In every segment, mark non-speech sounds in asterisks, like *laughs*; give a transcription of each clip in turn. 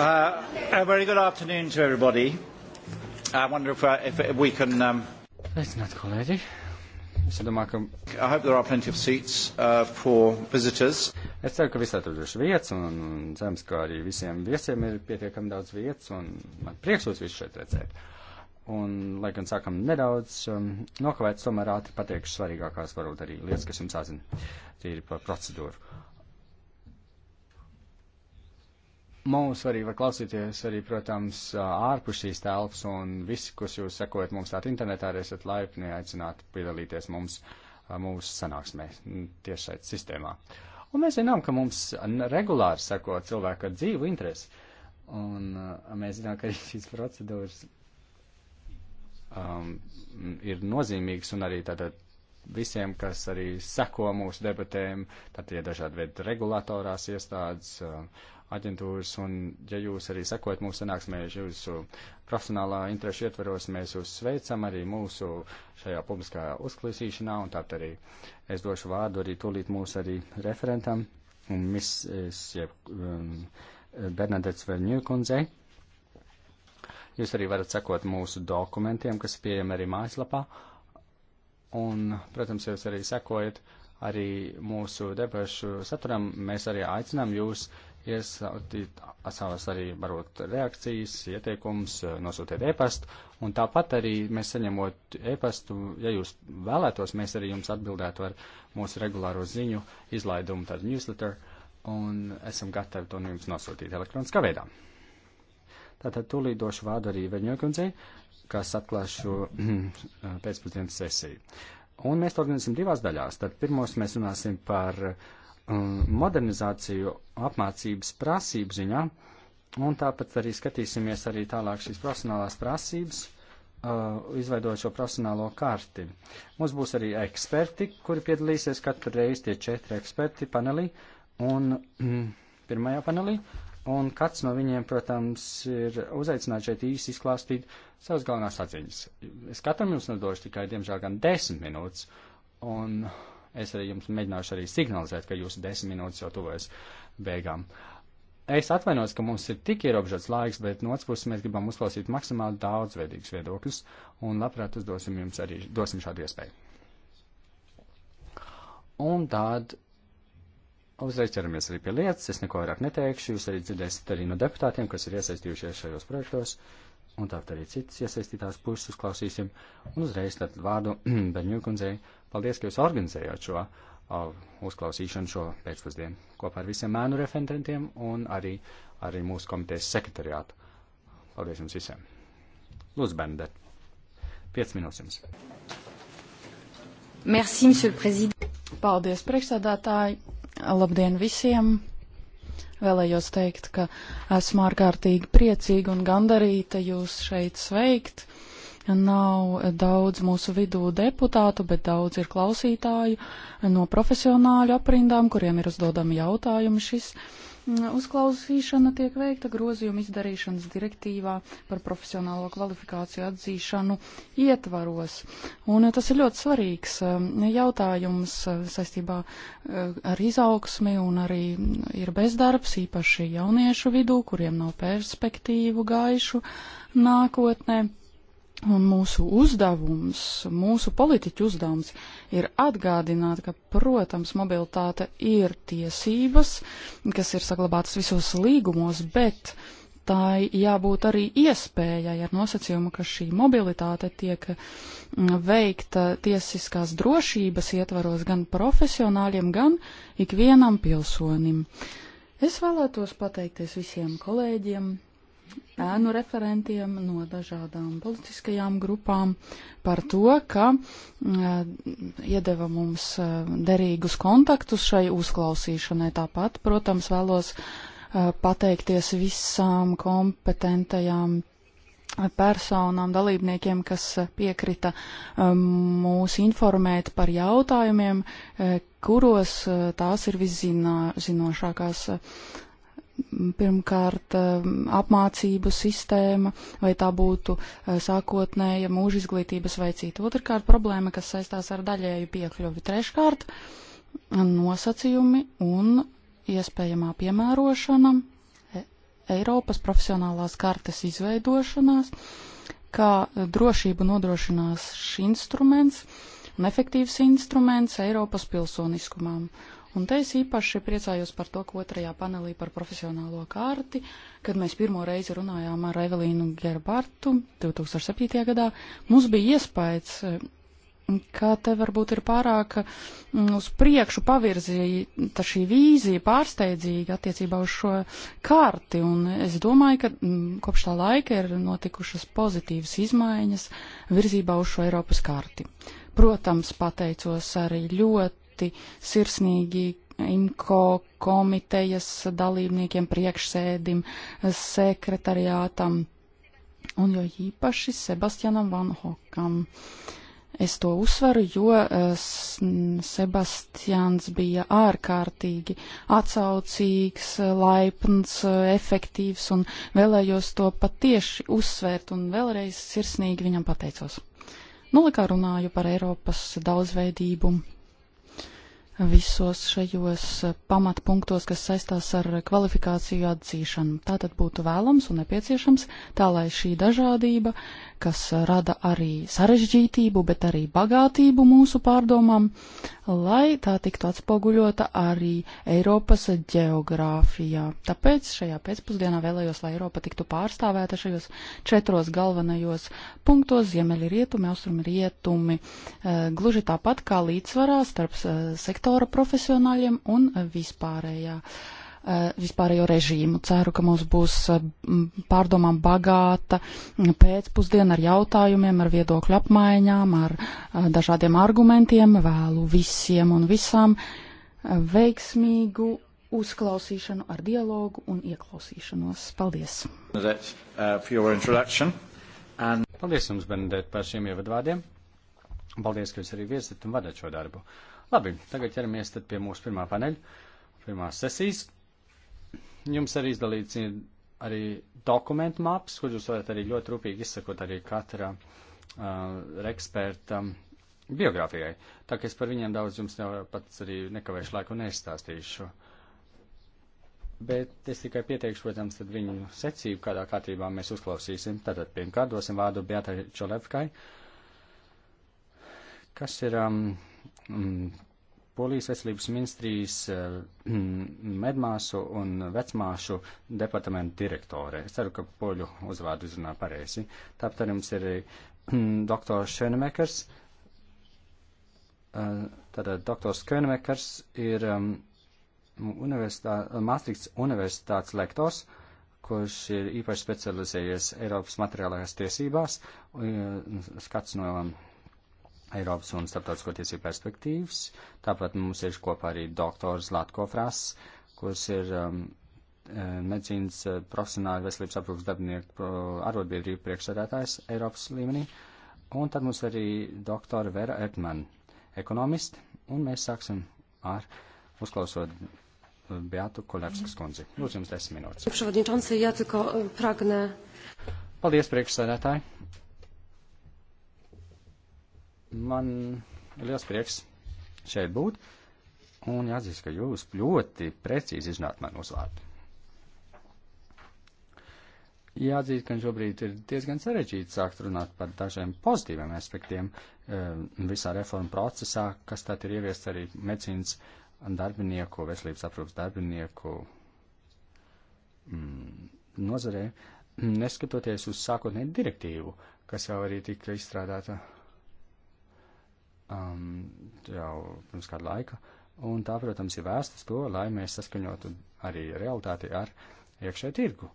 Uh, a very good afternoon to everybody. I wonder if, uh, if we can. Um, Sveicināti, kolēģi. Es domāju, ka. I hope there are plenty of seats uh, for visitors. Es ceru, ka visi atraduši vietas, un, un cerams, ka arī visiem viesiem ir pietiekami daudz vietas, un man prieks jūs visus šeit redzēt. Un, lai gan sākam nedaudz um, nokavēts, tomēr ātri pateikšu svarīgākās, varbūt arī lietas, kas jums jāzina, tīri par procedūru. Mums arī var klausīties, arī, protams, ārpus šīs telpas, un visi, kas jūs sekojat mums tādā internetā, arī esat laipni aicināti piedalīties mums, mūsu sanāksmē, tiešai sistēmā. Un mēs zinām, ka mums regulāri seko cilvēku ar dzīvu interesi, un mēs zinām, ka arī šīs procedūras um, ir nozīmīgas un arī tātad visiem, kas arī seko mūsu debatēm, tātad ir dažādi veidi regulatorās iestādes, uh, aģentūras, un ja jūs arī sekojat mūsu sanāksmē, jūsu profesionālā interešu ietveros, mēs jūs sveicam arī mūsu šajā publiskā uzklausīšanā, un tāpat arī es došu vārdu arī tūlīt mūsu arī referentam, un mis, es, jeb, um, Bernadets Verņūkundzei. Jūs arī varat sekot mūsu dokumentiem, kas ir pieejami arī mājaslapā, un, protams, jūs arī sekojat arī mūsu debašu saturam, mēs arī aicinām jūs uh, iesaistīt savas arī varbūt reakcijas, ieteikums, nosūtiet e-pastu, un tāpat arī mēs saņemot e-pastu, ja jūs vēlētos, mēs arī jums atbildētu ar mūsu regulāro ziņu izlaidumu, tādu newsletter, un esam gatavi to jums nosūtīt elektroniskā veidā. Tātad tūlīt došu vārdu arī Veņokundzei, kas atklās šo *clears throat* pēcpusdienas sesiju. Un mēs to organizēsim divās daļās. Tad pirmos mēs runāsim par uh, Uh, modernizāciju apmācības prasību ziņā, un tāpat arī skatīsimies arī tālāk šīs profesionālās prasības, uh, izveidot šo profesionālo karti. Mums būs arī eksperti, kuri piedalīsies katru reizi, tie četri eksperti panelī, un mm, pirmajā panelī, un kāds no viņiem, protams, ir uzaicināts šeit īsi izklāstīt savas galvenās atziņas. Es katram jums nodošu tikai, diemžēl, gan desmit minūtes, un. Uh, Es arī jums mēģināšu arī signalizēt, ka jūsu desmit minūtes jau tuvojas beigām. Es atvainojos, ka mums ir tik ierobežots laiks, bet no otras puses mēs gribam uzklausīt maksimāli daudzveidīgus viedokļus un labprāt uzdosim jums arī, dosim šādu iespēju. Un tad uzreiz ķeramies arī pie lietas. Es neko vairāk neteikšu. Jūs arī dzirdēsiet arī no deputātiem, kas ir iesaistījušies šajos projektos. Un tāpat arī citas iesaistītās puses klausīsim. Un uzreiz tad vārdu *clears throat* Berņūkundzei Paldies, ka jūs organizējāt šo uzklausīšanu šo pēcpusdienu kopā ar visiem mēnu referentiem un arī, arī mūsu komitejas sekretariātu. Paldies jums visiem. Lūdzu, Bernadette. 5 minūtes jums. Merci, monsieur le président. Paldies, priekšsēdētāji. Labdien visiem. Vēlējos teikt, ka esmu ārkārtīgi priecīga un gandarīta jūs šeit sveikt. Uh, Nav daudz mūsu vidū deputātu, bet daudz ir klausītāju no profesionāļu aprindām, kuriem ir uzdodami jautājumi šis. Mm, uzklausīšana tiek veikta grozījuma izdarīšanas direktīvā par profesionālo kvalifikāciju atzīšanu ietvaros. Un tas ir ļoti svarīgs mm, jautājums mm, saistībā ar izaugsmi un arī ir bezdarbs, īpaši jauniešu vidū, kuriem nav perspektīvu gaišu nākotnē. Un mūsu uzdevums, mūsu politiķu uzdevums ir atgādināt, ka, protams, mobilitāte ir tiesības, kas ir saglabātas visos līgumos, bet tai jābūt arī iespējai ar nosacījumu, ka šī mobilitāte tiek mm, veikta tiesiskās drošības ietvaros gan profesionāļiem, gan ikvienam pilsonim. Es vēlētos pateikties visiem kolēģiem, ēnu referentiem no dažādām politiskajām grupām par to, ka mm, iedeva mums derīgus kontaktus šai uzklausīšanai. Tāpat, protams, vēlos pateikties visām kompetentajām personām, dalībniekiem, kas piekrita mūs informēt par jautājumiem, kuros tās ir viszinošākās. Viszino pirmkārt eh, apmācību sistēma, vai tā būtu eh, sākotnēja mūža izglītības vai cita. Otrkārt problēma, kas saistās ar daļēju piekļuvi. Treškārt nosacījumi un iespējamā piemērošana e, Eiropas profesionālās kartes izveidošanās, kā drošību nodrošinās šis instruments un efektīvs instruments Eiropas pilsoniskumam. Un te es īpaši priecājos par to, ka otrajā panelī par profesionālo kārti, kad mēs pirmo reizi runājām ar Evelīnu Gerbartu 2007. gadā, mums bija iespējas, eh, ka te varbūt ir pārāk mm, uz priekšu pavirzīta šī vīzija pārsteidzīga attiecībā uz šo kārti. Un es domāju, ka mm, kopš tā laika ir notikušas pozitīvas izmaiņas virzībā uz šo Eiropas kārti. Protams, pateicos arī ļoti ļoti sirsnīgi IMCO komitejas dalībniekiem, priekšsēdim, sekretariātam un jo īpaši Sebastianam Vanhokam. Es to uzsveru, jo eh, Sebastians bija ārkārtīgi atsaucīgs, laipns, efektīvs un vēlējos to patieši uzsvērt un vēlreiz sirsnīgi viņam pateicos. Nu, kā runāju par Eiropas daudzveidību visos šajos eh, pamatpunktos, kas saistās ar eh, kvalifikāciju atzīšanu. Tā tad būtu vēlams un nepieciešams tā, lai šī dažādība uh, kas rada arī sarežģītību, bet arī bagātību mūsu pārdomām, lai tā tiktu atspoguļota arī Eiropas geogrāfijā. Tāpēc šajā pēcpusdienā vēlējos, lai Eiropa tiktu pārstāvēta šajos četros galvenajos punktos - ziemeļi rietumi, austrumi rietumi, eh, gluži tāpat kā līdzsvarā starp eh, sektora profesionāļiem un vispārējā. Uh, Eh, vispārējo režīmu. Ceru, ka mums būs eh, pārdomām bagāta pēcpusdiena ar jautājumiem, ar viedokļu apmaiņām, ar eh, dažādiem argumentiem. Vēlu visiem un visām veiksmīgu uzklausīšanu ar dialogu un ieklausīšanos. Paldies! Uh, Paldies jums, Benedēt, par šiem ievadvārdiem. Paldies, ka jūs arī viesat un vadat šo darbu. Labi, tagad ķeramies tad pie mūsu pirmā paneļa, pirmās sesijas. Jums arī izdalīts ir arī dokumentu maps, kur jūs varat arī ļoti rūpīgi izsakot arī katra uh, eksperta biogrāfijai. Tā ka es par viņiem daudz jums jau pats arī nekavēšu laiku nestāstīšu. Bet es tikai pieteikšu, protams, tad viņu secību, kādā kārtībā mēs uzklausīsim. Tātad pirmkārt dosim vārdu Beatai Čolevkai, kas ir um, um, Polijas veselības ministrijas eh, *clears throat* medmāsu un vecmāšu departamentu direktore. Es ceru, ka poļu uzvārdu izrunā pareizi. Tāpat arī mums ir eh, *clears throat* doktors Šenemekers. Eh, tātad doktors Šenemekers ir universitā, Maastrichts universitātes lektors, kurš ir īpaši specializējies Eiropas materiālajās tiesībās, skats no Eiropas un starptautisko tiesību perspektīvas. Tāpat mums ir kopā arī doktors Latko Fras, kurš ir um, e, medicīnas e, profesionāli veselības aprūpas darbinieku e, arotbiedrību priekšsēdētājs Eiropas līmenī. Un tad mums arī doktora Vera Ertman, ekonomisti, un mēs sāksim ar uzklausot Beatu Kolevskas kundzi. Lūdzu, jums desmit minūtes. Paldies, priekšsēdētāji. Man ir liels prieks šeit būt, un jāatzīst, ka jūs ļoti precīzi izzināt manu uzvārdu. Jāatzīst, ka šobrīd ir diezgan sarežģīti sākt runāt par dažiem pozitīviem aspektiem eh, visā reformu procesā, kas tad ir ieviests arī medicīnas darbinieku, veselības aprūpas darbinieku mm, nozarē, neskatoties uz sākotnēju direktīvu, kas jau arī tika izstrādāta um, jau pirms kāda laika, un tā, protams, ir vērsta uz to, lai mēs saskaņotu arī realitāti ar iekšēju tirgu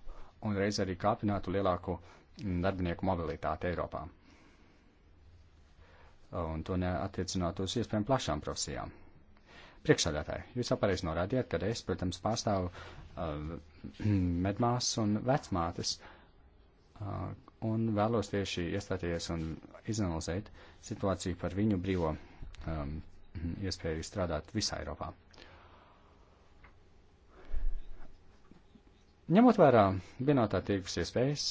un reiz arī kāpinātu lielāku darbinieku mobilitāti Eiropā. Un to neattiecinātu uz iespējām plašām profesijām. Priekšsādātāji, jūs apareiz norādījāt, ka es, protams, pārstāvu uh, *clears throat* medmās un vecmātes. Uh, Uh, un vēlos tieši iestāties un izanalizēt situāciju par viņu brīvo um, iespēju strādāt visā Eiropā. Ņemot vērā vienotā tirgus iespējas,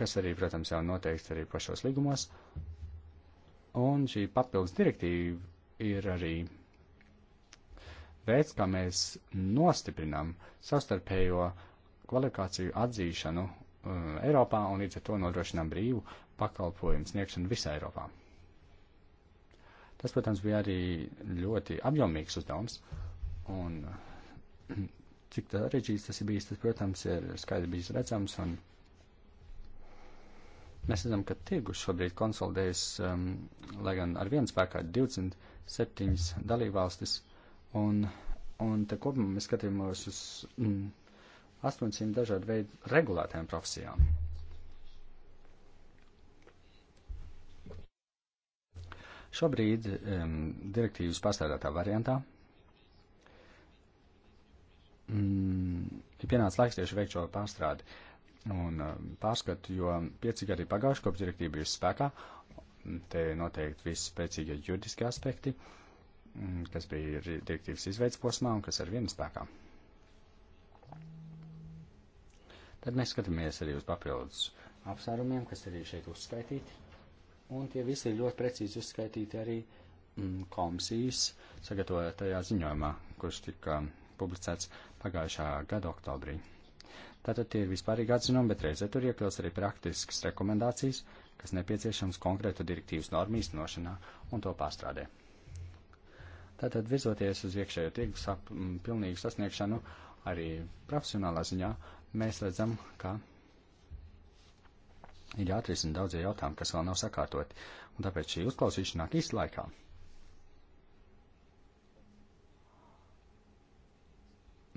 kas arī, protams, jau noteikts arī pašos līgumos, un šī papildus direktīva ir arī veids, kā mēs nostiprinām savstarpējo kvalifikāciju atzīšanu um, Eiropā un līdz ar to nodrošinām brīvu pakalpojumu sniegšanu visā Eiropā. Tas, protams, bija arī ļoti apjomīgs uzdevums. Un *clears throat* cik sarežģīts tas ir bijis, tas, protams, ir skaidri bijis redzams. Un mēs redzam, ka tirgus šobrīd konsolidējas, um, lai gan ar vienu spēkā ir 27 dalībvalstis. Un, un te kopumā mēs skatāmies uz. Mm, 800 dažādu veidu regulētām profesijām. Šobrīd um, direktīvas pārstrādātā variantā mm, ir pienācis laiks tieši veikt šo pārstrādi un um, pārskatu, jo pieci gadi pagājuši, kopš direktīva bijusi spēkā, te noteikti visi spēcīgie juridiski aspekti, mm, kas bija direktīvas izveids posmā un kas ar vienu spēkā. Tad mēs skatāmies arī uz papildus apsvērumiem, kas arī šeit uzskaitīti. Un tie visi ir ļoti precīzi uzskaitīti arī mm, komisijas sagatavotajā ziņojumā, kurš tika publicēts pagājušā gada oktobrī. Tātad tie ir vispārīgi atzinumi, bet reizē tur iekļaus arī praktiskas rekomendācijas, kas nepieciešams konkrētu direktīvas normu īstenošanā un to pārstrādē. Tātad virzoties uz iekšējo tirgus pilnīgu sasniegšanu, arī profesionālā ziņā mēs redzam, ka ir jāatrisina daudzie jautājumi, kas vēl nav sakārtot, un tāpēc šī uzklausīšana nāk īsta laikā.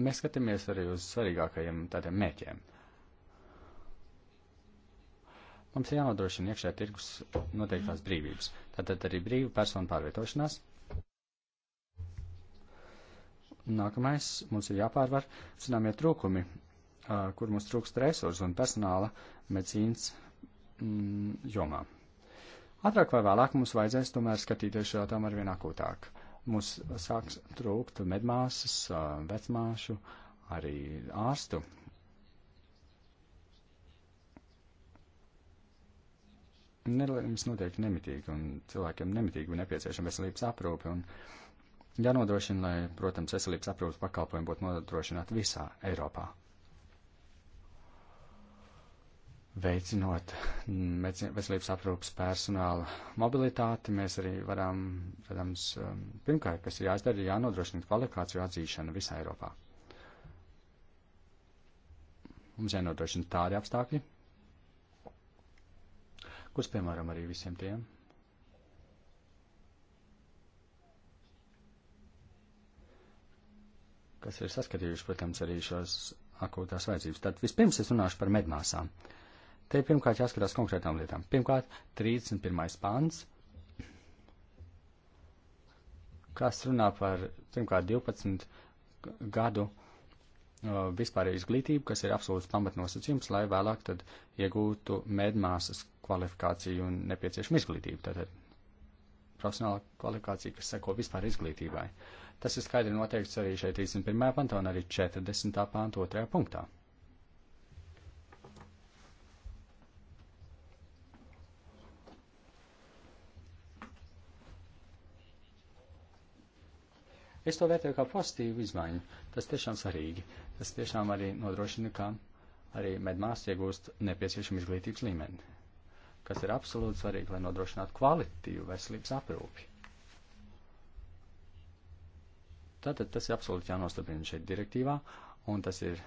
Mēs skatāmies arī uz svarīgākajiem tādiem mērķiem. Mums ir jānodrošina iekšē tirgus noteiktās brīvības, tātad arī brīva personu pārvietošanās. Nākamais mums ir jāpārvar zināmie trūkumi kur mums trūkst resursu un personāla medicīnas mm, jomā. Atrāk vai vēlāk mums vajadzēs tomēr skatīties šo jautājumu arvien akūtāk. Mums sāks trūkt medmāsas, vecmāšu, arī ārstu. Nelēmums notiek nemitīgi, un cilvēkiem nemitīgi nepieciešama veselības aprūpe. Un jānodrošina, lai, protams, veselības aprūpes pakalpojumi būtu nodrošināti visā Eiropā. veicinot veselības aprūpas personāla mobilitāti, mēs arī varam, protams, um, pirmkārt, kas ir jāizdara, ir jānodrošina kvalifikāciju atzīšana visā Eiropā. Mums jānodrošina tādi apstākļi, kurus, piemēram, arī visiem tiem. kas ir saskatījuši, protams, arī šos akūtās vajadzības. Tad vispirms es runāšu par medmāsām. Uh, Te pirmkārt jāskatās konkrētām lietām. Pirmkārt, 31. pāns, kas runā par, pirmkārt, 12 gadu uh, vispārēju izglītību, kas ir absolūts pamatnosacījums, lai vēlāk tad iegūtu medmāsas kvalifikāciju un nepieciešamu izglītību. Tātad profesionāla kvalifikācija, kas seko vispār izglītībai. Tas ir skaidri noteikts arī šeit 31. pantā un arī 40. pantā 2. punktā. Es to vērtēju kā pozitīvu izmaiņu. Tas tiešām svarīgi. Tas tiešām arī nodrošina, ka arī medmās iegūst nepieciešamu izglītības līmeni, kas ir absolūti svarīgi, lai nodrošinātu kvalitīvu veselības aprūpi. Tātad tas ir absolūti jānostiprina šeit direktīvā, un tas ir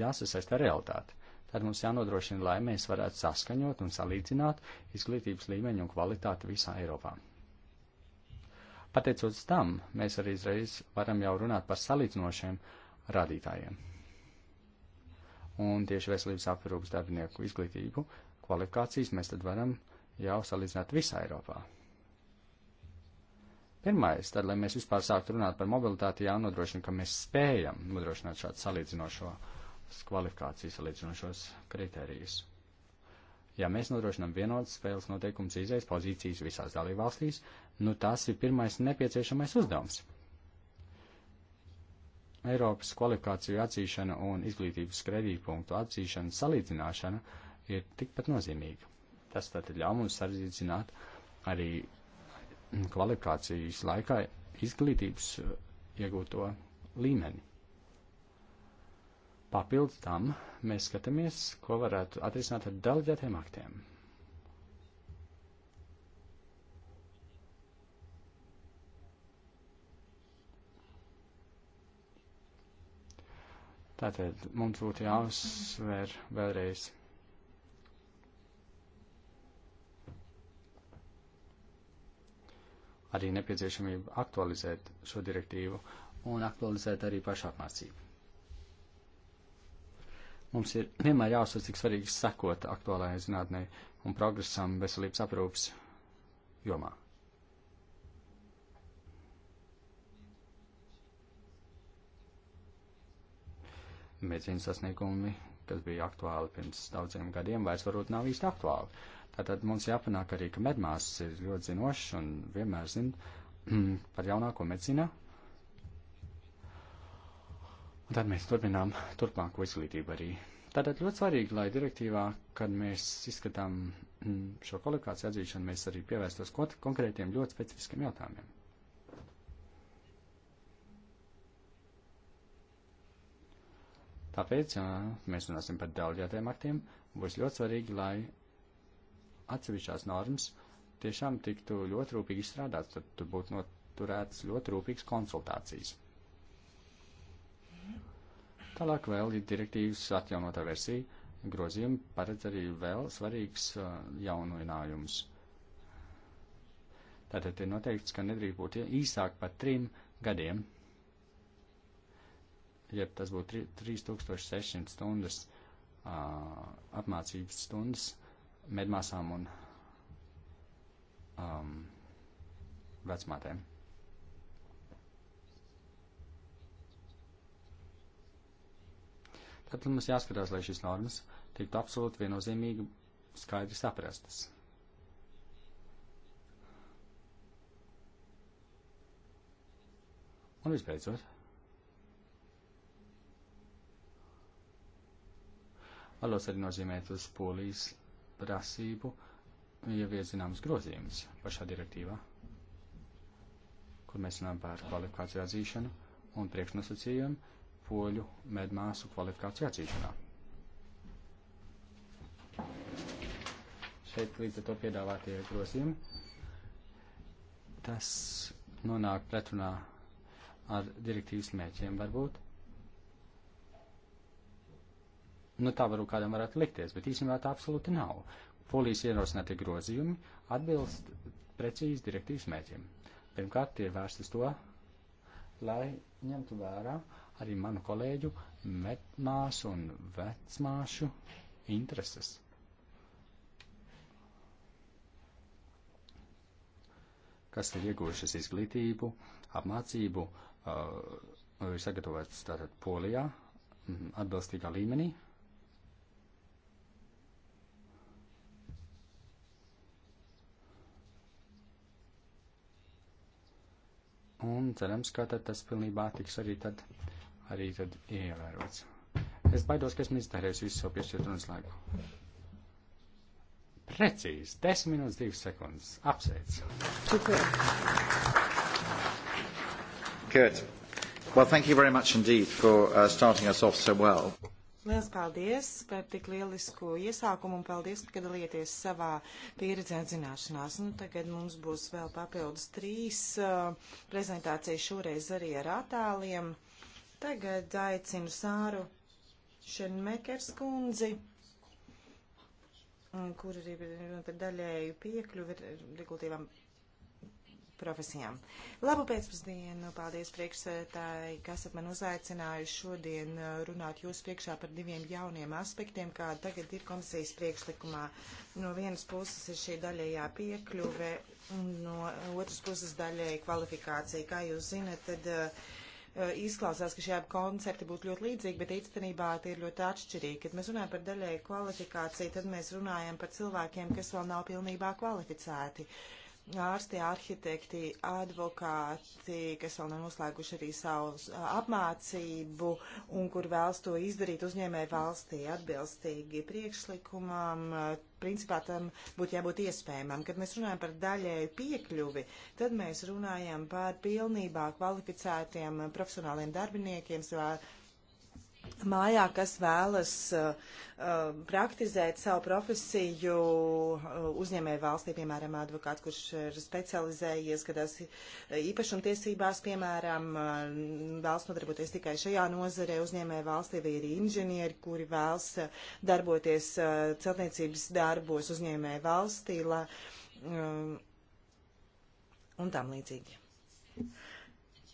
jāsasaista ar realitāti. Tad mums jānodrošina, lai mēs varētu saskaņot un salīdzināt izglītības līmeņu un kvalitāti visā Eiropā. Pateicoties tam, mēs arī izreiz varam jau runāt par salīdzinošiem rādītājiem. Un tieši veselības aprūpas darbinieku izglītību, kvalifikācijas mēs tad varam jau salīdzināt visā Eiropā. Pirmais, tad, lai mēs vispār sāktu runāt par mobilitāti, jānodrošina, ka mēs spējam nodrošināt šādu salīdzinošo kvalifikāciju, salīdzinošos kritērijus. Ja mēs nodrošinām vienotas spēles noteikums izējas pozīcijas visās dalībvalstīs, nu tas ir pirmais nepieciešamais uzdevums. Eiropas kvalifikāciju atzīšana un izglītības kredītpunktu atzīšana salīdzināšana ir tikpat nozīmīga. Tas tad ļauj mums sarzīdzināt arī kvalifikācijas laikā izglītības uh, iegūto līmeni. Papildus tam mēs skatāmies, ko varētu atrisināt ar delģētiem aktiem. Tātad mums būtu jāuzsver vēlreiz. Arī nepieciešamība aktualizēt šo direktīvu un aktualizēt arī pašapmācību. Mums ir vienmēr jāuzsver, cik svarīgi sekot aktuālajai zinātnē un progresam veselības aprūpas jomā. Medicīnas sasniegumi, kas bija aktuāli pirms daudziem gadiem, vairs varbūt nav īsti aktuāli. Tātad mums jāpanāk arī, ka medmāsas ir ļoti zinošas un vienmēr zina *clears throat* par jaunāko medicīnu Un tad mēs turpinām turpmāko izglītību arī. Tātad ļoti svarīgi, lai direktīvā, kad mēs izskatām mm, šo kvalifikāciju atzīšanu, mēs arī pievērstos konkrētiem ļoti specifiskiem jautājumiem. Tāpēc, ja mēs runāsim par delģētiem aktiem, būs ļoti svarīgi, lai atsevišķās normas tiešām tiktu ļoti rūpīgi izstrādāts, tad būtu noturētas ļoti rūpīgas konsultācijas. Tālāk vēl ir direktīvas atjaunotā versija. Grozījumi paredz arī vēl svarīgs uh, jaunojinājumus. Tātad ir noteikts, ka nedrīkst būt īsāk par trim gadiem, jeb tas būtu 3600 stundas uh, apmācības stundas medmāsām un um, vecmātēm. Tad mums jāskatās, lai šīs normas tiktu absolūti viennozīmīgi skaidri saprastas. Un visbeidzot, vēlos arī nozīmēt uz polijas prasību ieviezināmas grozījumus pašā direktīvā, kur mēs runājam par kvalifikāciju atzīšanu un priekšnosacījumu poļu medmāsu kvalifikāciju atzīšanā. Šeit līdz ar to piedāvātie grozījumi. Tas nonāk pretrunā ar direktīvas mērķiem varbūt. Nu, tā varbūt kādam varētu likties, bet īstenībā tā absolūti nav. Polijas ierosinātie grozījumi atbilst precīzi direktīvas mērķiem. Pirmkārt, tie vērsti uz to, lai ņemtu vērā arī manu kolēģu metmāsu un vecmāšu intereses. Kas ir iegūšas izglītību, apmācību, uh, ir sagatavots tātad polijā, mm, atbilstīgā līmenī, un cerams, ka tad tas pilnībā tiks arī tad arī tad ievērots. Es baidos, ka esmu iztērējis visu savu piešķirtunas laiku. Precīzi, 10 minūtes 2 sekundes. Apsveic. Good. Well, thank you very much indeed for uh, starting us off so well. Liels paldies par tik lielisku iesākumu un paldies, ka dalieties savā pieredzē un zināšanās. Nu, tagad mums būs vēl papildus trīs uh, prezentācijas šoreiz arī ar attēliem. Tagad aicinu Sāru Šenmekers kundzi, kur arī runa par daļēju piekļuvi regulatīvām profesijām. Labu pēcpusdienu, paldies priekšsētāji, kas ap man uzaicinājuši šodien uh, runāt jūs priekšā par diviem jauniem aspektiem, kā tagad ir komisijas priekšlikumā. No vienas puses ir šī daļējā piekļuve, no otras puses daļēja kvalifikācija. Kā jūs zinat, tad. Uh, Eh, izklausās, ka šie abi koncepti būtu ļoti līdzīgi, bet īstenībā tie ir ļoti atšķirīgi. Kad mēs runājam par daļēju kvalifikāciju, tad mēs runājam par cilvēkiem, kas vēl nav pilnībā kvalificēti. Uh, ārsti, arhitekti, advokāti, kas vēl nav noslēguši arī savu apmācību un kur vēlas to izdarīt uzņēmēju valstī atbilstīgi priekšlikumam, principā tam būtu jābūt iespējamam. Kad mēs runājam par daļēju piekļuvi, tad mēs runājam par pilnībā kvalificētiem profesionāliem darbiniekiem savā mājā, kas vēlas uh, uh praktizēt savu profesiju uh, uzņēmēju valstī, piemēram, advokāts, kurš ir specializējies, gadās īpašumtiesībās, piemēram, uh, vēlas nodarboties tikai šajā nozarē uzņēmēju valstī, vai ir inženieri, kuri vēlas darboties uh, celtniecības darbos uzņēmēju valstī, la, um, un tam līdzīgi.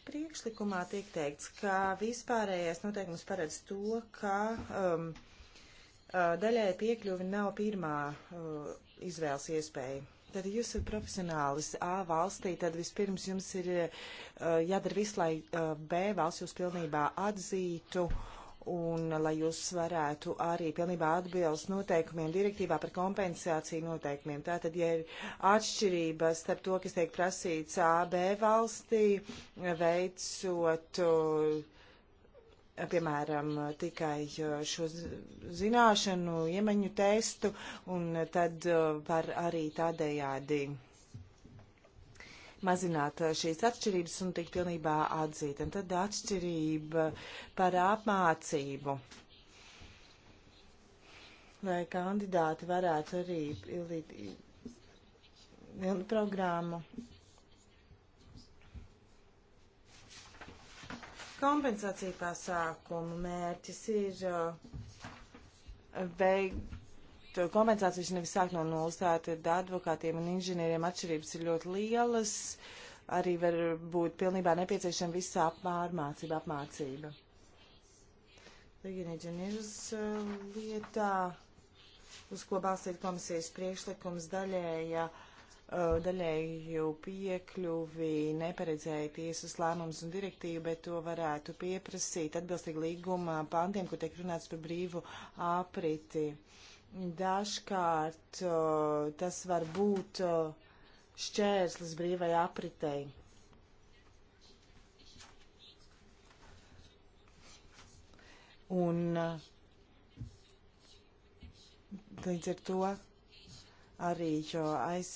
Priekšlikumā tiek teikts, ka vispārējais noteikums paredz to, ka um, uh, daļai piekļuvi nav pirmā uh, izvēles iespēja. Tad jūs esat profesionālis A valstī, tad vispirms jums ir uh, jādara viss, lai uh, B valsts jūs pilnībā atzītu. Uh, un lai jūs varētu arī pilnībā atbilst noteikumiem direktīvā par kompensāciju noteikumiem. Tātad, ja ir atšķirības starp to, kas tiek prasīts AB valstī, veicot, eh, piemēram, tikai eh, šo zināšanu, iemaņu testu, un eh, tad var arī tādējādi mazināt eh, šīs atšķirības un tikt pilnībā atzīt. Un tad atšķirība par apmācību. Lai kandidāti varētu arī pildīt programmu. Kompensācija pasākumu mērķis ir eh, veik, Uh, kompensācijas nevis sākt no nulles, tātad advokātiem un inženieriem atšķirības ir ļoti lielas, arī var būt pilnībā nepieciešama visa apmācība, apmācība. Ligina inženieris uh, lietā, uz ko balstīt komisijas priekšlikums daļēja. Ja uh, daļēju piekļuvi neparedzēja tiesas lēmums un direktīvu, bet to varētu pieprasīt atbilstīgi līguma pantiem, kur tiek runāts par brīvu apriti. Dažkārt uh, tas var būt uh, šķērslis brīvai apritei. Un uh, līdz ar to arī aiz,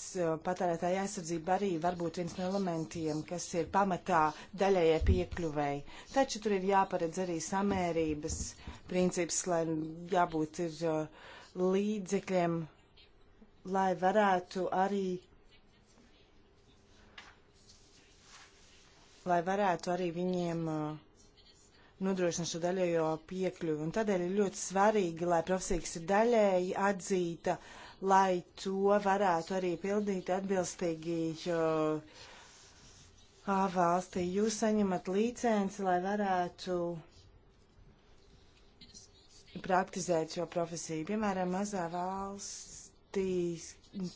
patērētāja aizsardzība arī var būt viens no elementiem, kas ir pamatā daļējai piekļuvēji. Taču tur ir jāparedz arī samērības princips, lai jābūt ir uh, līdzekļiem, lai varētu arī lai varētu arī viņiem uh, nodrošināt šo daļējo piekļuvi. Un tādēļ ir ļoti svarīgi, lai profesijas ir daļēji atzīta, lai to varētu arī pildīt atbilstīgi uh, valstī. Jūs saņemat licenci, lai varētu praktizēt šo profesiju. Piemēram, mazā valstīs,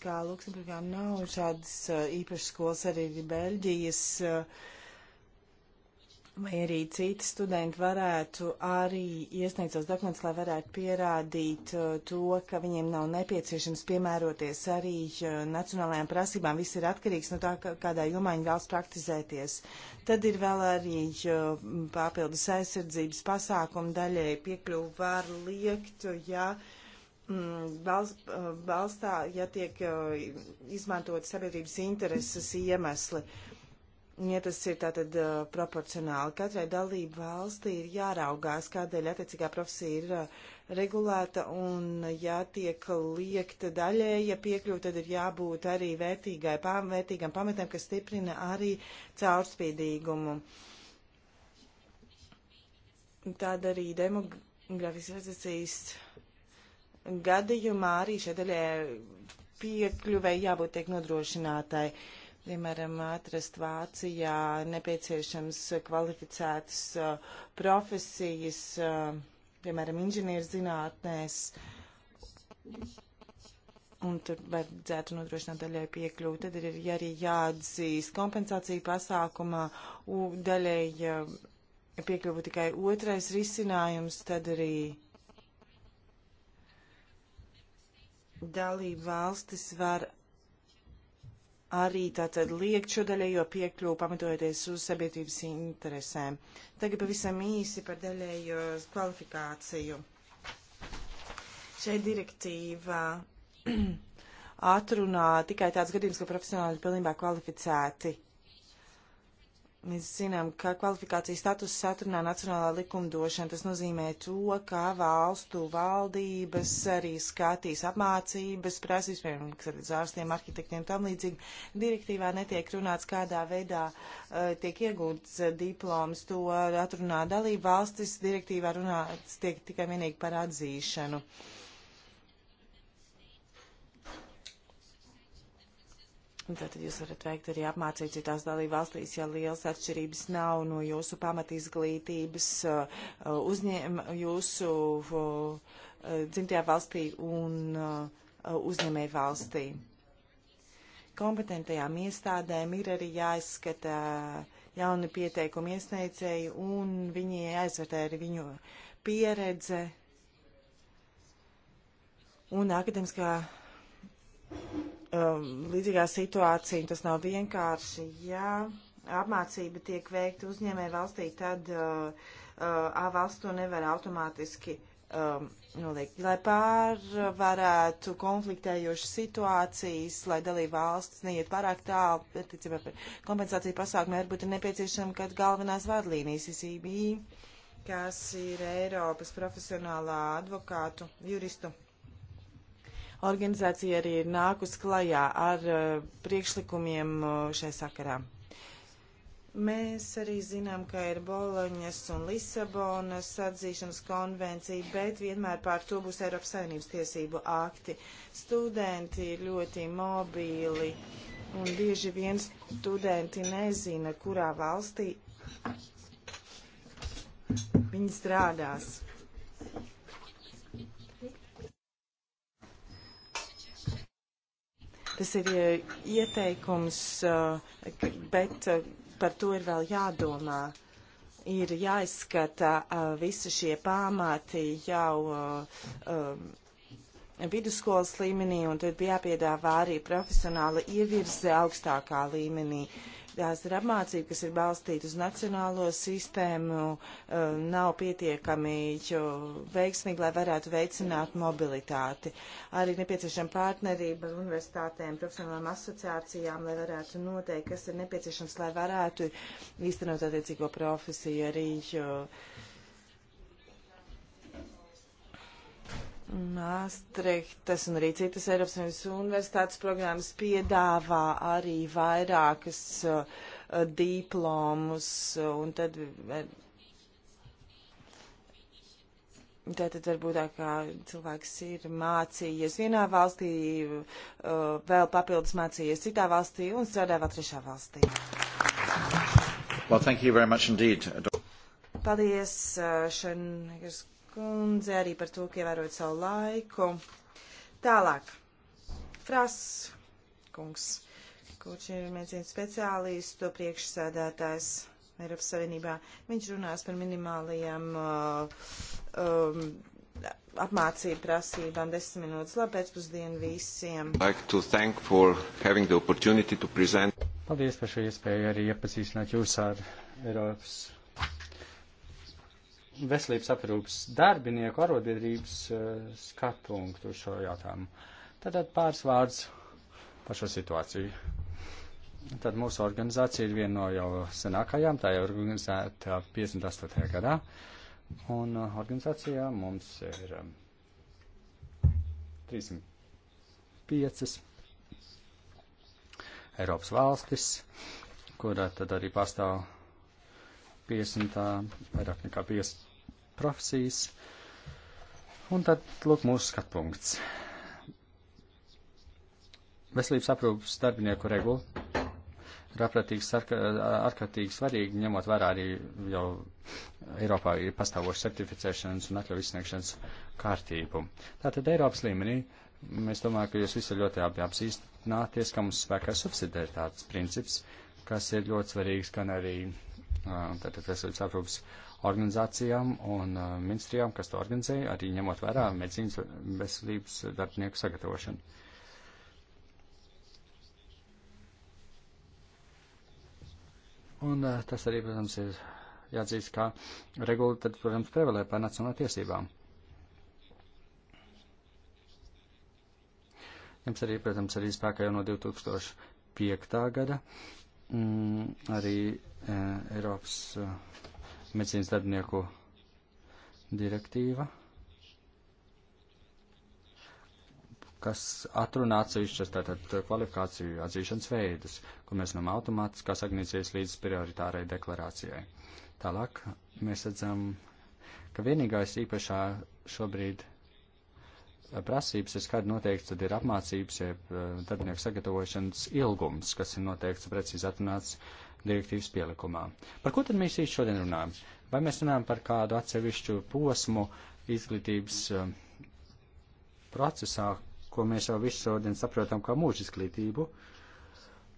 kā Luksemburgā, nav šādas uh, īpašas skolas, arī Beļģijas. Uh, Vai arī citi studenti varētu arī iesniegt savus dokumentus, lai varētu pierādīt uh, to, ka viņiem nav nepieciešams piemēroties arī uh, nacionālajām prasībām. Viss ir atkarīgs no tā, kādā jomā viņi vēlas praktizēties. Tad ir vēl arī uh, papildus aizsardzības pasākumu daļai piekļuvu var liekt, ja mm, balstā, ja tiek izmantot sabiedrības intereses iemesli. Mm Ja tas ir tātad uh, proporcionāli, katrai dalību valstī ir jāraugās, kādēļ attiecīgā profesija ir uh, regulēta un ja tiek liekta daļēja piekļuva, tad ir jābūt arī vērtīgai, pamvērtīgam pamatiem, kas stiprina arī caurspīdīgumu. Tāda arī demografizācijas gadījumā arī šai daļai piekļuvai jābūt tiek nodrošinātai. Uh, piemēram, atrast Vācijā nepieciešams kvalificētas profesijas, piemēram, inženierzinātnēs. Un tur vajadzētu nodrošināt daļai piekļuvu. Tad ir ja arī jāatzīst kompensācija pasākumā, daļai piekļuvu tikai otrais risinājums, tad arī dalību valstis var arī tātad liek šo daļējo piekļuvu pamatojoties uz sabiedrības interesēm. Tagad pavisam īsi par daļējo kvalifikāciju. Šai direktīvā *clears throat* atrunā tikai tāds gadījums, ka profesionāļi pilnībā kvalificēti Mēs zinām, ka kvalifikācijas status satrunā nacionālā likumdošana. Tas nozīmē to, ka valstu valdības arī skatīs apmācības prasības, piemēram, zārstiem, arhitektiem tam līdzīgi. Direktīvā netiek runāts, kādā veidā uh, tiek iegūts eh, diploms. To atrunā dalība valstis. Direktīvā runāts tiek tikai vienīgi par atzīšanu. Uh, Tātad jūs varat veikt arī apmācību citās dalību valstīs, ja liels atšķirības nav no jūsu pamatizglītības uh, uh, uzņēm jūsu uh, dzimtajā valstī un uzņēmē valstī. Kompetentajām iestādēm ir arī jāizskata jauni pieteikumi iesniedzēji un viņi aizvērtē arī viņu pieredze un akademiskā um, līdzīgā situācija, tas nav vienkārši. Ja apmācība tiek veikta uzņēmē valstī, tad uh, uh, valsts to nevar automātiski um, nolikt. Lai pārvarētu konfliktējošas situācijas, lai dalība valsts neiet pārāk tālu, attiecībā par kompensāciju pasākumu, varbūt ir nepieciešama kad galvenās vadlīnijas ICB, kas ir Eiropas profesionālā advokātu, juristu organizācija arī ir nākus klajā ar uh, priekšlikumiem uh, šai sakarā. Mēs arī zinām, ka ir Boloņas un Lisabonas atzīšanas konvencija, bet vienmēr pār to būs Eiropas Savienības tiesību akti. Studenti ir ļoti mobīli un bieži vien studenti nezina, kurā valstī viņi strādās. Tas ir eh, ieteikums, eh, bet eh, par to ir vēl jādomā. Ir jāizskata visi šie pamati jau vidusskolas līmenī, un tad bija jāpiedāvā arī profesionāla ievirze augstākā līmenī. Uh, Tās ir apmācība, kas ir balstīta uz nacionālo sistēmu, uh, nav pietiekami veiksmīgi, lai varētu veicināt mobilitāti. Arī nepieciešama partnerība ar universitātēm, profesionālām asociācijām, lai varētu noteikt, kas ir nepieciešams, lai varētu īstenot attiecīgo profesiju arī. Jo, Māstrihtas un arī citas Eiropas Savienības universitātes programmas piedāvā arī vairākas uh, diplomus, uh, un tad, eh, tad, tad varbūt tā kā cilvēks ir mācījies vienā valstī, uh, vēl papildus mācījies citā valstī un strādā vēl trešā valstī. Well, thank you very much indeed. Paldies, uh, Šenegers kundze arī par to, ka ievērot savu laiku. Tālāk. Fras kungs, kurš ir medicīnas speciālistu priekšsēdētājs Eiropas Savienībā, viņš runās par minimālajām uh, um, apmācību prasībām desmit minūtes. Labi pēcpusdienu visiem. Like Paldies par šo iespēju arī iepazīstināt jūs ar Eiropas veselības aprūpas darbinieku arotbiedrības eh, skatu punktu šo jautājumu. Tātad pāris vārds par šo situāciju. Tad mūsu organizācija ir viena no jau senākajām, tā jau organizēta 58. gadā. Un eh, organizācijā mums ir 305 eh, Eiropas valstis, kurā tad arī pastāv 50, vairāk nekā 5 profesijas. Un tad, lūk, mūsu skatpunkts. Veselības aprūpas darbinieku regula ir ārkārtīgi arka, svarīgi, ņemot vērā arī jau Eiropā ir pastāvošu certificēšanas un atļauju izsniegšanas kārtību. Tātad Eiropas līmenī mēs domājam, ka jūs visi ļoti labi apzīstināties, ka mums spēkā subsidiaritātes princips, kas ir ļoti svarīgs gan arī tātad veselības aprūpas organizācijām un ministrijām, kas to organizē, arī ņemot vērā medicīnas veselības darbinieku sagatavošanu. Un tas arī, protams, ir jāatzīst, kā regula tad, protams, prevalē par nacionālā tiesībām. Jums arī, protams, arī spēkā jau no 2005. gada mm, arī Eh, Eiropas eh, medicīnas darbinieku direktīva, kas atrunā atsevišķas tātad kvalifikāciju atzīšanas veidus, ko mēs no automātiskās agnīcijas līdz prioritārai deklarācijai. Tālāk mēs redzam, ka vienīgais īpašā šobrīd eh, prasības ir skaidri noteikts, tad ir apmācības, jeb darbinieku sagatavošanas ilgums, kas ir noteikts precīzi atrunāts uh, direktīvas pielikumā. Par ko tad mēs īsti šodien runājam? Vai mēs runājam par kādu atsevišķu posmu izglītības um, procesā, ko mēs jau visu šodien saprotam kā mūža izglītību?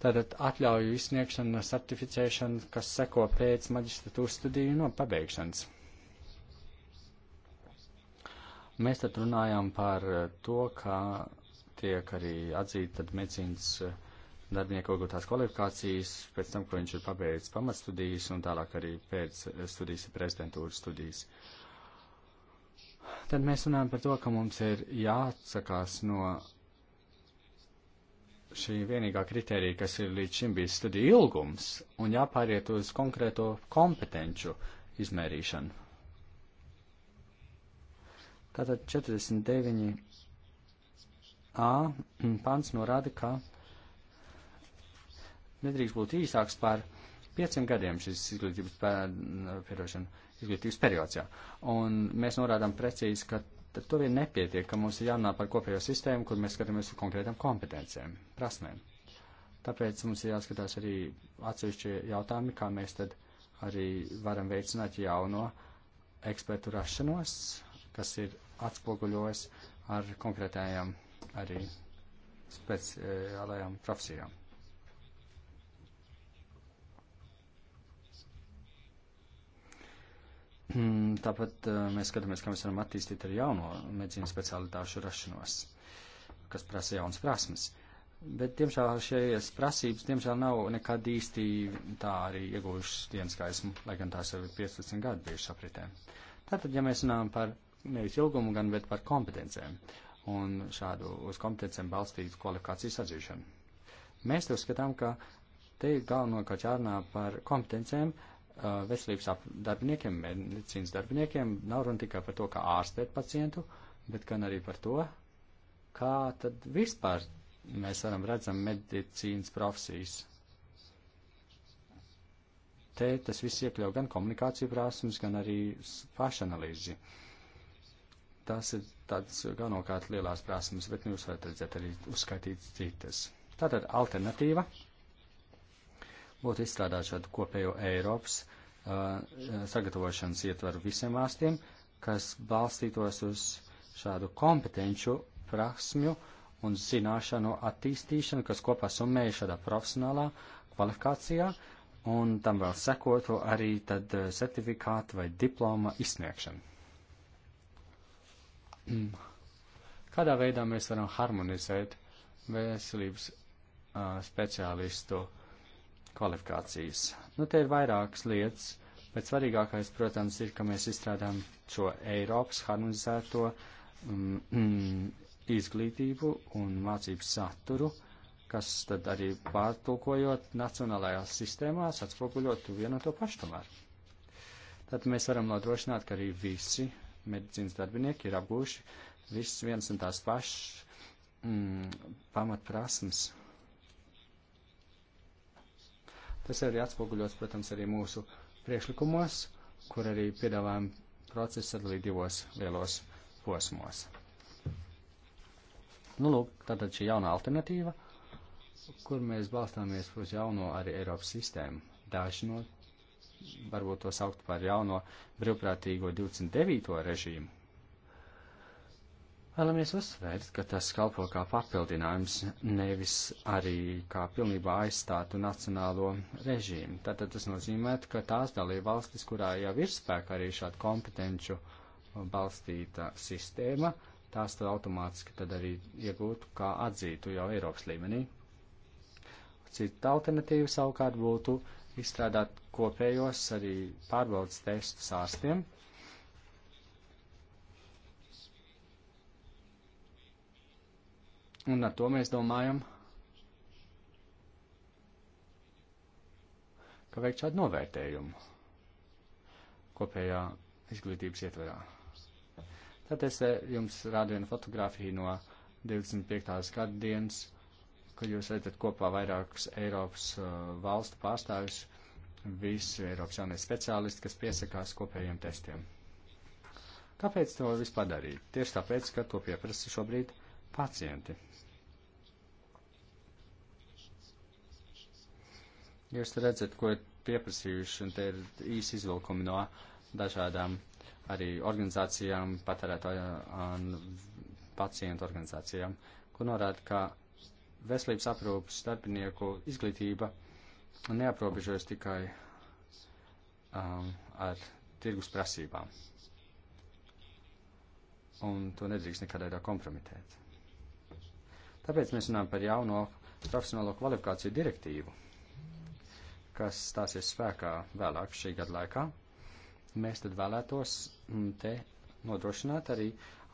Tātad atļauju izsniegšana, certificēšana, kas seko pēc maģistratūras studiju no pabeigšanas. Mēs tad runājām par to, kā tiek arī atzīta medicīnas uh, darbinieku iegūtās kvalifikācijas, pēc tam, ko viņš ir pabeidzis pamatstudijas un tālāk arī pēc eh, studijas prezidentūras studijas. Tad mēs runājam par to, ka mums ir jāatsakās no šī vienīgā kriterija, kas ir līdz šim bijis studiju ilgums, un jāpāriet uz konkrēto kompetenču izmērīšanu. Tātad 49a *clears throat* pants norāda, ka nedrīkst būt īsāks par pieciem gadiem šis izglītības, pēr, izglītības periods. Jā. Un mēs norādām precīzi, ka to vien nepietiek, ka mums ir jārunā par kopējo sistēmu, kur mēs skatāmies uz konkrētām kompetencijām, prasmēm. Tāpēc mums ir jāskatās arī atsevišķie jautājumi, kā mēs tad arī varam veicināt jauno ekspertu rašanos, kas ir atspoguļojas ar konkrētajām arī speciālajām profesijām. Hmm, tāpat eh, mēs skatāmies, kā mēs varam attīstīt ar jauno medicīnas specialitāšu rašanos, kas prasa jaunas prasmes. Bet, diemžēl, šīs prasības, diemžēl, nav nekad īsti tā arī ieguvušas dienas gaismu, lai gan tās jau ir 15 gadu bijušas apritē. Tātad, ja mēs runājam par nevis ilgumu, gan, bet par kompetencēm un šādu uz kompetencēm balstītu kvalifikācijas atzīšanu. Mēs uzskatām, ka te galvenokārt jārunā par kompetencēm, uh, veselības darbiniekiem, medicīnas darbiniekiem nav runa tikai par to, kā ārstēt pacientu, bet gan arī par to, kā tad vispār mēs varam redzam medicīnas profesijas. Te tas viss iekļau gan komunikāciju prasmes, gan arī pašanalīzi. Tas ir tāds galvenokārt lielās prasmes, bet nu jūs varat redzēt arī uzskaitīt citas. Tātad alternatīva būtu izstrādāt šādu kopējo Eiropas uh, sagatavošanas ietvaru visiem ārstiem, kas balstītos uz šādu kompetenču, prasmju un zināšanu attīstīšanu, kas kopā summēja šādā profesionālā kvalifikācijā, un tam vēl sekotu arī tad uh, certifikāta vai diploma izsniegšana. Mm. Kādā veidā mēs varam harmonizēt veselības uh, speciālistu uh, kvalifikācijas. Nu, te ir vairākas lietas, bet svarīgākais, protams, ir, ka mēs izstrādājam šo Eiropas harmonizēto mm, mm, izglītību un mācību saturu, kas tad arī pārtulkojot nacionālajās sistēmās atspoguļotu vienu to pašu tomēr. Tad mēs varam nodrošināt, ka arī visi medicīnas darbinieki ir apgūši viss viens un tās pašas mm, pamatprasmes. Tas arī atspoguļos, protams, arī mūsu priekšlikumos, kur arī piedāvājam procesu sadalīt divos lielos posmos. Nu, lūk, tātad šī jaunā alternatīva, kur mēs balstāmies uz jauno arī Eiropas sistēmu. Daži no, varbūt to saukt par jauno brīvprātīgo 29. režīmu, Vēlamies uzsvērt, ka tas kalpo kā papildinājums, nevis arī kā pilnībā aizstātu nacionālo režīmu. Tātad tas nozīmē, ka tās dalība valstis, kurā jau ir spēkā arī šāda kompetenču balstīta sistēma, tās tad automātiski tad arī iegūtu kā atzītu jau Eiropas līmenī. Cita alternatīva savukārt būtu izstrādāt kopējos arī pārbaudas testus ārstiem Un ar to mēs domājam, ka veikt šādu novērtējumu kopējā izglītības ietverā. Tad es eh, jums rādu vienu fotografiju no 25. gada dienas, kad jūs redzat kopā vairākus Eiropas uh, valstu pārstāvis, visu Eiropas jaunie speciālisti, kas piesakās kopējiem testiem. Kāpēc to vispār darīt? Tieši tāpēc, ka to pieprasa šobrīd pacienti. Jūs redzat, ko ir pieprasījuši, un te ir īsi izvilkumi no dažādām arī organizācijām, patērētāju un pacientu organizācijām, kur norāda, ka veselības aprūpas darbinieku izglītība neaprobežojas tikai um, ar tirgus prasībām. Un to nedrīkst nekādā veidā kompromitēt. Tāpēc mēs runājam par jauno profesionālo kvalifikāciju direktīvu kas stāsies spēkā vēlāk šī gada laikā, mēs tad vēlētos mm, te nodrošināt arī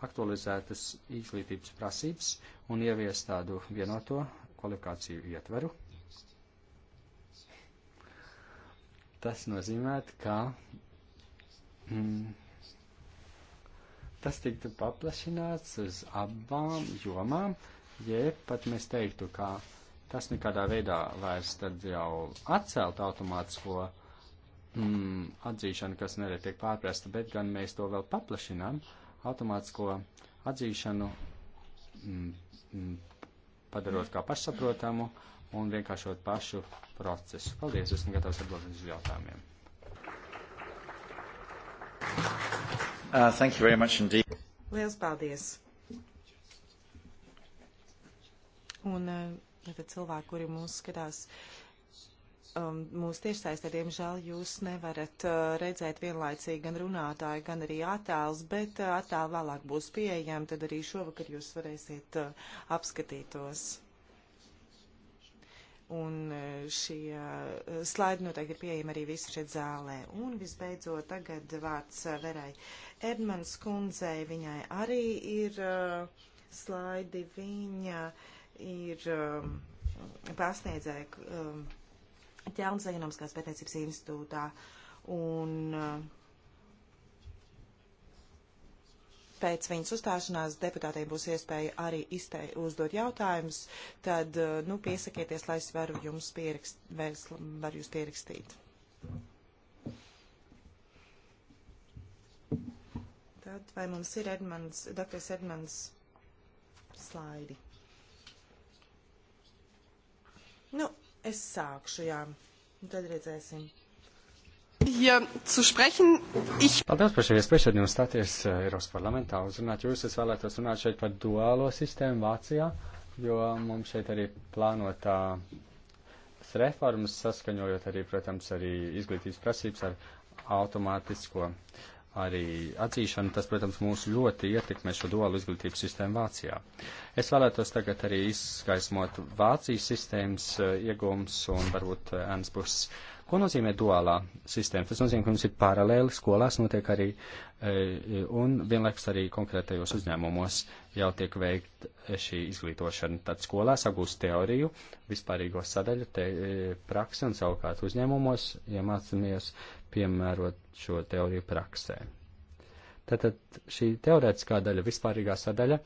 aktualizētas izglītības prasības un ieviest tādu vienoto kvalifikāciju ietveru. Tas nozīmē, ka mm, tas tiktu paplašināts uz abām jomām, jeb pat mēs teiktu, ka tas nekādā veidā vairs tad jau atcelt automātisko mm, atzīšanu, kas nereti tiek pārprasta, bet gan mēs to vēl paplašinām, automātisko atzīšanu mm, mm, padarot kā pašsaprotamu un vienkāršot pašu procesu. Paldies, esmu gatavs atbildēt uz jautājumiem. Uh, thank you very much indeed. Liels paldies. Un uh, Tad cilvēki, kuri mūs skatās, um, mūsu tiešsaistē, diemžēl jūs nevarat uh, redzēt vienlaicīgi gan runātāju, gan arī attēls, bet uh, attēli vēlāk būs pieejami, tad arī šovakar jūs varēsiet uh, apskatīt tos. Un uh, šie uh, slaidi noteikti ir pieejami arī visu šeit zālē. Un visbeidzot, tagad vārds uh, Verai Edmans kundzei. Viņai arī ir uh, slaidi. Viņa uh, ir um, pasniedzēja um, Ķelnas ekonomiskās pētniecības institūtā. Un um, pēc viņas uzstāšanās deputātiem būs iespēja arī iztei, uzdot jautājumus, tad, uh, nu, piesakieties, lai es varu jums pierakst, vēs, varu jūs pierakstīt. Tad vai mums ir Edmunds, dr. Edmunds slaidi? Nu, es sākšu, jā. Un nu, tad redzēsim. Hier zu sprechen, ich... Paldies par šo iespēju šodien uzstāties eh, Eiropas parlamentā uzrunāt. Jūs es vēlētos runāt šeit par duālo sistēmu Vācijā, jo mums šeit arī plānotā reformas saskaņojot arī, protams, arī izglītības prasības ar automātisko uh, arī atzīšanu, tas, protams, mūs ļoti ietekmē šo duālu izglītības sistēmu Vācijā. Es vēlētos tagad arī izgaismot Vācijas sistēmas eh, iegums un varbūt ēnas eh, puses. Ko nozīmē duālā sistēma? Tas nozīmē, ka mums ir paralēli skolās notiek arī eh, un vienlaikus arī konkrētajos uzņēmumos jau tiek veikt šī izglītošana. Tad skolās apgūst teoriju, vispārīgo sadaļu, te, praksi un savukārt uzņēmumos iemācāmies ja piemērot šo teoriju praksē. Tātad šī teorētiskā daļa, vispārīgā sadaļa,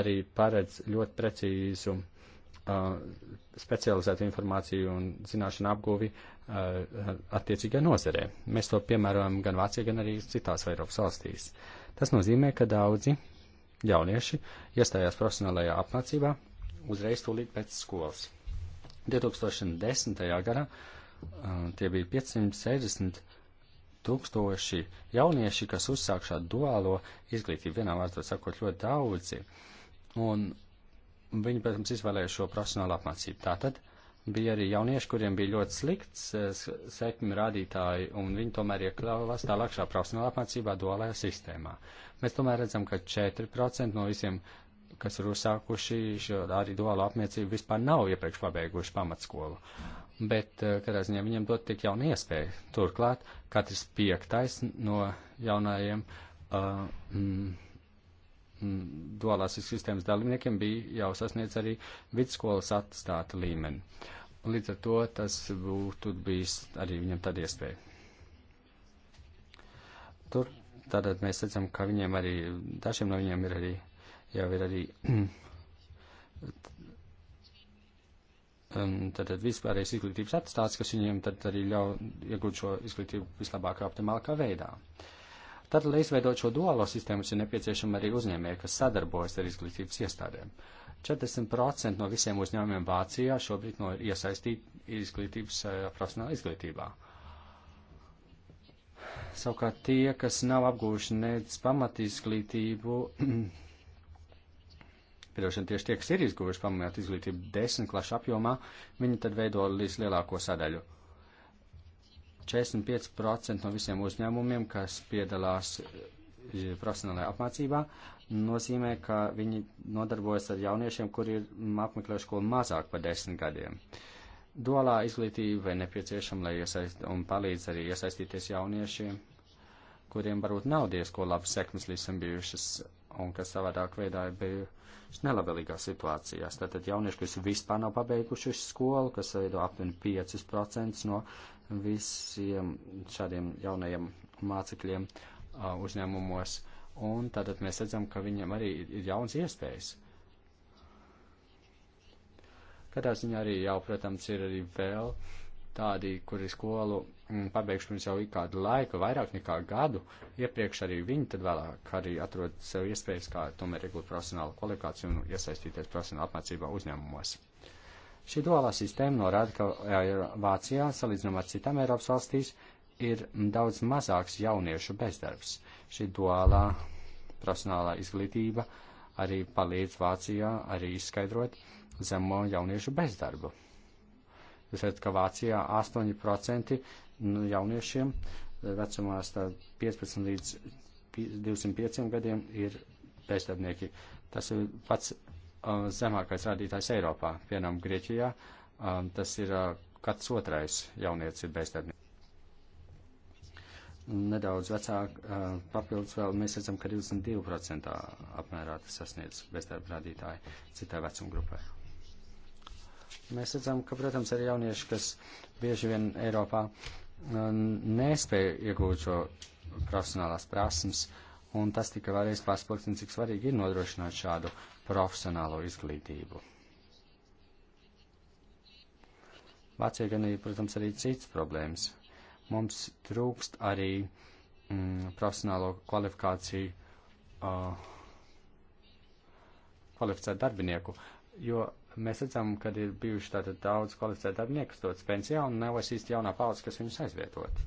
arī paredz ļoti precīzu uh, specializētu informāciju un zināšanu apguvi uh, attiecīgajā nozarē. Mēs to piemērojam gan Vācijā, gan arī citās Eiropas valstīs. Tas nozīmē, ka daudzi jaunieši iestājās profesionālajā apmācībā uzreiz tūlīt pēc skolas. 2010. gadā uh, tie bija 560 tūkstoši jaunieši, kas uzsāk šādu duālo izglītību, vienā vārdā sakot, ļoti daudzi. Un viņi, protams, izvēlēja šo profesionālu apmācību. Tātad bija arī jaunieši, kuriem bija ļoti slikts eh, sekmi rādītāji, un viņi tomēr iekļāvās tālāk šā profesionālā apmācībā duālajā sistēmā. Mēs tomēr redzam, ka 4% no visiem, kas ir uzsākuši šo arī duālo apmācību, vispār nav iepriekš pabeiguši pamatskolu bet eh, katrā ziņā viņiem dot tik jauna iespēja. Turklāt katrs piektais no jaunajiem uh, mm, dualās sistēmas dalībniekiem bija jau sasniedz arī vidusskolas atstāta līmeni. Un līdz ar to tas būtu bijis arī viņam tad iespēja. Tur tātad mēs redzam, ka viņiem arī, dažiem no viņiem ir arī, jau ir arī *clears throat* tātad ehm, vispārējais izglītības atstāts, kas viņiem tad arī ļauj iegūt šo izglītību vislabākā optimālākā veidā. Tad, lai izveidot šo duālo sistēmu, ir nepieciešama arī uzņēmēja, kas sadarbojas ar izglītības iestādēm. 40% no visiem uzņēmumiem Vācijā šobrīd no ir iesaistīti izglītības eh, profesionāla izglītībā. Savukārt tie, kas nav apgūši nec pamatizglītību, *clears throat* piedošana tieši tie, kas ir izguvuši pamatu izglītību desmit klašu apjomā, viņi tad veido līdz lielāko sadaļu. 45% no visiem uzņēmumiem, kas piedalās e, profesionālajā apmācībā, nozīmē, ka viņi nodarbojas ar jauniešiem, kuri ir apmeklējuši skolu mazāk par desmit gadiem. Dualā izglītība ir nepieciešama, lai iesaist un palīdz arī iesaistīties jauniešiem, kuriem varbūt nav diezko labas sekmes līdz tam bijušas un kas savādāk veidā bija nelabvēlīgās situācijās. Tātad jaunieši, kas vispār nav pabeiguši skolu, kas veido aptuveni 5% no visiem šādiem jaunajiem mācekļiem uh, uzņēmumos. Un tātad mēs redzam, ka viņiem arī ir jauns iespējas. Katrā ziņā arī jau, protams, ir arī vēl tādi, kuri skolu pabeigšu pirms jau kādu laiku, vairāk nekā gadu iepriekš arī viņi tad vēlāk arī atrod sev iespējas kā tomēr iegūt profesionālu kvalifikāciju un iesaistīties profesionāla apmācībā uzņēmumos. Šī duālā sistēma norāda, ka Vācijā, salīdzinām ar citām Eiropas valstīs, ir daudz mazāks jauniešu bezdarbs. Šī duālā profesionālā izglītība arī palīdz Vācijā arī izskaidrot zemo jauniešu bezdarbu. Jūs redzat, ka Vācijā 8% Nu, jauniešiem eh, vecumā starp 15 līdz 205 gadiem ir bezdarbnieki. Tas ir pats uh, zemākais rādītājs Eiropā. Vienam Grieķijā um, tas ir uh, kāds otrais jaunieci ir bezdarbnieki. Nedaudz vecāk uh, papildus vēl mēs redzam, ka 22% apmērā tas sasniedz bezdarba rādītāji citai vecuma grupai. Mēs redzam, ka, protams, ir jaunieši, kas bieži vien Eiropā uh, nespēja iegūt šo profesionālās prasmes, un tas tika vēlreiz pārspilgts, cik svarīgi ir nodrošināt šādu profesionālo izglītību. Vācijā gan ir, protams, arī cits problēmas. Mums trūkst arī mm, profesionālo kvalifikāciju, uh, kvalificētu darbinieku, jo Mēs redzam, ka ir bijuši tātad daudz kvalificēti darbinieki, kas dodas pensijā, un nav vairs īsti jaunā paudze, kas viņus aizvietot.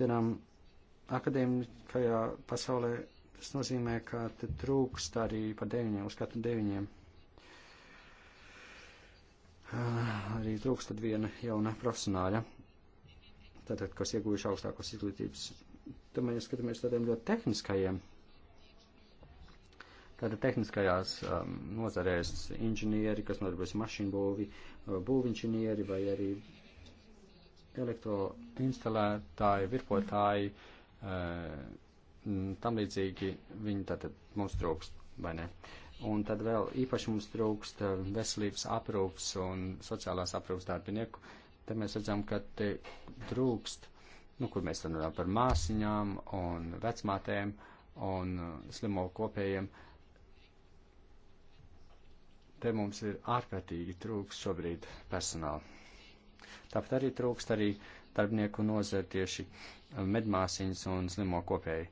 Piemēram, akadēmiskajā pasaulē tas nozīmē, ka te trūkst arī pa deviņiem, uz katru deviņiem. Ah, arī trūkst tad viena jauna profesionāļa, tātad, kas ieguvuši augstākos izglītības. Tomēr, ja skatāmies tādiem ļoti tehniskajiem Tātad tehniskajās um, nozarēs inženieri, kas nodarbojas mašīnu būvi, uh, būvinženieri vai arī elektroinstalētāji, virpotāji, uh, tam līdzīgi viņi tātad mums trūkst, vai ne? Un tad vēl īpaši mums trūkst uh, veselības aprūps un sociālās aprūps darbinieku. Te mēs redzam, ka te trūkst, nu, kur mēs runājam par māsiņām un vecmātēm un uh, slimo kopējiem. Uh, Te mums ir ārkārtīgi trūks šobrīd personāla. Tāpat arī trūkst arī darbinieku nozara tieši uh, medmāsiņas un slimo kopēji.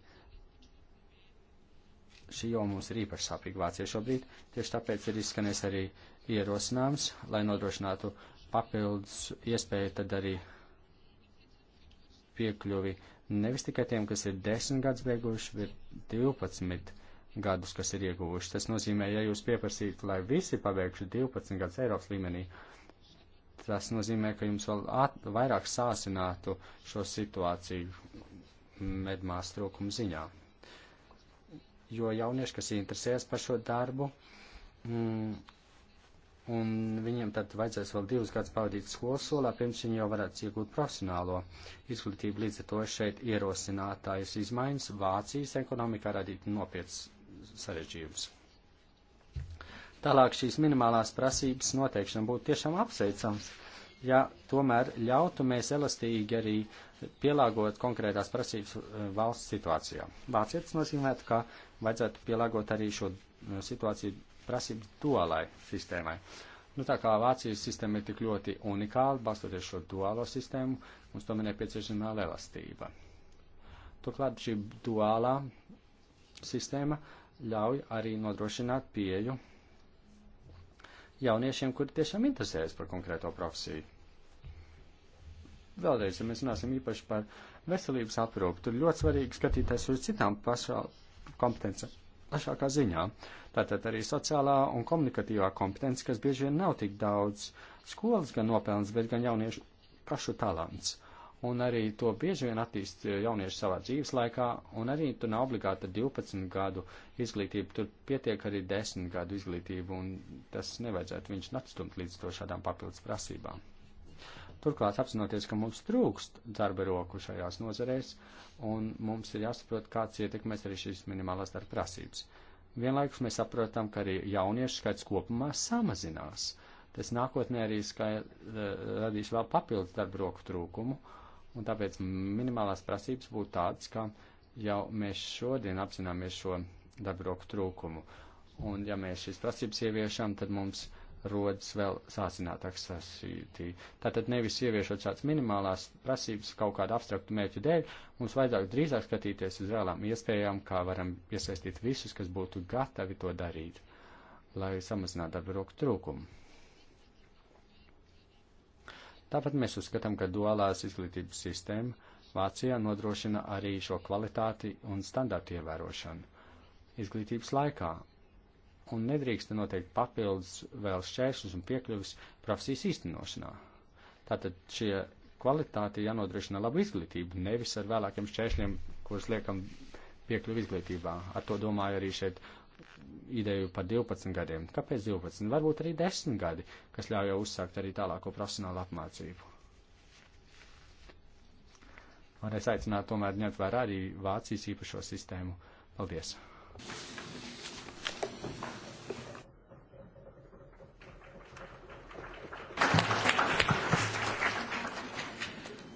Šī jau mums ir īpaši sāpīga Vācija šobrīd, tieši tāpēc ir izskanies arī ierosinājums, lai nodrošinātu papildus iespēju tad arī piekļuvi nevis tikai tiem, kas ir 10 gadus beiguši, bet 12 gadus, kas ir ieguvuši. Tas nozīmē, ja jūs pieprasītu, lai visi pabeigšu 12 gadus Eiropas līmenī, tas nozīmē, ka jums vēl at, vairāk sāsinātu šo situāciju medmās trūkumu ziņā. Jo jaunieši, kas interesēs par šo darbu, mm, un viņiem tad vajadzēs vēl divus gadus pavadīt skolas solā, pirms viņi jau varētu iegūt profesionālo izglītību. Līdz ar to šeit ierosinātājas izmaiņas Vācijas ekonomikā radīt nopietnas sarežģījums. Tālāk šīs minimālās prasības noteikšana būtu tiešām apsveicams, ja tomēr ļautu mēs elastīgi arī pielāgot konkrētās prasības eh, valsts situācijā. Vācietis nozīmētu, ka vajadzētu pielāgot arī šo eh, situāciju prasību duālai sistēmai. Nu, tā kā Vācijas sistēma ir tik ļoti unikāla, balstoties šo duālo sistēmu, mums tomēr nepieciešama elastība. Turklāt šī duālā sistēma ļauj arī nodrošināt pieju jauniešiem, kuri tiešām interesējas par konkrēto profesiju. Vēlreiz, ja mēs runāsim īpaši par veselības aprūpu, tur ļoti svarīgi skatīties uz citām pašām kompetencijām plašākā ziņā. Tātad arī sociālā un komunikatīvā kompetence, kas bieži vien nav tik daudz skolas gan nopelns, bet gan jauniešu pašu talants. Uh, un arī to bieži vien attīst eh, jaunieši savā dzīves laikā, un arī tur nav obligāta 12 gadu izglītība, tur pietiek arī 10 gadu izglītība, un tas nevajadzētu viņš atstumt līdz to šādām papildus prasībām. Turklāt apzinoties, ka mums trūkst darba roku šajās nozarēs, un mums ir jāsaprot, kāds ietekmēs arī šīs minimālās darba prasības. Vienlaikus mēs saprotam, ka arī jauniešu skaits kopumā samazinās. Tas nākotnē arī skai, eh, radīs vēl papildus darba roku trūkumu, uh, Un tāpēc minimālās prasības būtu tādas, ka jau mēs šodien apzināmies šo darba roku trūkumu. Un ja mēs šīs prasības ieviešam, tad mums rodas vēl sācinātāks sasītī. Tātad nevis ieviešot šāds minimālās prasības kaut kādu abstraktu mērķu dēļ, mums vajadzētu drīzāk skatīties uz reālām iespējām, kā varam iesaistīt visus, kas būtu gatavi to darīt, lai samazinātu darba roku trūkumu. Tāpat mēs uzskatām, ka duālās izglītības sistēma Vācijā nodrošina arī šo kvalitāti un standartu ievērošanu izglītības laikā, un nedrīkst noteikt papildus vēl šķēršļus un piekļuvis profesijas īstenošanā. Tātad šie kvalitāti jānodrošina laba izglītība, nevis ar vēlākiem šķēršļiem, kurus liekam piekļuvi izglītībā. Ar to domāju arī šeit ideju par 12 gadiem. Kāpēc 12? Varbūt arī 10 gadi, kas ļauj jau uzsākt arī tālāko profesionālu apmācību. Un es aicinātu tomēr ņemt vērā arī Vācijas īpašo sistēmu. Paldies!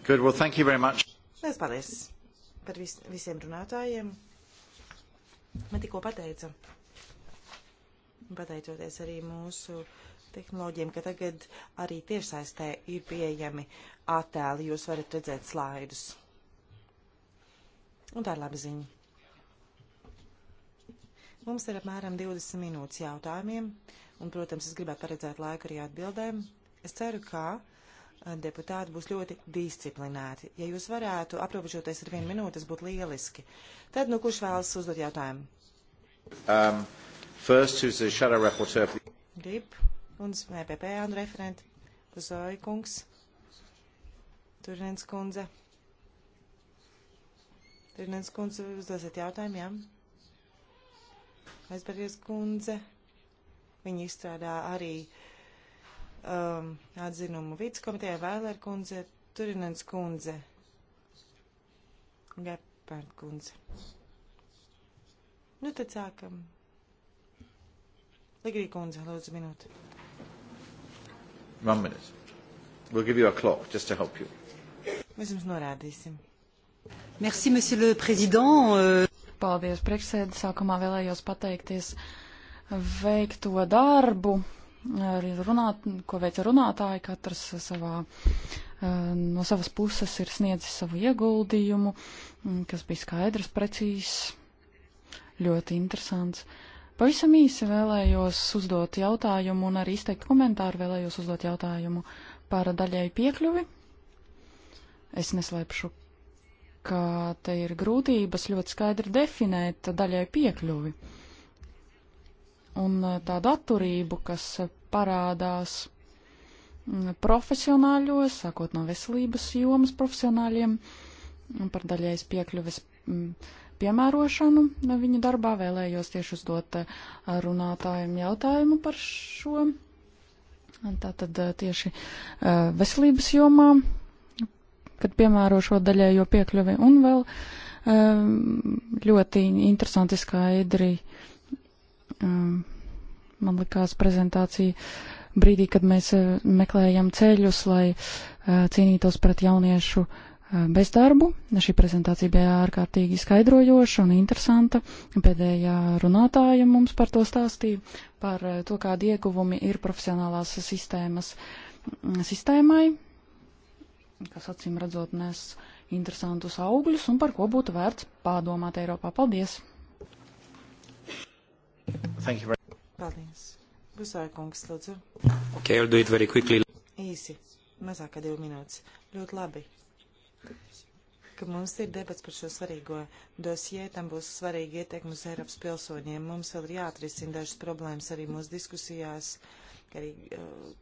Good, well, thank you very much. Liels paldies par vis visiem runātājiem man tikko pateica, pateicoties arī mūsu tehnoloģiem, ka tagad arī tiešsaistē ir pieejami attēli, jūs varat redzēt slaidus. Un tā ir laba ziņa. Mums ir apmēram 20 minūtes jautājumiem, un, protams, es gribētu paredzēt laiku arī atbildēm. Es ceru, ka deputāti būs ļoti disciplinēti. Ja jūs varētu aprobežoties ar vienu minūti, tas būtu lieliski. Tad, nu, kurš vēlas uzdot jautājumu? Um, first, who's the shadow rapporteur? Grib un MPP e un referenti. Pazoja kungs. Turnens kundze. Turnens kundze, uzdosiet jautājumu, jā? Aizbergies kundze. Viņi izstrādā arī uh, um, atzinumu vidas komitejā Vēlēr kundze, Turinens kundze, Gepard kundze. Nu tad sākam. Ligrī kundze, lūdzu minūti. One minute. We'll give you a clock just to help you. Mēs jums norādīsim. Merci, monsieur le président. Euh, Paldies, priekšsēdi. Sākumā vēlējos pateikties veikto darbu runāt, ko veica runātāji, katrs savā, eh, no savas puses ir sniedzis savu ieguldījumu, mm, kas bija skaidrs, precīzs, ļoti interesants. Pavisam īsi vēlējos uzdot jautājumu un arī izteikt komentāru, vēlējos uzdot jautājumu par daļēju piekļuvi. Es neslēpšu, ka te ir grūtības ļoti skaidri definēt daļēju piekļuvi. Uh, un eh, tādu atturību, kas eh, parādās mm, profesionāļos, sākot no veselības jomas profesionāļiem, par daļais piekļuves mm, piemērošanu eh, viņa darbā vēlējos tieši uzdot runātājiem jautājumu par šo. Tātad tieši veselības jomā, kad piemēro šo daļējo piekļuvi un vēl ļoti interesanti skaidri uh, man likās prezentācija brīdī, kad mēs meklējam ceļus, lai cīnītos pret jauniešu bezdarbu. Šī prezentācija bija ārkārtīgi skaidrojoša un interesanta. Pēdējā runātāja mums par to stāstīja, par to, kādi ieguvumi ir profesionālās sistēmas sistēmai, kas acīm redzot nes interesantus augļus un par ko būtu vērts pārdomāt Eiropā. Paldies! Thank you very much. Paldies. Busāja kungs, lūdzu. Okay, I'll do it very quickly. Īsi. Mazāk kā divi minūtes. Ļoti labi ka mums ir debats par šo svarīgo dosie, tam būs svarīgi ietekmi uz Eiropas pilsoņiem. Mums vēl ir jāatrisina dažas problēmas arī mūsu diskusijās. Uh, kā arī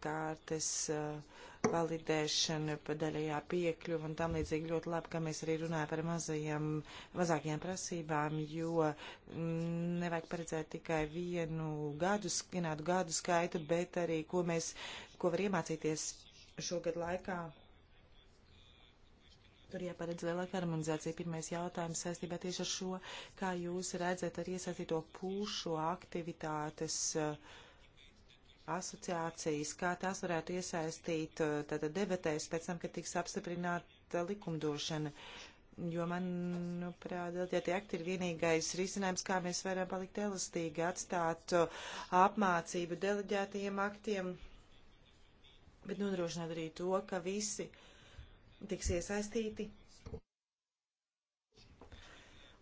kārtas validēšana, padaļajā piekļuva un tam līdzīgi ļoti labi, ka mēs arī runājam par mazajiem, mazākajām prasībām, jo m, mm, nevajag paredzēt tikai vienu gadu, vienādu gadu skaitu, bet arī, ko mēs, ko var iemācīties šogad laikā. Tur jāparedz lielāka harmonizācija. Pirmais jautājums saistībā tieši ar šo, kā jūs redzat ar iesaistīto pušu aktivitātes uh, asociācijas, kā tās varētu iesaistīt eh, tātad debatēs pēc tam, kad tiks apstiprināta likumdošana. Jo, manuprāt, ja tie akti ir vienīgais risinājums, kā mēs varam palikt elastīgi, atstāt eh, apmācību deleģētajiem aktiem, bet nodrošināt arī to, ka visi tiks iesaistīti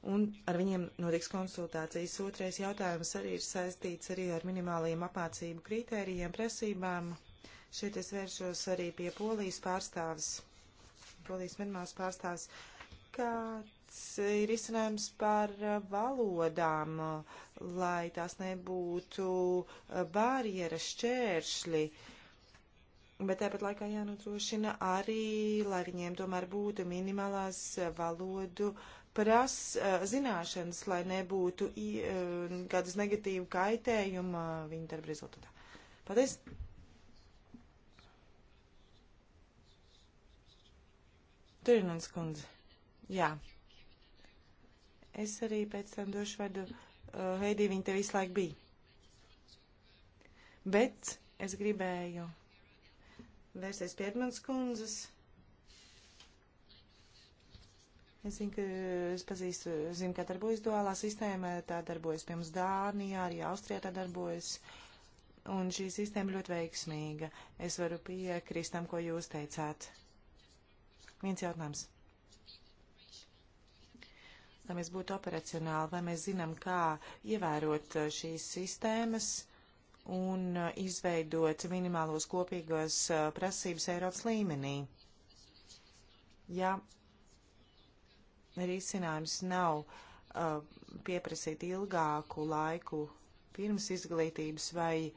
un ar viņiem notiks konsultācijas. Otrais jautājums arī ir saistīts arī ar minimālajiem apmācību kritērijiem, prasībām. Šeit es vēršos arī pie polijas pārstāvis, polijas minimāls pārstāvis, kāds ir izcinājums par valodām, lai tās nebūtu barjeras šķēršļi. Bet tāpat laikā jānodrošina arī, lai viņiem tomēr būtu minimālās valodu uh, pras, eh, zināšanas, lai nebūtu eh, kādas negatīva kaitējuma viņa darba rezultātā. Paldies! Turinens kundze. Jā. Es arī pēc tam došu vārdu uh, eh, Heidī, viņa te visu laiku bija. Bet es gribēju vērsties pie Edmunds kundzes Es zinu, ka es pazīstu, zinu, kā darbojas duālā sistēma, tā darbojas pie mums Dānijā, arī Austrijā tā darbojas. Un šī sistēma ļoti veiksmīga. Es varu piekrist tam, ko jūs teicāt. Viens jautājums lai mēs būtu operacionāli, vai mēs zinām, kā ievērot uh, šīs sistēmas un uh, izveidot minimālos kopīgos uh, prasības Eiropas līmenī. Ja risinājums nav uh, pieprasīt ilgāku laiku pirms izglītības, vai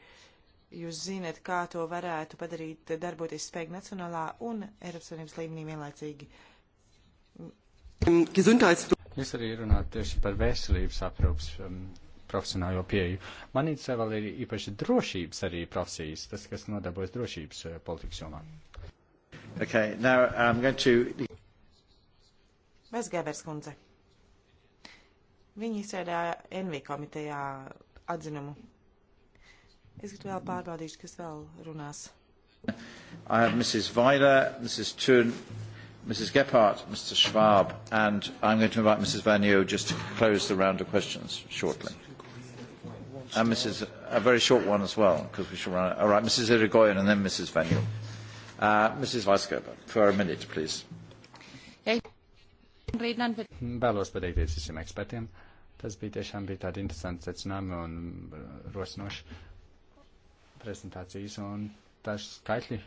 jūs zinat, kā to varētu padarīt darboties spēku nacionālā un Eiropas Savienības līmenī vienlaicīgi? Mm, es arī runāju tieši par veselības aprūpas um, profesionālo pieeju. Man interesē vēl ir īpaši drošības arī profesijas, tas, kas nodarbojas drošības uh, politikas jomā. Okay, now I'm going to... Vesgēvers kundze. Viņi izsēdā NV komitejā atzinumu. Es gribu vēl pārbaudīt, kas vēl runās. I have Mrs. Weiler, Mrs. Thun, Mrs. Gephardt, Mr. Schwab, and I'm going to invite Mrs. Vanio just to close the round of questions shortly. And Mrs. a very short one as well, because we shall run out. All right, Mrs. Irigoyen and then Mrs. Vanio. Uh, Mrs. Weisgerber, for a minute, please. Yeah. Vēlos pateikties visiem ekspertiem. Tas bija tiešām bija tādi interesanti secinājumi un uh, rosinoši prezentācijas. Un tas skaitļi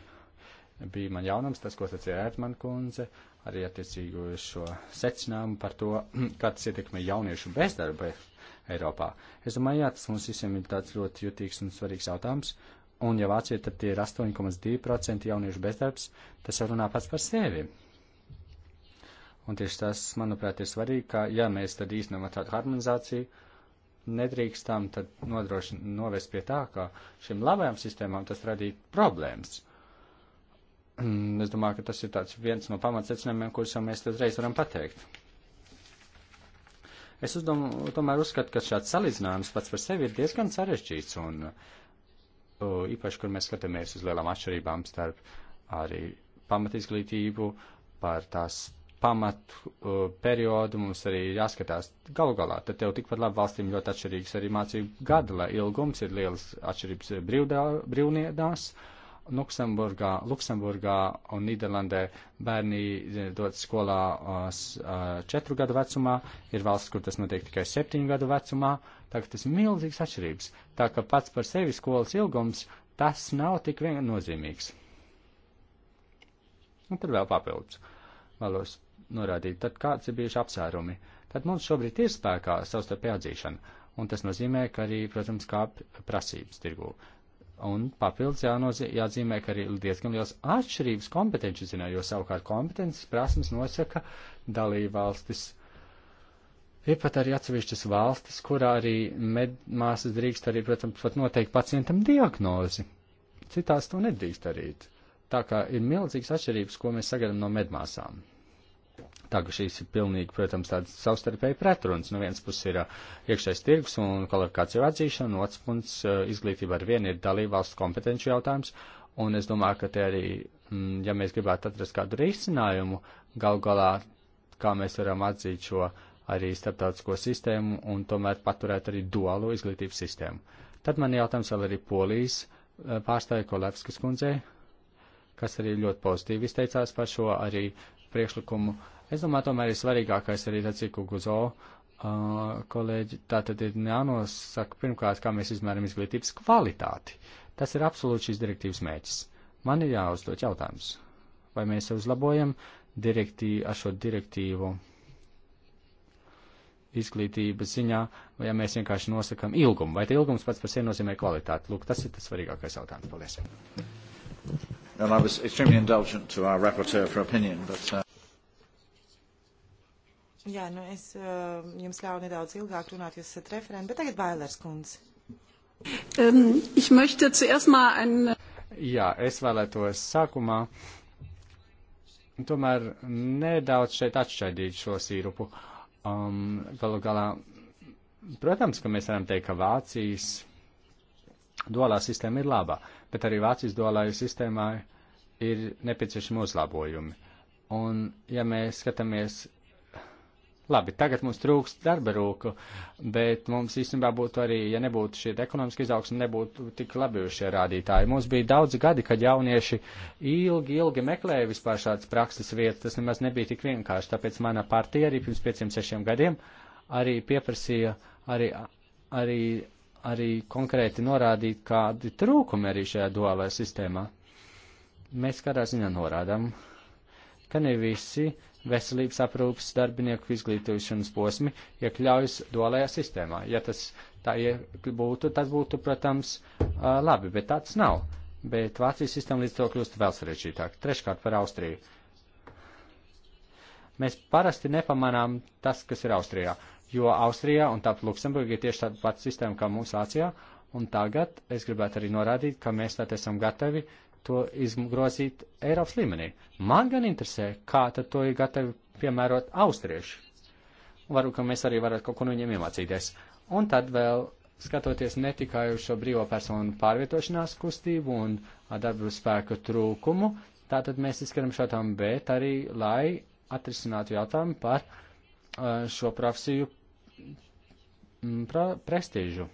bija man jaunums, tas, ko sacīja Ērtmana kundze, arī attiecīgi uz šo secinājumu par to, *clears throat* kā tas ietekmē jauniešu bezdarba Eiropā. Es domāju, jā, tas mums visiem ir tāds ļoti jutīgs un svarīgs jautājums. Un, ja Vācija, tad tie ir 8,2% jauniešu bezdarbs, tas jau runā pats par sevi. Un tieši tas, manuprāt, ir svarīgi, ka, ja mēs tad īstenam tādu harmonizāciju, nedrīkstam tad nodrošināt, novest pie tā, ka šīm labajām sistēmām tas radītu problēmas. Mm, es domāju, ka tas ir tāds viens no pamatsecinājumiem, kurus jau mēs uzreiz varam pateikt. Es uzdom, tomēr uzskatu, ka šāds salīdzinājums pats par sevi ir diezgan sarežģīts, un uh, īpaši, kur mēs skatāmies uz lielām atšķirībām starp arī pamatizglītību, par tās pamatu uh, periodu mums arī ir jāskatās galu galā. Tad jau tikpat labi valstīm ļoti atšķirīgs arī mācību gada, lai ilgums ir lielas atšķirības brīvdā, brīvniedās. Luksemburgā, Luksemburgā un Nīderlandē bērni eh, dod skolā uh, uh, četru gadu vecumā, ir valsts, kur tas notiek tikai septiņu gadu vecumā, tā ka tas ir milzīgs atšķirības. Tā ka pats par sevi skolas ilgums tas nav tik viennozīmīgs. Un tad vēl papildus vēlos norādīt, tad kāds ir bijuši apsērumi. Tad mums šobrīd ir spēkā savstarpēja atzīšana, un tas nozīmē, ka arī, protams, kāp prasības tirgū. Un papildus jānozīmē, jāatzīmē, ka arī diezgan liels atšķirības kompetenci ziņā, jo savukārt kompetences prasmes nosaka dalībvalstis. Ir pat arī atsevišķas valstis, kurā arī medmāsas drīkst arī, protams, pat noteikt pacientam diagnozi. Citās to nedrīkst darīt. Tā kā ir milzīgas atšķirības, ko mēs sagaidām no medmāsām. Tā ka šīs ir pilnīgi, protams, tādas savstarpēji pretrunas. No nu, vienas puses ir uh, iekšējais tirgus un kvalifikāciju atzīšana, no otras puses uh, izglītība ar vienu ir dalībvalsts kompetenci jautājums. Un es domāju, ka te arī, mm, ja mēs gribētu atrast kādu risinājumu, gal galā, kā mēs varam atzīt šo arī starptautisko sistēmu un tomēr paturēt arī duālo izglītības sistēmu. Tad man jautājums vēl arī polijas uh, pārstāja Kolevskas kundzei, kas arī ļoti pozitīvi izteicās par šo arī priekšlikumu uh, Es domāju, tomēr ir svarīgākais arī sacīja Kukuzo uh, kolēģi, tā tad ir jānosaka pirmkārt, kā mēs izmēram izglītības kvalitāti. Tas ir absolūti šīs direktīvas mērķis. Man ir jāuzdot jautājums, vai mēs uzlabojam direktīvu, ar šo direktīvu izglītības ziņā, vai ja mēs vienkārši nosakam ilgumu, vai ilgums pats par sevi nozīmē kvalitāti. Lūk, tas ir tas svarīgākais jautājums. Paldies! And I was extremely indulgent to our rapporteur for opinion, but... Uh... Jā, nu es uh, jums ļauju nedaudz ilgāk runāt, jūs esat referenti, bet tagad Bailers kundze. Um, ich möchte zuerst mal ein... Jā, es vēlētos sākumā tomēr nedaudz šeit atšķaidīt šo sīrupu. Um, galu galā, protams, ka mēs varam teikt, ka Vācijas duālā sistēma ir laba, bet arī Vācijas duālajā sistēmā ir nepieciešami uzlabojumi. Un, ja mēs skatāmies Labi, tagad mums trūkst darba rūku, bet mums īstenībā būtu arī, ja nebūtu šī ekonomiska izaugsme, nebūtu tik labi šie rādītāji. Mums bija daudz gadi, kad jaunieši ilgi, ilgi meklēja vispār šādas prakses vietas, tas nemaz nebija tik vienkārši, tāpēc mana partija arī pirms pieciem, sešiem gadiem arī pieprasīja arī, arī, arī konkrēti norādīt, kādi trūkumi arī šajā duālajā sistēmā. Mēs kādā ziņā norādām, ka ne visi veselības aprūpas darbinieku izglītošanas posmi iekļaujas dualajā sistēmā. Ja tas tā būtu, tas būtu, protams, labi, bet tāds nav. Bet Vācijas sistēma līdz to kļūst vēl sarežģītāk. Treškārt par Austriju. Mēs parasti nepamanām tas, kas ir Austrijā, jo Austrijā un tāpat Luksemburga ir tieši tāda pati sistēma kā mūsu Vācijā, un tagad es gribētu arī norādīt, ka mēs tātad esam gatavi uh, to izgrozīt Eiropas līmenī. Man gan interesē, kā tad to ir gatavi piemērot austrieši. Varbūt, ka mēs arī varētu kaut ko no viņiem iemācīties. Un tad vēl skatoties ne tikai uz šo brīvo personu pārvietošanās kustību un darbu spēku trūkumu, tātad mēs izskaram šo tam, bet arī, lai atrisinātu jautājumu par uh, šo profesiju mm, pra, prestižu.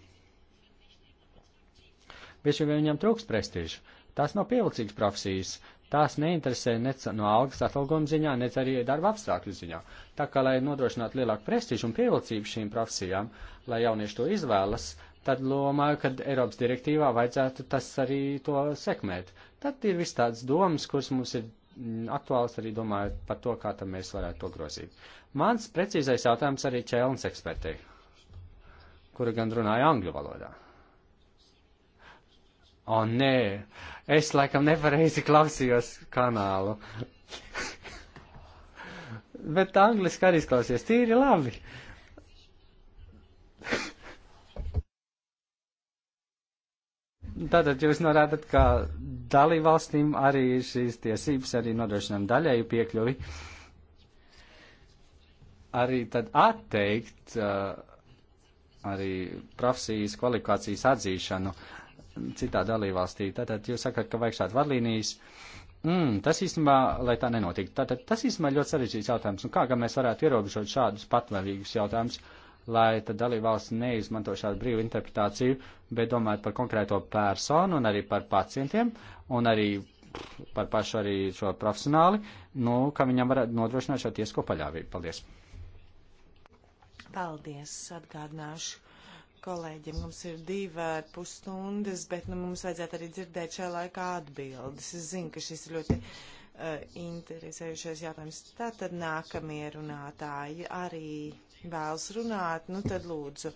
Bieži vien viņam trūks prestižu, Tās nav pievilcīgas profesijas. Tās neinteresē nec no algas atalgojuma ziņā, nec arī darba apstākļu ziņā. Tā kā, lai nodrošinātu lielāku prestižu un pievilcību šīm profesijām, lai jaunieši to izvēlas, tad domāju, ka Eiropas direktīvā vajadzētu tas arī to sekmēt. Tad ir viss tāds domas, kuras mums ir mm, aktuāls arī domājot par to, kā tam mēs varētu to grozīt. Mans precīzais jautājums arī Čēlns ekspertei, kura gan runāja angļu valodā. O, nē, es laikam nepareizi klausījos kanālu. *laughs* Bet angliski arī izklausies tīri labi. Tātad jūs norādat, ka dalībvalstīm arī šīs tiesības arī nodrošinām daļēju piekļuvi. Arī tad atteikt uh, arī profesijas kvalifikācijas atzīšanu. Uh, citā dalībvalstī. Tātad jūs sakat, ka vajag šādu vadlīnijas. Mm, tas īstenībā, lai tā nenotiktu. Tātad tas īstenībā ļoti sarežģīts jautājums. Un kā gan mēs varētu ierobežot šādus patvēlīgus jautājumus, lai tad dalībvalsts neizmanto šādu brīvu interpretāciju, bet domājot par konkrēto personu un arī par pacientiem un arī par pašu arī šo profesionāli, nu, ka viņam varētu nodrošināt šo tiesko paļāvību. Paldies! Paldies, atgādināšu kolēģiem. Mums ir divi ar pusstundas, bet nu, mums vajadzētu arī dzirdēt šajā laikā atbildes. Es zinu, ka šis ir ļoti uh, eh, interesējušies jautājums. Tātad nākamie runātāji arī vēlas runāt, nu tad lūdzu.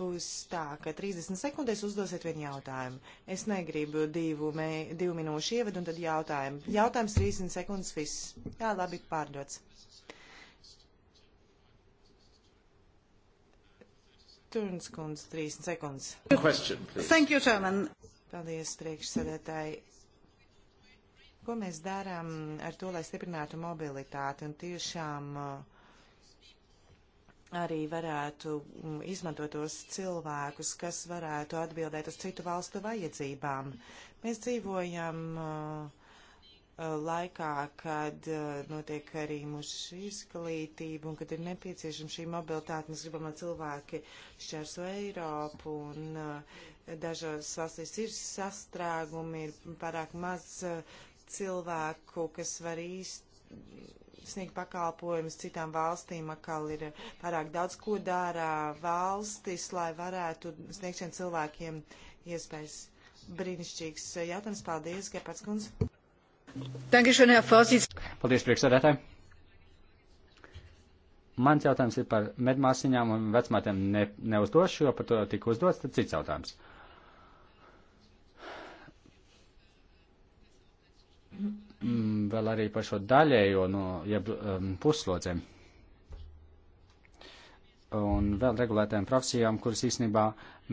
Būs tā, ka 30 sekundēs uzdosiet vienu jautājumu. Es negribu divu, me, divu minūšu ievadu un tad jautājumu. Jautājums 30 sekundes viss. Jā, labi, pārdots. Turns kundze, 30 sekundes. Question, please. Thank you, Chairman. Paldies, priekšsēdētāji. Ko mēs darām ar to, lai stiprinātu mobilitāti un tiešām uh, arī varētu mm, izmantot tos cilvēkus, kas varētu atbildēt uz citu valstu vajadzībām. Mēs dzīvojam uh, laikā, kad notiek arī mūsu izglītība un kad ir nepieciešama šī mobilitāte. Mēs gribam, lai cilvēki šķērso Eiropu un dažos valstīs ir sastrēgumi, ir pārāk maz cilvēku, kas var īst sniegt pakalpojumus citām valstīm, akal ir pārāk daudz, ko dara valstis, lai varētu sniegt šiem cilvēkiem iespējas. Brīnišķīgs jautājums. Paldies, Gepats Kunz. Paldies, priekšsēdētāji! Mans jautājums ir par medmāsiņām un vecmātēm ne, neuzdošu, jo par to tika uzdots, tad cits jautājums. Mm, vēl arī par šo daļējo, no, jeb um, puslodzēm. Un vēl regulētām profesijām, kuras īstenībā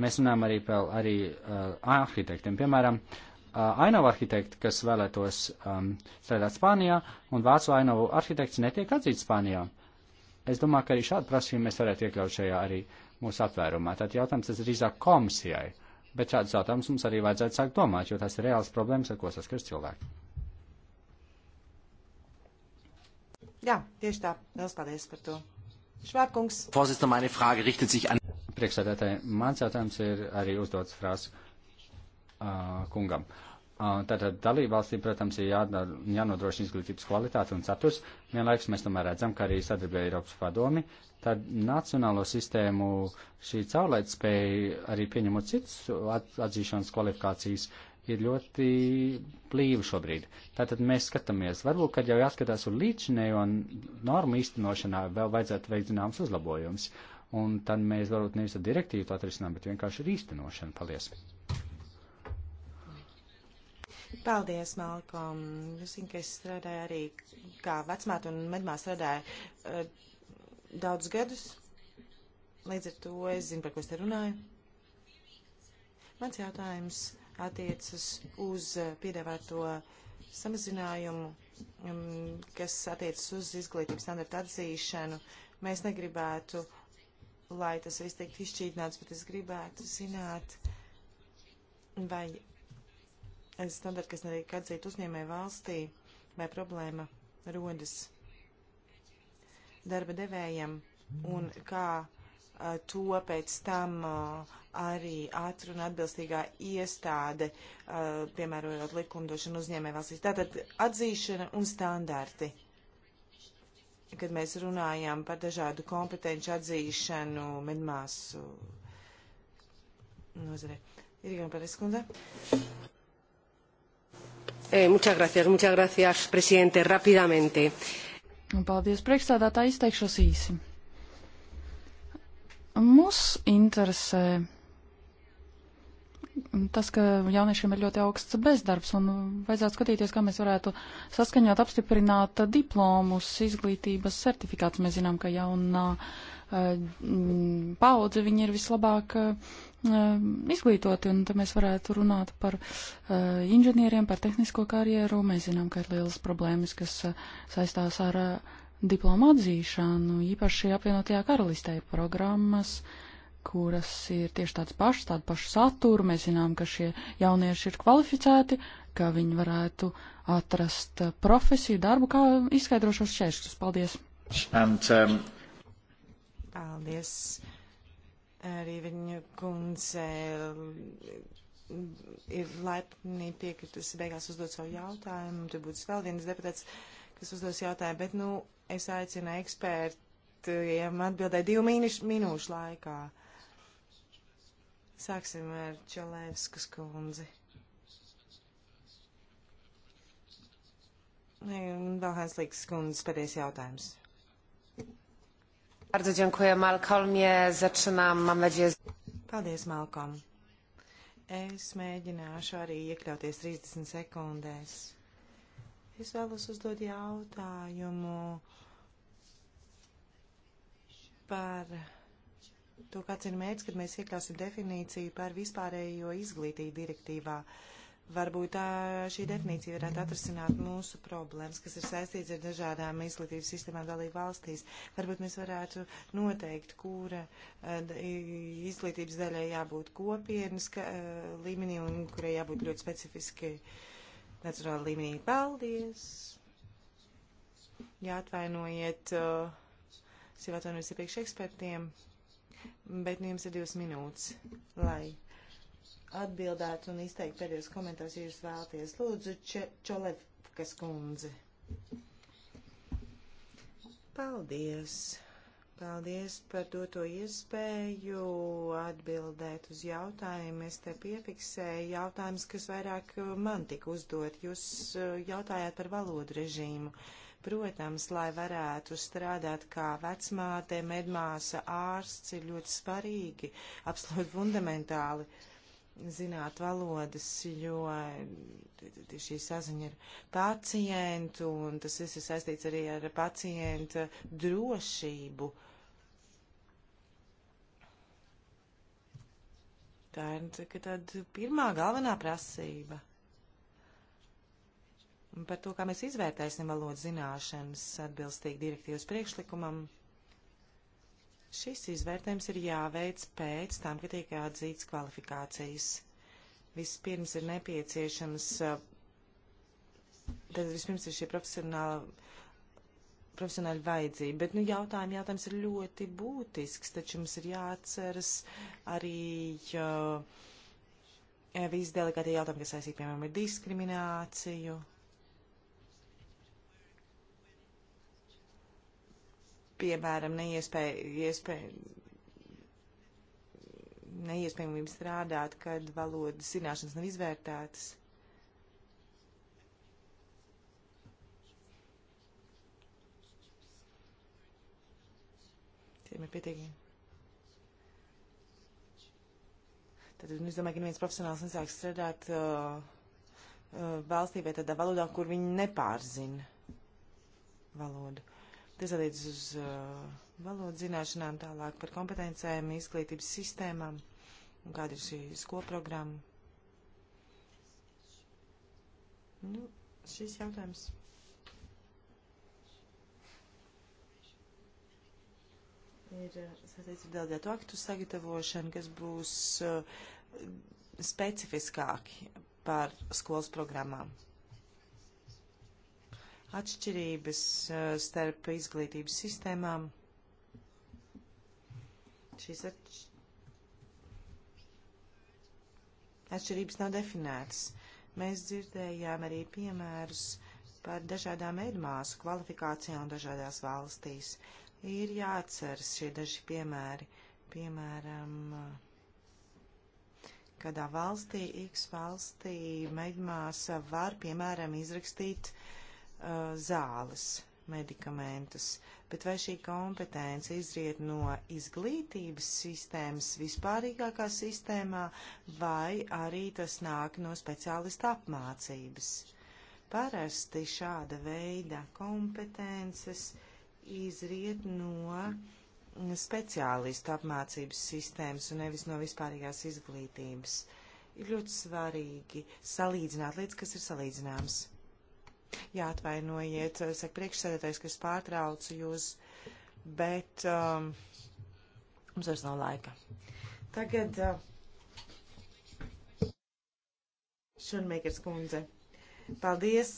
mēs runājam arī par arī, uh, arhitektiem, piemēram, uh, Uh, ainavu arhitekti, kas vēlētos um, strādāt Spānijā, un vācu ainavu arhitekts netiek atzīts Spānijā. Es domāju, ka arī šādu prasību mēs varētu iekļaut šajā arī mūsu apvērumā. Tad jautājums tas drīzāk komisijai, bet šādus jautājumus mums arī vajadzētu sākt domāt, jo tās ir reāls problēmas, ar ko saskars cilvēki. Jā, tieši tā. Lielas paldies par to. Švārkungs. Priekšsēdētāji, mans jautājums ir arī uzdots frāzi uh, kungam. Uh, Uh, tātad dalībvalstī, protams, ir jādara, jānodrošina izglītības kvalitāte un saturs. Vienlaikus mēs tomēr redzam, ka arī sadarbība Eiropas padomi, tad nacionālo sistēmu šī caurlaidspēja, arī pieņemot citas atzīšanas kvalifikācijas, ir ļoti plīva šobrīd. Tātad mēs skatāmies, varbūt, kad jau jāskatās uz līdzinējo normu īstenošanā, vēl vajadzētu veikt zināms uzlabojums. Un tad mēs varbūt nevis ar direktīvu to atrisinām, bet vienkārši ar īstenošanu. Paldies! Paldies, Malkom. Jūs zināt, ka es strādāju arī kā vecmāt un medmā strādāju uh, eh, daudz gadus. Līdz ar to es zinu, par ko es te runāju. Mans jautājums attiecas uz eh, piedāvāto samazinājumu, um, kas attiecas uz izglītības standartu atzīšanu. Mēs negribētu, lai tas viss tiktu izšķīdināts, bet es gribētu zināt, vai standarti, kas netiek atzīt uzņēmē valstī, vai problēma rodas darba devējam un kā a, to pēc tam a, arī atruna atbilstīgā iestāde, a, piemērojot likumdošanu uzņēmē valstīs. Tātad atzīšana un standarti. Kad mēs runājām par dažādu kompetenci atzīšanu medmāsu nozare. Ir gan par eskundē. Eh, muchas gracias, muchas gracias, presidente. Rapidamente. Un paldies, priekšstādātā izteikšos īsi. Mūs interesē tas, ka jauniešiem ir ļoti augsts bezdarbs, un vajadzētu skatīties, kā mēs varētu saskaņot, apstiprināt diplomus, izglītības certifikātus. Mēs zinām, ka jaunā uh, paudze, viņi ir vislabāk izglītoti, un tad mēs varētu runāt par inženieriem, par tehnisko karjeru. Mēs zinām, ka ir lielas problēmas, kas saistās ar diplomu atzīšanu, īpaši apvienotajā karalistē programmas kuras ir tieši tādas pašas, tādu pašu saturu. Mēs zinām, ka šie jaunieši ir kvalificēti, ka viņi varētu atrast profesiju, darbu, kā izskaidrošos šķēršļus. Paldies! And, um... Paldies arī viņa kundze ir laipni piekritus beigās uzdot savu jautājumu. Tur būs vēl viens deputāts, kas uzdos jautājumu, bet, nu, es aicinu ekspertiem atbildēt divu mīnešu, minūšu laikā. Sāksim ar Čelēvskas kundzi. Vēl Hanslīgs kundze pēdējais jautājums. Bardzo dziękuję, Malcolmie. Zaczynam, mam nadzieję. Paldies, Malcolm. Es mēģināšu arī iekļauties 30 sekundēs. Es vēlos uzdot jautājumu par to, kāds ir mērķis, kad mēs iekļausim definīciju par vispārējo izglītību direktīvā. Uh, Varbūt tā, šī definīcija varētu atrasināt mūsu problēmas, kas ir saistīts ar dažādām izglītības sistēmām dalību valstīs. Varbūt mēs varētu noteikt, kura izglītības daļai jābūt kopienas ka, līmenī un kurai jābūt ļoti specifiski nacionāla līmenī. Paldies! Jāatvainojiet, es jau atvainojos iepriekš ekspertiem, bet nu jums ir divas minūtes, lai atbildēt un izteikt pēdējos komentārus, ja jūs vēlaties. Lūdzu, Če Čolevkas kundze. Paldies! Paldies par doto iespēju atbildēt uz jautājumu. Es te piefiksēju jautājumus, kas vairāk man tika uzdot. Jūs eh, jautājāt par valodu režīmu. Protams, lai varētu strādāt kā vecmāte, medmāsa, ārsts, ir ļoti svarīgi, absolūti fundamentāli. Uh, zināt valodas, jo šī saziņa ar pacientu, un tas viss ir saistīts arī ar pacienta drošību. Tā ir nu, tā, tāda pirmā galvenā prasība. Un par to, kā mēs izvērtēsim valodas zināšanas atbilstīgi direktīvas priekšlikumam. Šis izvērtējums ir jāveic pēc tam, kad tiek atzīts kvalifikācijas. Vispirms ir nepieciešams, tad vispirms ir šī profesionāla, profesionāla vajadzība, bet, nu, jautājumi, jautājums ir ļoti būtisks, taču mums ir jāatceras arī uh, visi delikātie jautājumi, kas saistīti, piemēram, ar diskrimināciju, piemēram, neiespēja, iespēja, neiespējamība strādāt, kad valodas zināšanas nav izvērtētas. Tiem ir pietiekami. Tad nu, es domāju, ka neviens profesionāls nesāks strādāt uh, uh, valstī vai tādā valodā, kur viņi nepārzina valodu. Tas attiecas uz uh, valodas zināšanām, tālāk par kompetencēm, izglītības sistēmām un kāda ir šī skolprogramma. Nu, šis jautājums. Ir uh, saistīts ar delegētu aktu sagatavošanu, kas būs uh, specifiskāki par skolas programmām atšķirības eh, starp izglītības sistēmām. Šīs atš... atšķirības nav definētas. Mēs dzirdējām arī piemērus par dažādām medmāsu kvalifikācijām dažādās valstīs. Ir jāatceras šie daži piemēri. Piemēram, kādā valstī, X valstī medmāsa var, piemēram, izrakstīt uh, uh, zāles medikamentus, bet vai šī kompetence izriet no izglītības sistēmas vispārīgākā sistēmā, vai arī tas nāk no speciālista apmācības. Parasti šāda veida kompetences izriet no speciālistu apmācības sistēmas un nevis no vispārīgās izglītības. Ir ļoti svarīgi salīdzināt lietas, kas ir salīdzināmas. Jā, atvainojiet, eh, saka priekšsēdētājs, ka es pārtraucu jūs, bet um, mums vairs nav laika. Tagad uh, eh, Šunmēkers kundze. Paldies!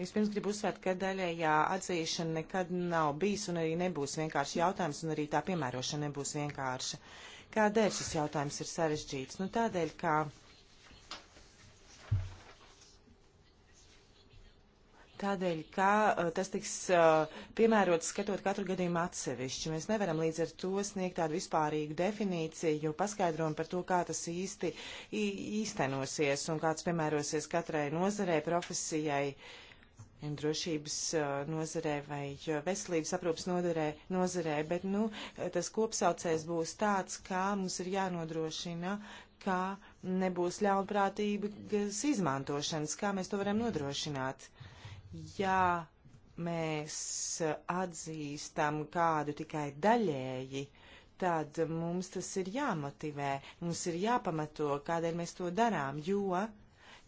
Vispirms gribu uzsvērt, ka daļējā atzīšana nekad nav bijis un arī nebūs vienkārši jautājums, un arī tā piemērošana nebūs vienkārša. Kādēļ šis jautājums ir sarežģīts? Nu, tādēļ, ka Tādēļ, ka uh, tas tiks uh, piemērots skatot katru gadījumu atsevišķi. Mēs nevaram līdz ar to sniegt tādu vispārīgu definīciju, paskaidrojumu par to, kā tas īsti īstenosies un kāds piemērosies katrai nozarē, profesijai, drošības uh, nozarē vai uh, veselības aprūpas nodarē, nozarē. Bet, nu, tas kopsaucējs būs tāds, kā mums ir jānodrošina, kā nebūs ļaunprātīgas izmantošanas, kā mēs to varam nodrošināt. Uh, ja mēs atzīstam kādu tikai daļēji, tad mums tas ir jāmotivē, mums ir jāpamato, kādēļ mēs to darām, jo,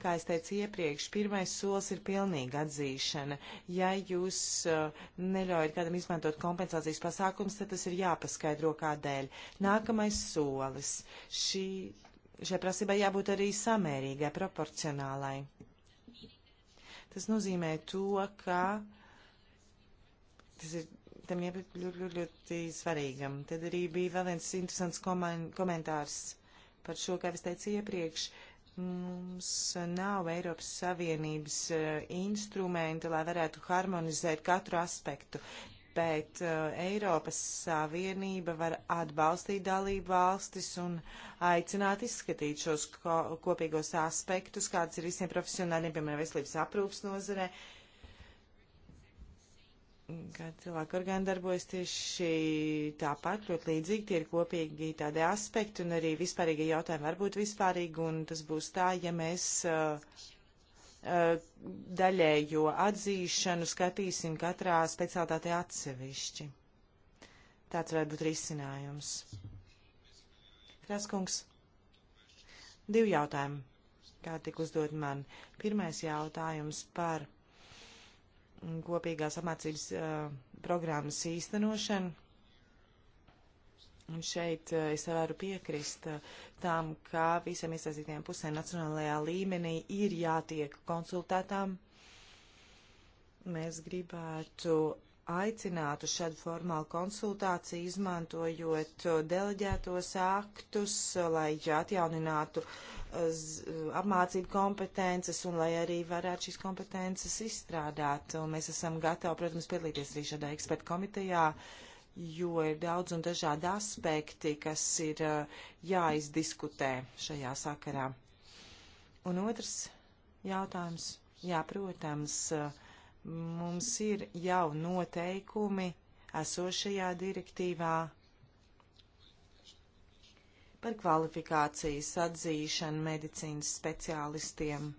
kā es teicu iepriekš, pirmais solis ir pilnīga atzīšana. Ja jūs uh, neļaujat kādam izmantot kompensācijas pasākums, tad tas ir jāpaskaidro kādēļ. Nākamais solis. Šī, šai prasībai jābūt arī samērīgai, proporcionālai. Tas nozīmē to, ka tas ir tam jābūt ļoti, ļoti, ļoti svarīgam. Tad arī bija vēl viens interesants komentārs par šo, kā es teicu iepriekš. Mums nav Eiropas Savienības eh, instrumenta, lai varētu harmonizēt katru aspektu bet uh, Eiropas Savienība var atbalstīt dalību valstis un aicināt izskatīt šos ko kopīgos aspektus, kāds ir visiem profesionāļiem, piemēram, veselības aprūpas nozarē. Kā cilvēku orgāni darbojas tieši tāpat, ļoti līdzīgi, tie ir kopīgi tādi aspekti un arī vispārīgie jautājumi var būt vispārīgi, un tas būs tā, ja mēs uh, daļējo atzīšanu skatīsim katrā speciālitātē atsevišķi. Tāds varētu būt risinājums. Kraskungs, divi jautājumi, kā tik uzdot man. Pirmais jautājums par kopīgās apmācības uh, programmas īstenošanu. Un šeit eh, es varu piekrist eh, tam, ka visam iesaistītiem pusēm nacionālajā līmenī ir jātiek konsultētām. Mēs gribētu aicinātu šādu formālu konsultāciju, izmantojot eh, deleģētos aktus, lai atjauninātu apmācību kompetences un lai arī varētu šīs kompetences izstrādāt. Un mēs esam gatavi, protams, piedalīties arī šādā eksperta komitejā. Uh, jo ir daudz un dažādi aspekti, kas ir eh, jāizdiskutē šajā sakarā. Un otrs jautājums. Jā, protams, eh, mums ir jau noteikumi esošajā direktīvā par kvalifikācijas atzīšanu medicīnas speciālistiem.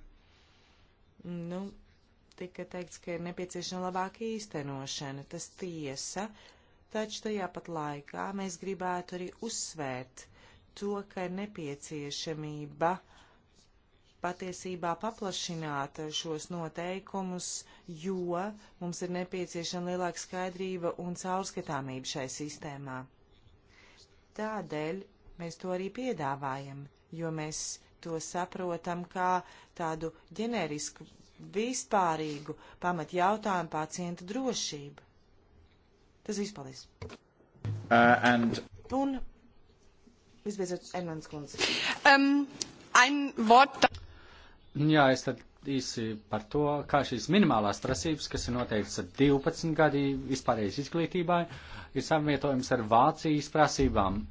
Nu, tika teikts, ka ir nepieciešama labāka īstenošana. Tas tiesa, taču tajā pat laikā mēs gribētu arī uzsvērt to, ka ir nepieciešamība patiesībā paplašināt šos noteikumus, jo mums ir nepieciešama lielāka skaidrība un caurskatāmība šai sistēmā. Tādēļ mēs to arī piedāvājam, jo mēs to saprotam kā tādu ģenerisku, vispārīgu pamatjautājumu pacientu drošību. Tas viss paldies. Uh, and... Un visbeidzot, Ernants Kunze. Um, ein Wort. Jā, es tad īsi par to, kā šīs minimālās prasības, kas ir noteikts ar 12 gadi vispārējais izglītībai, ir savietojums ar Vācijas prasībām.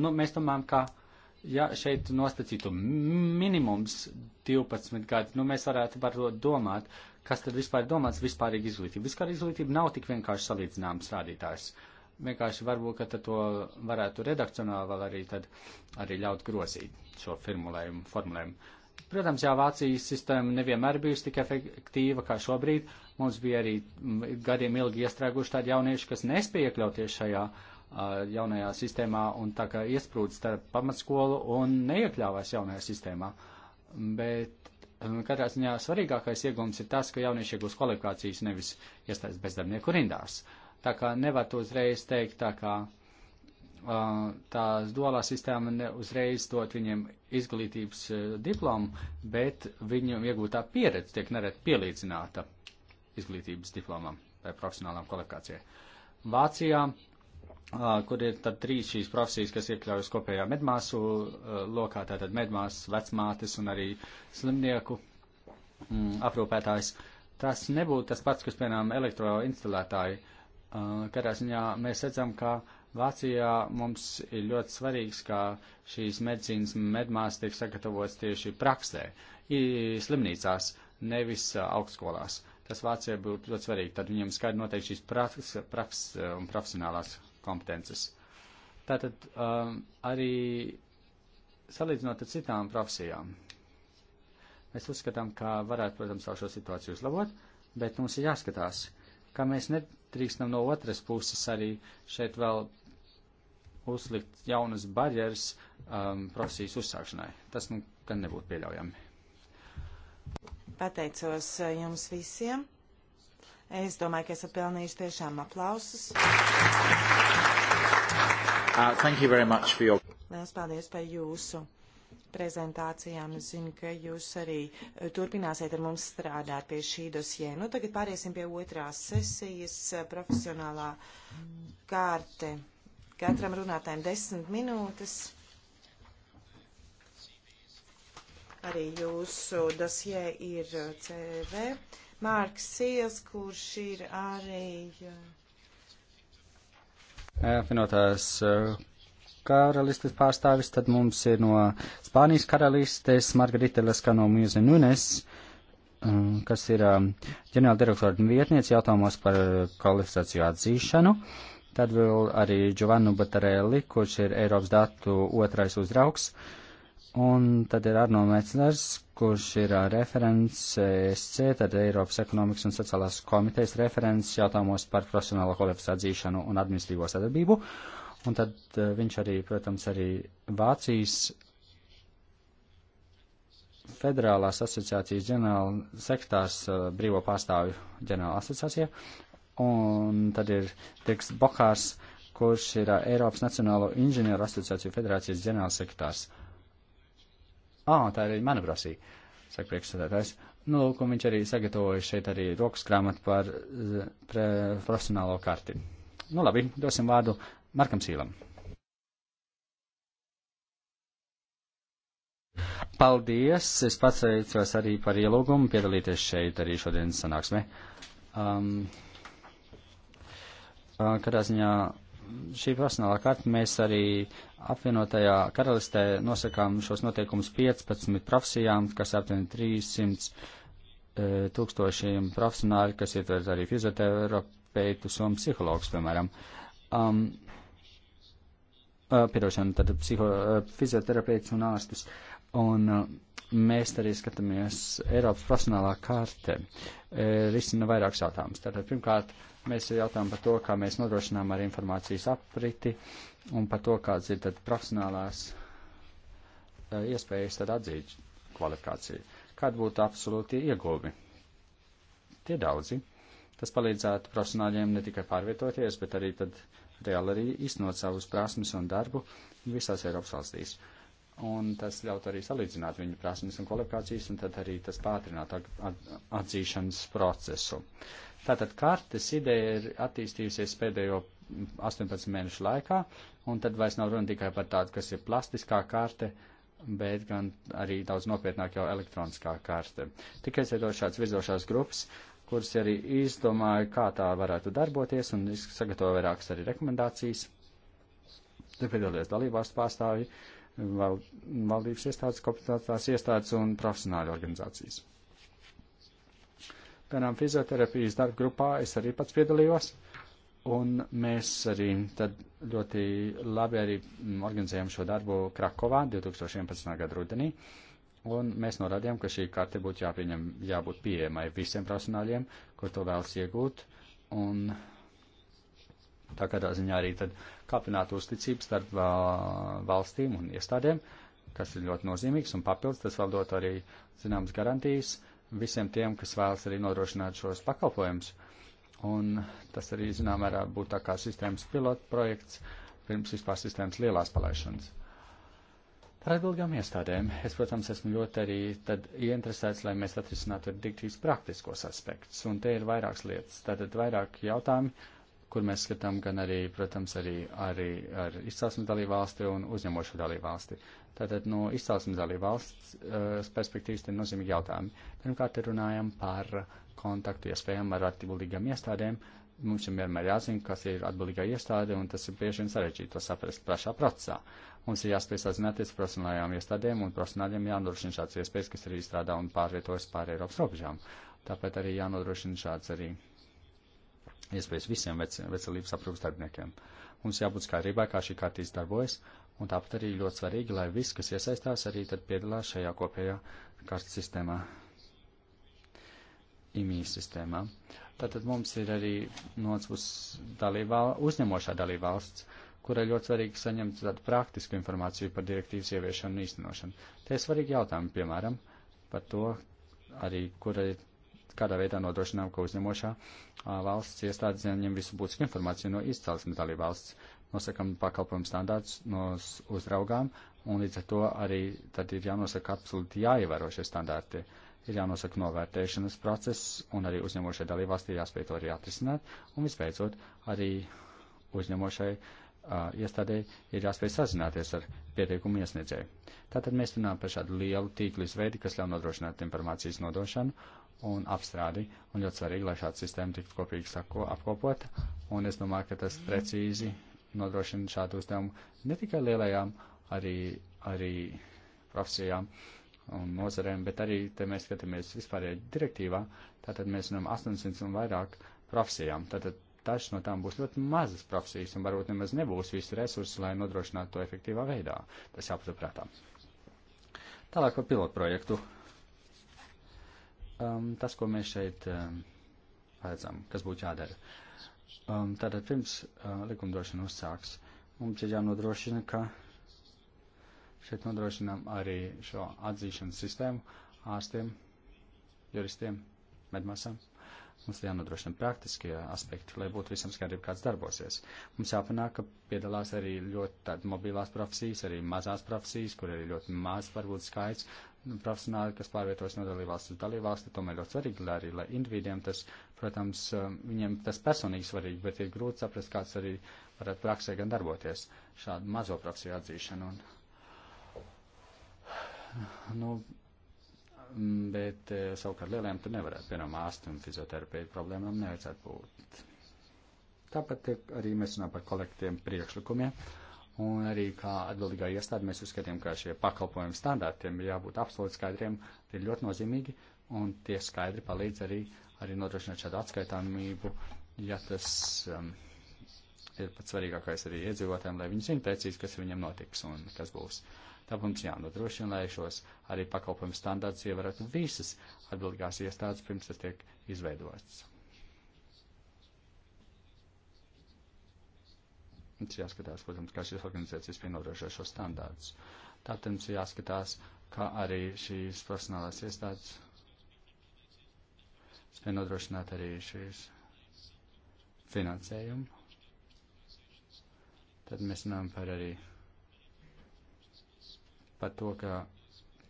nu, mēs domājam, ka, ja šeit nostacītu minimums 12 gadi, nu, mēs varētu par to domāt, kas tad vispār domāts vispārīgi izglītība. Vispār izglītība nav tik vienkārši salīdzināms rādītājs. Vienkārši varbūt, ka to varētu redakcionāli vēl arī tad arī ļaut grozīt šo formulējumu. formulējumu. Protams, jā, Vācijas sistēma nevienmēr bijusi tik efektīva kā šobrīd. Mums bija arī gadiem ilgi iestrēguši tādi jaunieši, kas nespēja iekļauties šajā uh, jaunajā sistēmā un tā kā iesprūd starp pamatskolu un neiekļāvās jaunajā sistēmā. Bet Katrā ziņā svarīgākais iegums ir tas, ka jaunieši iegūst kvalifikācijas, nevis iestājas bezdarbnieku rindās. Tā kā nevar to uzreiz teikt, tā kā uh, tās duālā sistēma ne uzreiz dot viņiem izglītības uh, diplomu, bet viņu iegūtā pieredze tiek nereti pielīdzināta izglītības diplomam vai profesionālām kvalifikācijai. Vācijā uh, Ah, kur ir tad trīs šīs profesijas, kas iekļaujas kopējā medmāsu eh, lokā, tātad medmāsas, vecmātes un arī slimnieku mm, aprūpētājs. Tas nebūtu tas pats, kas, piemēram, elektroinstalētāji. Ah, katrā ziņā mēs redzam, ka Vācijā mums ir ļoti svarīgs, ka šīs medicīnas medmās tiek sagatavotas tieši praksē, slimnīcās, nevis eh, augstskolās. Tas Vācijai būtu ļoti svarīgi, tad viņiem skaidri noteikti šīs praks, praks un profesionālās kompetences. Tātad um, arī salīdzinot ar citām profesijām, mēs uzskatām, ka varētu, protams, savu šo situāciju uzlabot, bet mums ir jāskatās, ka mēs nedrīkstam no otras puses arī šeit vēl uzlikt jaunas barjeras um, profesijas uzsākšanai. Tas nu gan nebūtu pieļaujami. Pateicos uh, jums visiem. Es domāju, ka esat pelnījuši tiešām aplausus. Uh, thank you very much for your... Liels paldies par jūsu prezentācijām. Es zinu, ka jūs arī uh, turpināsiet ar mums strādāt pie šī dosjē. Nu, tagad pāriesim pie otrās sesijas uh, profesionālā kārte. Katram runātājiem desmit minūtes. Arī jūsu dosjē ir uh, CV. Mārks Sils, kurš ir arī. Uh, apvienotās eh, karalistes pārstāvis, tad mums ir no Spānijas karalistes Margarita Leskano Mjūze Nunes, eh, kas ir eh, ģenerāla direktora vietniece jautājumos par kvalifikāciju atzīšanu. Tad vēl arī Giovannu Batarelli, kurš ir Eiropas datu otrais uzraugs. Uh, Un tad ir Arno Meclers, kurš ir referents e SC, tad Eiropas ekonomikas un sociālās komitejas referents jautājumos par profesionālo kvalifikāciju atzīšanu un administrīvo sadarbību. Un tad viņš arī, protams, arī Vācijas federālās asociācijas ģenerāla sektārs brīvo pārstāvju ģenerāla asociācija. Un tad ir Dirks Bokārs, kurš ir Eiropas Nacionālo inženieru asociāciju federācijas ģenerāla sektārs. Uh, Ā, tā arī mana prasīja, saka priekšsēdētājs. Nu, lūk, un viņš arī sagatavoja šeit arī rokas grāmatu par eh, pre, profesionālo karti. Nu, labi, dosim vārdu Markam Sīlam. Paldies! Es pats teicos arī par ielūgumu piedalīties šeit arī šodienas sanāksmē. Um, uh, katrā ziņā šī profesionālā karta mēs arī apvienotajā karalistē nosakām šos noteikumus 15 profesijām, kas aptuveni 300 e, tūkstošiem profesionāļu, kas ietver arī fizioterapeitus un psihologus, piemēram. Um, e, Piedošana, tad psiho, e, fizioterapeits un ārstus. Un mēs arī skatāmies Eiropas profesionālā kārte, risina vairākus jautājumus. Tātad, pirmkārt, uh, Mēs jautājam par to, kā mēs nodrošinām ar informācijas apriti un par to, kāds ir tad profesionālās eh, iespējas tad atzīt kvalifikāciju. Kāda būtu absolūti ieguvi? Tie daudzi. Tas palīdzētu profesionāļiem ne tikai pārvietoties, bet arī tad reāli arī iznot savus prasmes un darbu visās Eiropas valstīs. Un tas ļaut arī salīdzināt viņu prasmes un kvalifikācijas, un tad arī tas pātrināt atzīšanas procesu. Uh, Tātad kartes ideja ir attīstījusies pēdējo 18 mēnešu laikā, un tad vairs nav runa tikai par tādu, kas ir plastiskā karte, bet gan arī daudz nopietnāk jau elektroniskā karte. Tikai es veidoju šāds virzošās grupas, kuras arī izdomāju, kā tā varētu darboties, un es sagatavoju vairākas arī rekomendācijas. Te piedalījās dalībvalstu pārstāvji, valdības iestādes, kompetentātās iestādes un profesionāļu organizācijas. Piemēram, fizioterapijas darba grupā es arī pats piedalījos, un mēs arī tad ļoti labi arī mm, organizējam šo darbu Krakovā 2011. gada rudenī, un mēs norādījām, ka šī karte būtu jāpieņem, jābūt pieejamai visiem profesionāļiem, kur to vēlas iegūt, un tā kādā ziņā arī tad kāpināt uzticības starp valstīm un iestādēm, kas ir ļoti nozīmīgs, un papildus tas vēl dot arī zināmas garantijas visiem tiem, kas vēlas arī nodrošināt šos pakalpojumus. Un tas arī, zinām, mērā būtu tā kā sistēmas pilotu projekts pirms vispār sistēmas lielās palaišanas. Par atbildīgām iestādēm. Es, protams, esmu ļoti arī tad ieinteresēts, lai mēs atrisinātu direktīvas praktiskos aspektus. Un te ir vairākas lietas. Tātad vairāk jautājumi, kur mēs skatām gan arī, protams, arī, arī ar izcelsmes dalībvalsti un uzņemošu dalībvalsti. valsti Tātad no nu, izcelsmes dalību valsts uh, eh, perspektīvas ir nozīmīgi jautājumi. Pirmkārt, runājam par kontaktu iespējām ar atbildīgām iestādēm. Mums jau vienmēr jāzina, kas ir atbildīgā iestāde, un tas ir bieži vien sarežģīti to saprast plašā procesā. Mums ir jāspēj sazināties profesionālajām iestādēm, un profesionāļiem jānodrošina šāds iespējas, kas arī strādā un pārvietojas pāri Eiropas robežām. Tāpēc arī jānodrošina šāds arī iespējas visiem veselības aprūpas darbiniekiem. Mums jābūt skaidrībai, kā šī kārtīs darbojas, uh, Un tāpat arī ļoti svarīgi, lai viss, kas iesaistās, arī tad piedalās šajā kopējā karstu sistēmā, IMI sistēmā. Tātad mums ir arī nocvus dalībā, uzņemošā dalībvalsts, kurai ļoti svarīgi saņemt tādu praktisku informāciju par direktīvas ieviešanu un īstenošanu. Tie ir svarīgi jautājumi, piemēram, par to arī, kurai kādā veidā nodrošinām, ka uzņemošā a, valsts iestādes ņem visu būtisku informāciju no izcelsmes dalībvalsts nosakam pakalpojumu standārts no uzraugām, un līdz ar to arī tad ir jānosaka absolūti jāievēro šie standārti. Ir jānosaka novērtēšanas process, un arī uzņemošai dalībvalstī jāspēj to arī atrisināt, un visbeidzot arī uzņemošai uh, iestādēji ir jāspēj sazināties ar pieteikumu iesniedzēju. Tātad mēs runājam par šādu lielu tīklu izveidi, kas ļauj nodrošināt informācijas nodošanu un apstrādi, un ļoti svarīgi, lai šāda sistēma tiktu kopīgi sako, apkopota, un es domāju, ka tas precīzi nodrošina šādu uzdevumu ne tikai lielajām, arī, arī profesijām un nozarēm, bet arī, te mēs skatāmies vispārējā direktīvā, tātad mēs runājam 800 un vairāk profesijām. Tātad dažas no tām būs ļoti mazas profesijas un varbūt nemaz nebūs visi resursi, lai nodrošinātu to efektīvā veidā. Tas jāpaturprātā. Tālāk par pilotprojektu. Um, tas, ko mēs šeit um, redzam, kas būtu jādara. Uh, um, tātad pirms uh, likumdošana uzsāks. Mums ir jānodrošina, ka šeit nodrošinām arī šo atzīšanas sistēmu ārstiem, juristiem, medmasam. Mums ir jānodrošina praktiskie aspekti, lai būtu visam skaidrība, kāds darbosies. Mums jāpanāk, ka piedalās arī ļoti mobilās profesijas, arī mazās profesijas, kur ir ļoti maz varbūt skaits, Nu, profesionāļi, kas pārvietojas no dalībvalsts uz dalībvalsti, tomēr ļoti svarīgi, lai arī lai individiem tas, protams, um, viņiem tas personīgi svarīgi, bet ir grūti saprast, kāds arī varētu praksē gan darboties šādu mazo profesiju atzīšanu. Un, nu, bet eh, savukārt lieliem tur nevarētu, piemēram, ārstu un fizioterapeitu problēmām nevajadzētu būt. Tāpat arī mēs runājam par kolektiem priekšlikumiem. Ja? Un arī kā atbildīgā iestāde mēs uzskatām, ka šie pakalpojumu standartiem ir jābūt absolūti skaidriem, tie ir ļoti nozīmīgi, un tie skaidri palīdz arī, arī nodrošināt šādu atskaitāmību, ja tas um, ir pats svarīgākais arī iedzīvotājiem, lai viņi zinātu precīzi, kas viņiem notiks un kas būs. Tāpēc mums jānodrošina, lai šos arī pakalpojumu standārts ievērētu visas atbildīgās iestādes, pirms tas tiek izveidots. Mums jāskatās, protams, kā šīs organizācijas pienodrošo šo standārdus. Tātad mums jāskatās, kā arī šīs profesionālās iestādes spēj nodrošināt arī šīs finansējumu. Tad mēs runājam par arī par to, ka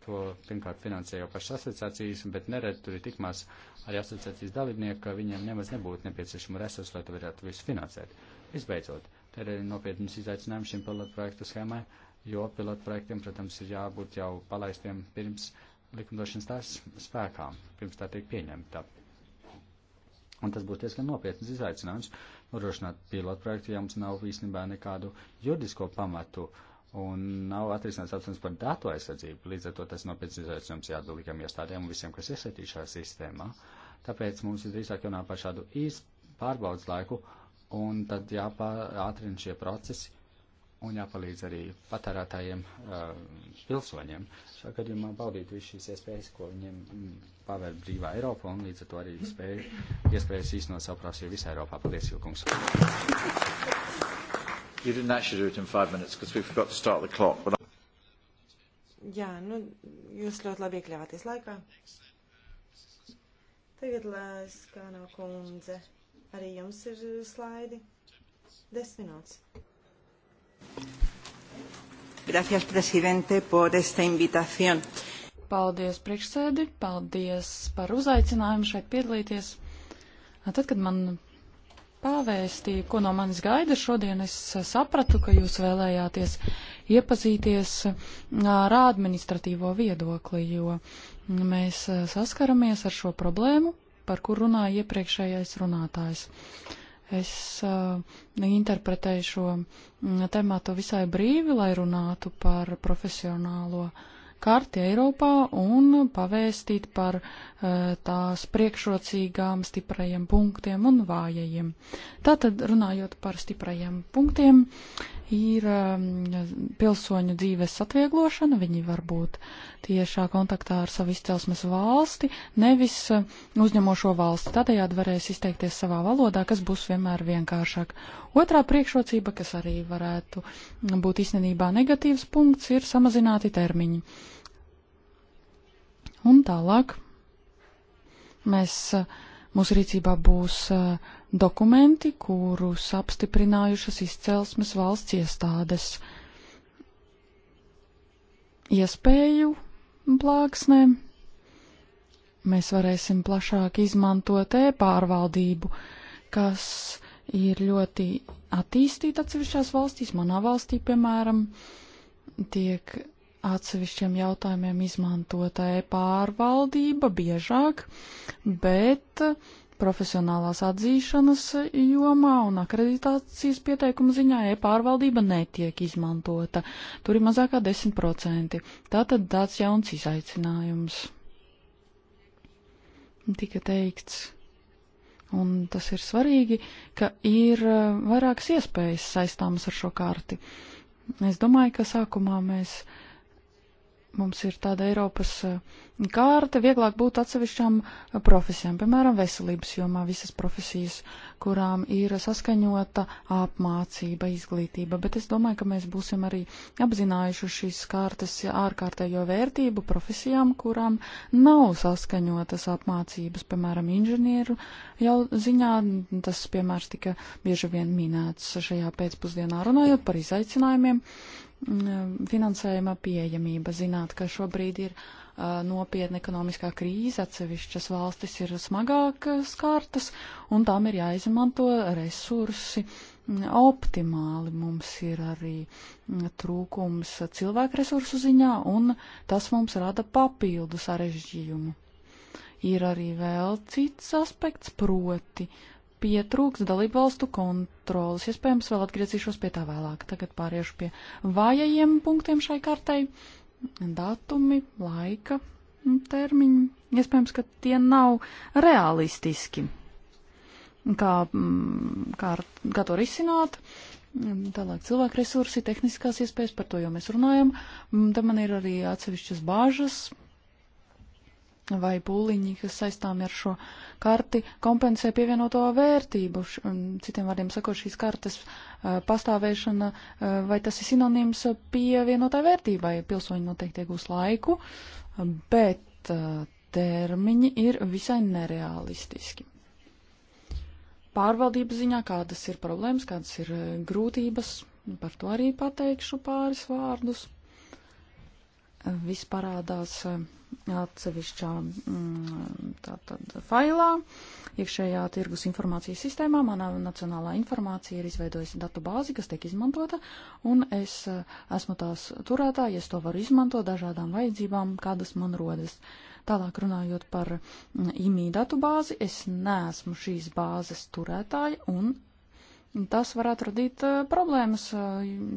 to pirmkārt finansē jau pašas asociācijas, bet nereti tur ir tik maz arī asociācijas dalībnieku, ka viņiem nemaz nebūtu nepieciešama resursa, lai to varētu visu finansēt. Visbeidzot, Te ir arī nopietnas izaicinājums šim pilotprojektu schēmai, jo pilotprojektiem, protams, ir jābūt jau palaistiem pirms likumdošanas tās spēkā, pirms tā tiek pieņemta. Un tas būtu diezgan nopietnas izaicinājums nodrošināt pilotprojektu, ja mums nav īstenībā nekādu juridisko pamatu un nav atrisināts jautājums par datu aizsardzību. Līdz ar to tas nopietnas izaicinājums jāatbildīgiem iestādēm un visiem, kas iesaistījušā sistēmā. Tāpēc mums ir drīzāk jānāk par šādu īstu pārbaudas laiku, uh, un tad jāpātrina šie procesi un jāpalīdz arī patērētājiem, eh, pilsoņiem. Šā gadījumā baudīt visu šīs iespējas, ko viņiem mm, pavēr brīvā Eiropa, un līdz ar to arī spēju, iespējas īstenot savu prasību visā Eiropā. Paldies, Jūkungs! You didn't actually do it in five minutes because we forgot to start the clock. But... Jā, nu, jūs ļoti labi iekļāvāties laikā. Tagad lēs, kā nav kundze. Arī jums ir eh, slaidi. Desmit minūtes. Gracias, presidente, por esta invitación. Paldies, priekšsēdi, paldies par uzaicinājumu šeit piedalīties. Tad, kad man pāvēstīja, ko no manis gaida šodien, es eh, sapratu, ka jūs vēlējāties iepazīties eh, ar administratīvo viedokli, jo mēs saskaramies ar šo problēmu par kur runāja iepriekšējais runātājs. Es uh, interpretēju šo mm, tematu visai brīvi, lai runātu par profesionālo karti Eiropā un pavēstīt par uh, tās priekšrocīgām stiprajiem punktiem un vājajiem. Tātad, runājot par stiprajiem punktiem, uh, ir um, pilsoņu dzīves atvieglošana, viņi var būt tiešā kontaktā ar savu izcelsmes valsti, nevis uh, uzņemošo valsti. Tādējādi varēs izteikties savā valodā, kas būs vienmēr vienkāršāk. Otrā priekšrocība, kas arī varētu būt īstenībā negatīvs punkts, ir samazināti termiņi. Un tālāk mēs, uh, mūsu rīcībā būs uh, dokumenti, kurus apstiprinājušas izcelsmes valsts iestādes. Iespēju plāksnē mēs varēsim plašāk izmantot e-pārvaldību, kas ir ļoti attīstīta atsevišķās valstīs. Manā valstī, piemēram, tiek atsevišķiem jautājumiem izmantota e-pārvaldība biežāk, bet uh, profesionālās atzīšanas jomā un akreditācijas pieteikuma ziņā e-pārvaldība netiek izmantota. Tur ir mazākā 10%. Tātad tāds jauns izaicinājums. Tika teikts. Un tas ir svarīgi, ka ir uh, vairākas iespējas saistāmas ar šo karti. Es domāju, ka sākumā mēs mums ir tāda Eiropas eh, kārta, vieglāk būtu atsevišķām eh, profesijām, piemēram, veselības jomā visas profesijas, kurām ir saskaņota apmācība, izglītība, bet es domāju, ka mēs būsim arī apzinājuši šīs kārtas ārkārtējo vērtību profesijām, kurām nav saskaņotas apmācības, piemēram, inženieru jau ziņā, tas piemērs tika bieži vien minēts šajā pēcpusdienā runājot par izaicinājumiem, Mm, finansējuma pieejamība. Zināt, ka šobrīd ir uh, nopietna ekonomiskā krīze, atsevišķas valstis ir smagākas kārtas, un tām ir jāizmanto resursi mm, optimāli. Mums ir arī mm, trūkums cilvēku resursu ziņā, un tas mums rada papildu sarežģījumu. Ir arī vēl cits aspekts, proti uh, pietrūks dalību valstu kontrolas. Iespējams, vēl atgriezīšos pie tā vēlāk. Tagad pāriešu pie vājajiem punktiem šai kartei. Datumi, laika termiņi. Iespējams, ka tie nav realistiski. Kā, mm, kā, kā to risināt? Tālāk cilvēku resursi, tehniskās iespējas, par to jau mēs runājam. Mm, Tam man ir arī atsevišķas bāžas vai pūliņi, kas saistāmi ar šo karti, kompensē pievienoto vērtību. Citiem vārdiem sakot, šīs kartes pastāvēšana, vai tas ir sinonīms pievienotai vērtībai. Pilsoņi noteikti iegūs laiku, bet termiņi ir visai nereālistiski. Pārvaldības ziņā kādas ir problēmas, kādas ir grūtības, par to arī pateikšu pāris vārdus viss parādās eh, atsevišķā mm, tātad failā, iekšējā tirgus informācijas sistēmā. Manā nacionālā informācija ir izveidojusi datu bāzi, kas tiek izmantota, un es eh, esmu tās turētāji, es to varu izmantot dažādām vajadzībām, kādas man rodas. Tālāk runājot par IMI mm, datu bāzi, es neesmu šīs bāzes turētāja un tas varētu radīt eh, problēmas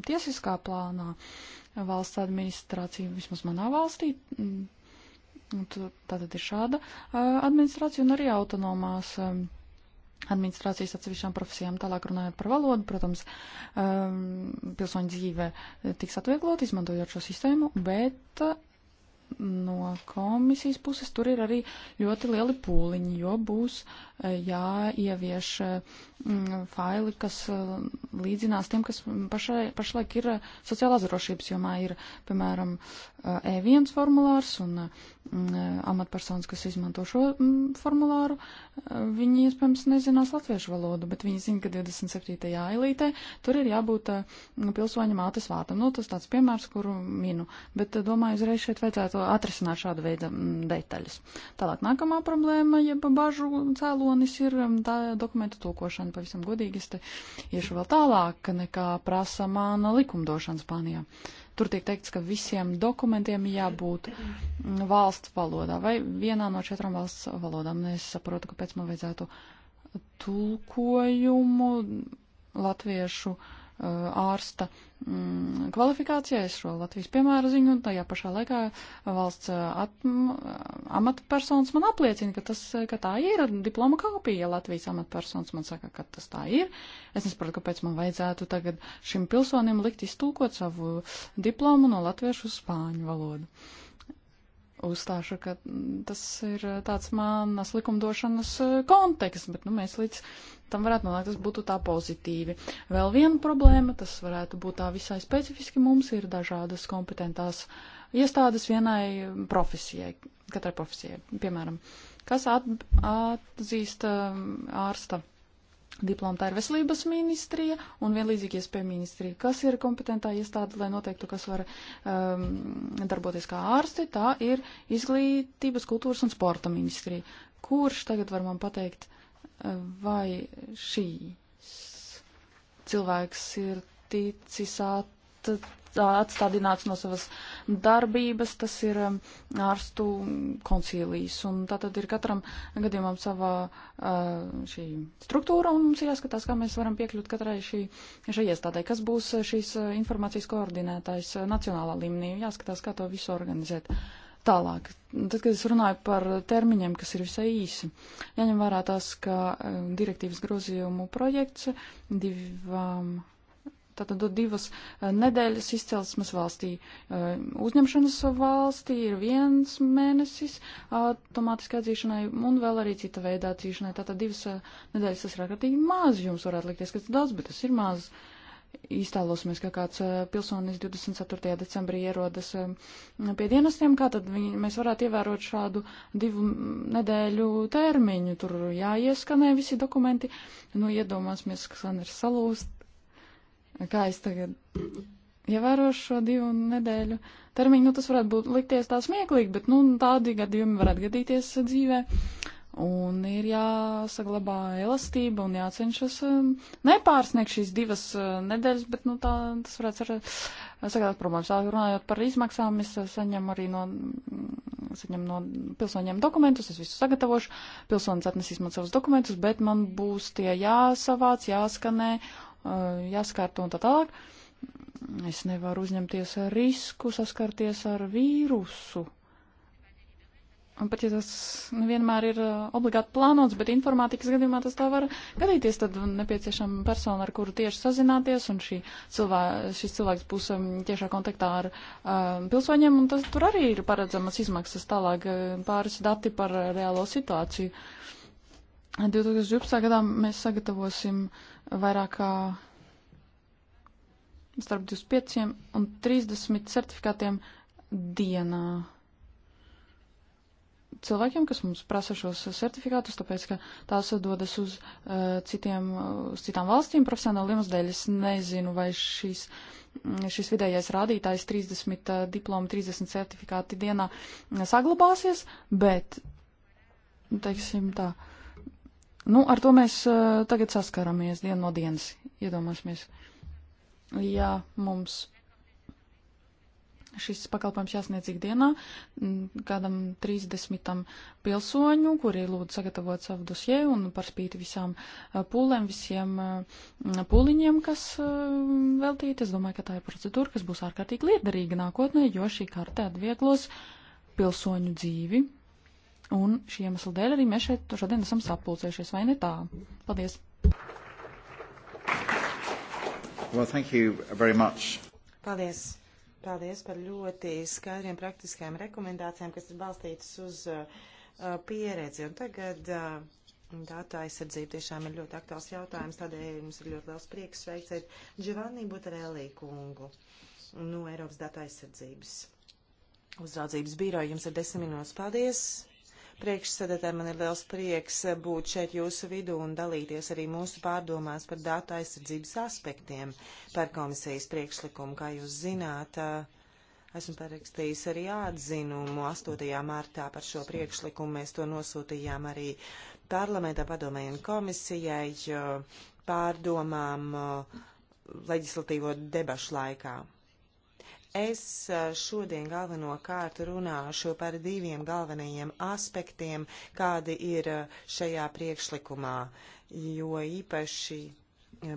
tiesiskā plānā valsts administrācija, vismaz manā valstī. Mm, Tātad ir šāda administrācija un arī autonomās administrācijas atsevišķām profesijām. Tālāk runājot par valodu, protams, pilsoņu dzīve tiks atvieglot, izmantojot šo sistēmu, bet no komisijas puses tur ir arī ļoti lieli pūliņi, jo būs e, jāievieš e, faili, kas e, līdzinās tiem, kas pašai, pašlaik ir sociālās drošības jomā. Ir, piemēram, E1 formulārs un amatpersonas, kas izmanto šo formulāru, viņi iespējams nezinās latviešu valodu, bet viņi zina, ka 27. ailītē tur ir jābūt pilsoņa mātes vārtam. Nu, tas tāds piemērs, kuru minu, bet domāju, uzreiz šeit vajadzētu atrisināt šādu veidu mm, detaļas. Tālāk nākamā problēma, jeb bažu cēlonis ir mm, tā dokumentu tulkošana. Pavisam godīgi es te iešu vēl tālāk, nekā prasa mana likumdošana Spānijā. Tur tiek teikts, ka visiem dokumentiem jābūt mm, valsts valodā vai vienā no četrām valsts valodām. Es saprotu, kāpēc man vajadzētu tulkojumu latviešu uh, Uh, ārsta mm, kvalifikācijai. Es šo Latvijas piemēru ziņu, un tajā pašā laikā valsts uh, at, uh, amatpersonas man apliecina, ka, tas, ka tā ir diploma kopija. Latvijas amatpersonas man saka, ka tas tā ir. Es nesaprotu, kāpēc man vajadzētu tagad šim pilsonim likt iztūkot savu diplomu no latviešu uz spāņu valodu. Uzstāšu, ka mm, tas ir tāds manas likumdošanas konteksts, bet nu, mēs līdz tam varētu nonākt, tas būtu tā pozitīvi. Vēl viena problēma, tas varētu būt tā visai specifiski, mums ir dažādas kompetentās iestādes vienai profesijai, katrai profesijai, piemēram, kas at, atzīst um, ārsta diplomu, tā ir veselības ministrija un vienlīdzīgi iespēja ministrija, kas ir kompetentā iestāde, lai noteiktu, kas var um, darboties kā ārsti, tā ir izglītības, kultūras un sporta ministrija. Kurš tagad var man pateikt? Uh, vai šīs cilvēks ir ticis at, atstādināts no savas darbības, tas ir um, ārstu koncīlijas. Un tātad ir katram gadījumam sava uh, šī struktūra, un mums ir jāskatās, kā mēs varam piekļūt katrai šī, šai iestādē, kas būs uh, šīs uh, informācijas koordinētājs nacionālā līmenī. Jāskatās, kā to visu organizēt. Uh, Tālāk, tad, kad es runāju par termiņiem, kas ir visai īsi, jāņem vērā tas, ka eh, direktīvas grozījumu projekts divām. Tātad divas eh, nedēļas izcelsmes valstī. Eh, uzņemšanas valstī ir viens mēnesis automātiski atzīšanai un vēl arī cita veida atzīšanai. Tātad divas nedēļas tas ir ārkārtīgi maz, jums varētu likties, ka tas daudz, bet tas ir maz. Uh, iztēlosimies, ka kāds eh, pilsonis 24. decembrī ierodas eh, pie dienestiem, kā tad viņi, mēs varētu ievērot šādu divu nedēļu termiņu. Tur jāieskanē visi dokumenti. Nu, iedomāsimies, ka skaners salūst. Kā es tagad ievērošu šo divu nedēļu termiņu? Nu, tas varētu būt likties tā smieklīgi, bet, nu, tādi gadījumi varētu gadīties dzīvē. Uh, Un ir jāsaglabā elastība un jācenšas um, nepārsniegt šīs divas uh, nedēļas, bet nu, tā, tas varētu uh, sagādāt problēmas. Tā, runājot par izmaksām, es uh, saņemu arī no, mm, saņemu no pilsoņiem dokumentus, es visu sagatavošu, pilsonis atnesīs man savus dokumentus, bet man būs tie jāsavāc, jāskanē, jāskārto un tā tālāk. Es nevaru uzņemties risku saskarties ar vīrusu. Un pat ja tas nevienmēr ir eh, obligāti plānots, bet informātikas gadījumā tas tā var gadīties, tad nepieciešama persona, ar kuru tieši sazināties, un šī cilvē, šis cilvēks būs um, tiešā kontaktā ar um, pilsoņiem, un tas tur arī ir paredzamas izmaksas tālāk eh, pāris dati par reālo situāciju. 2012. gadā mēs sagatavosim vairāk kā starp 25 un 30 certifikātiem dienā cilvēkiem, kas mums prasa šos certifikātus, tāpēc, ka tās dodas uz, uh, citiem, uz citām valstīm profesionāli iemeslu dēļ. Es nezinu, vai šīs, mm, šis vidējais rādītājs 30 uh, diplomi, 30 certifikāti dienā saglabāsies, bet, nu, teiksim tā, nu, ar to mēs uh, tagad saskaramies dienu no dienas, iedomāsimies. Ja mums Šis pakalpojums jāsniedz ikdienā mm, kādam 30 pilsoņu, kuri lūdz sagatavot savu dosie un par spīti visām pūlēm, visiem pūliņiem, kas veltīti. Es domāju, ka tā ir procedūra, kas būs ārkārtīgi liederīga nākotnē, jo šī karta atvieglos pilsoņu dzīvi. Un šī iemesla dēļ arī mēs šeit šodien esam sapulcējušies, vai ne tā? Paldies! Well, thank you very much. Paldies! Paldies par ļoti skaidriem praktiskajām rekomendācijām, kas ir balstītas uz uh, pieredzi. Un tagad uh, datu aizsardzība tiešām ir ļoti aktuāls jautājums, tādēļ mums ir ļoti liels prieks sveicēt Giovanni Butarelli kungu no Eiropas datu aizsardzības. Uzraudzības biroja jums ir desmit minūtes. Paldies! Priekšsēdētāji, man ir liels prieks būt šeit jūsu vidū un dalīties arī mūsu pārdomās par datu aizsardzības aspektiem par komisijas priekšlikumu. Kā jūs zināt, eh, esmu parakstījis arī atzinumu 8. martā par šo priekšlikumu. Mēs to nosūtījām arī parlamentā padomēju un komisijai eh, pārdomām eh, leģislatīvo debašu laikā. Es šodien galvenokārt runāšu par diviem galvenajiem aspektiem, kādi ir šajā priekšlikumā, jo īpaši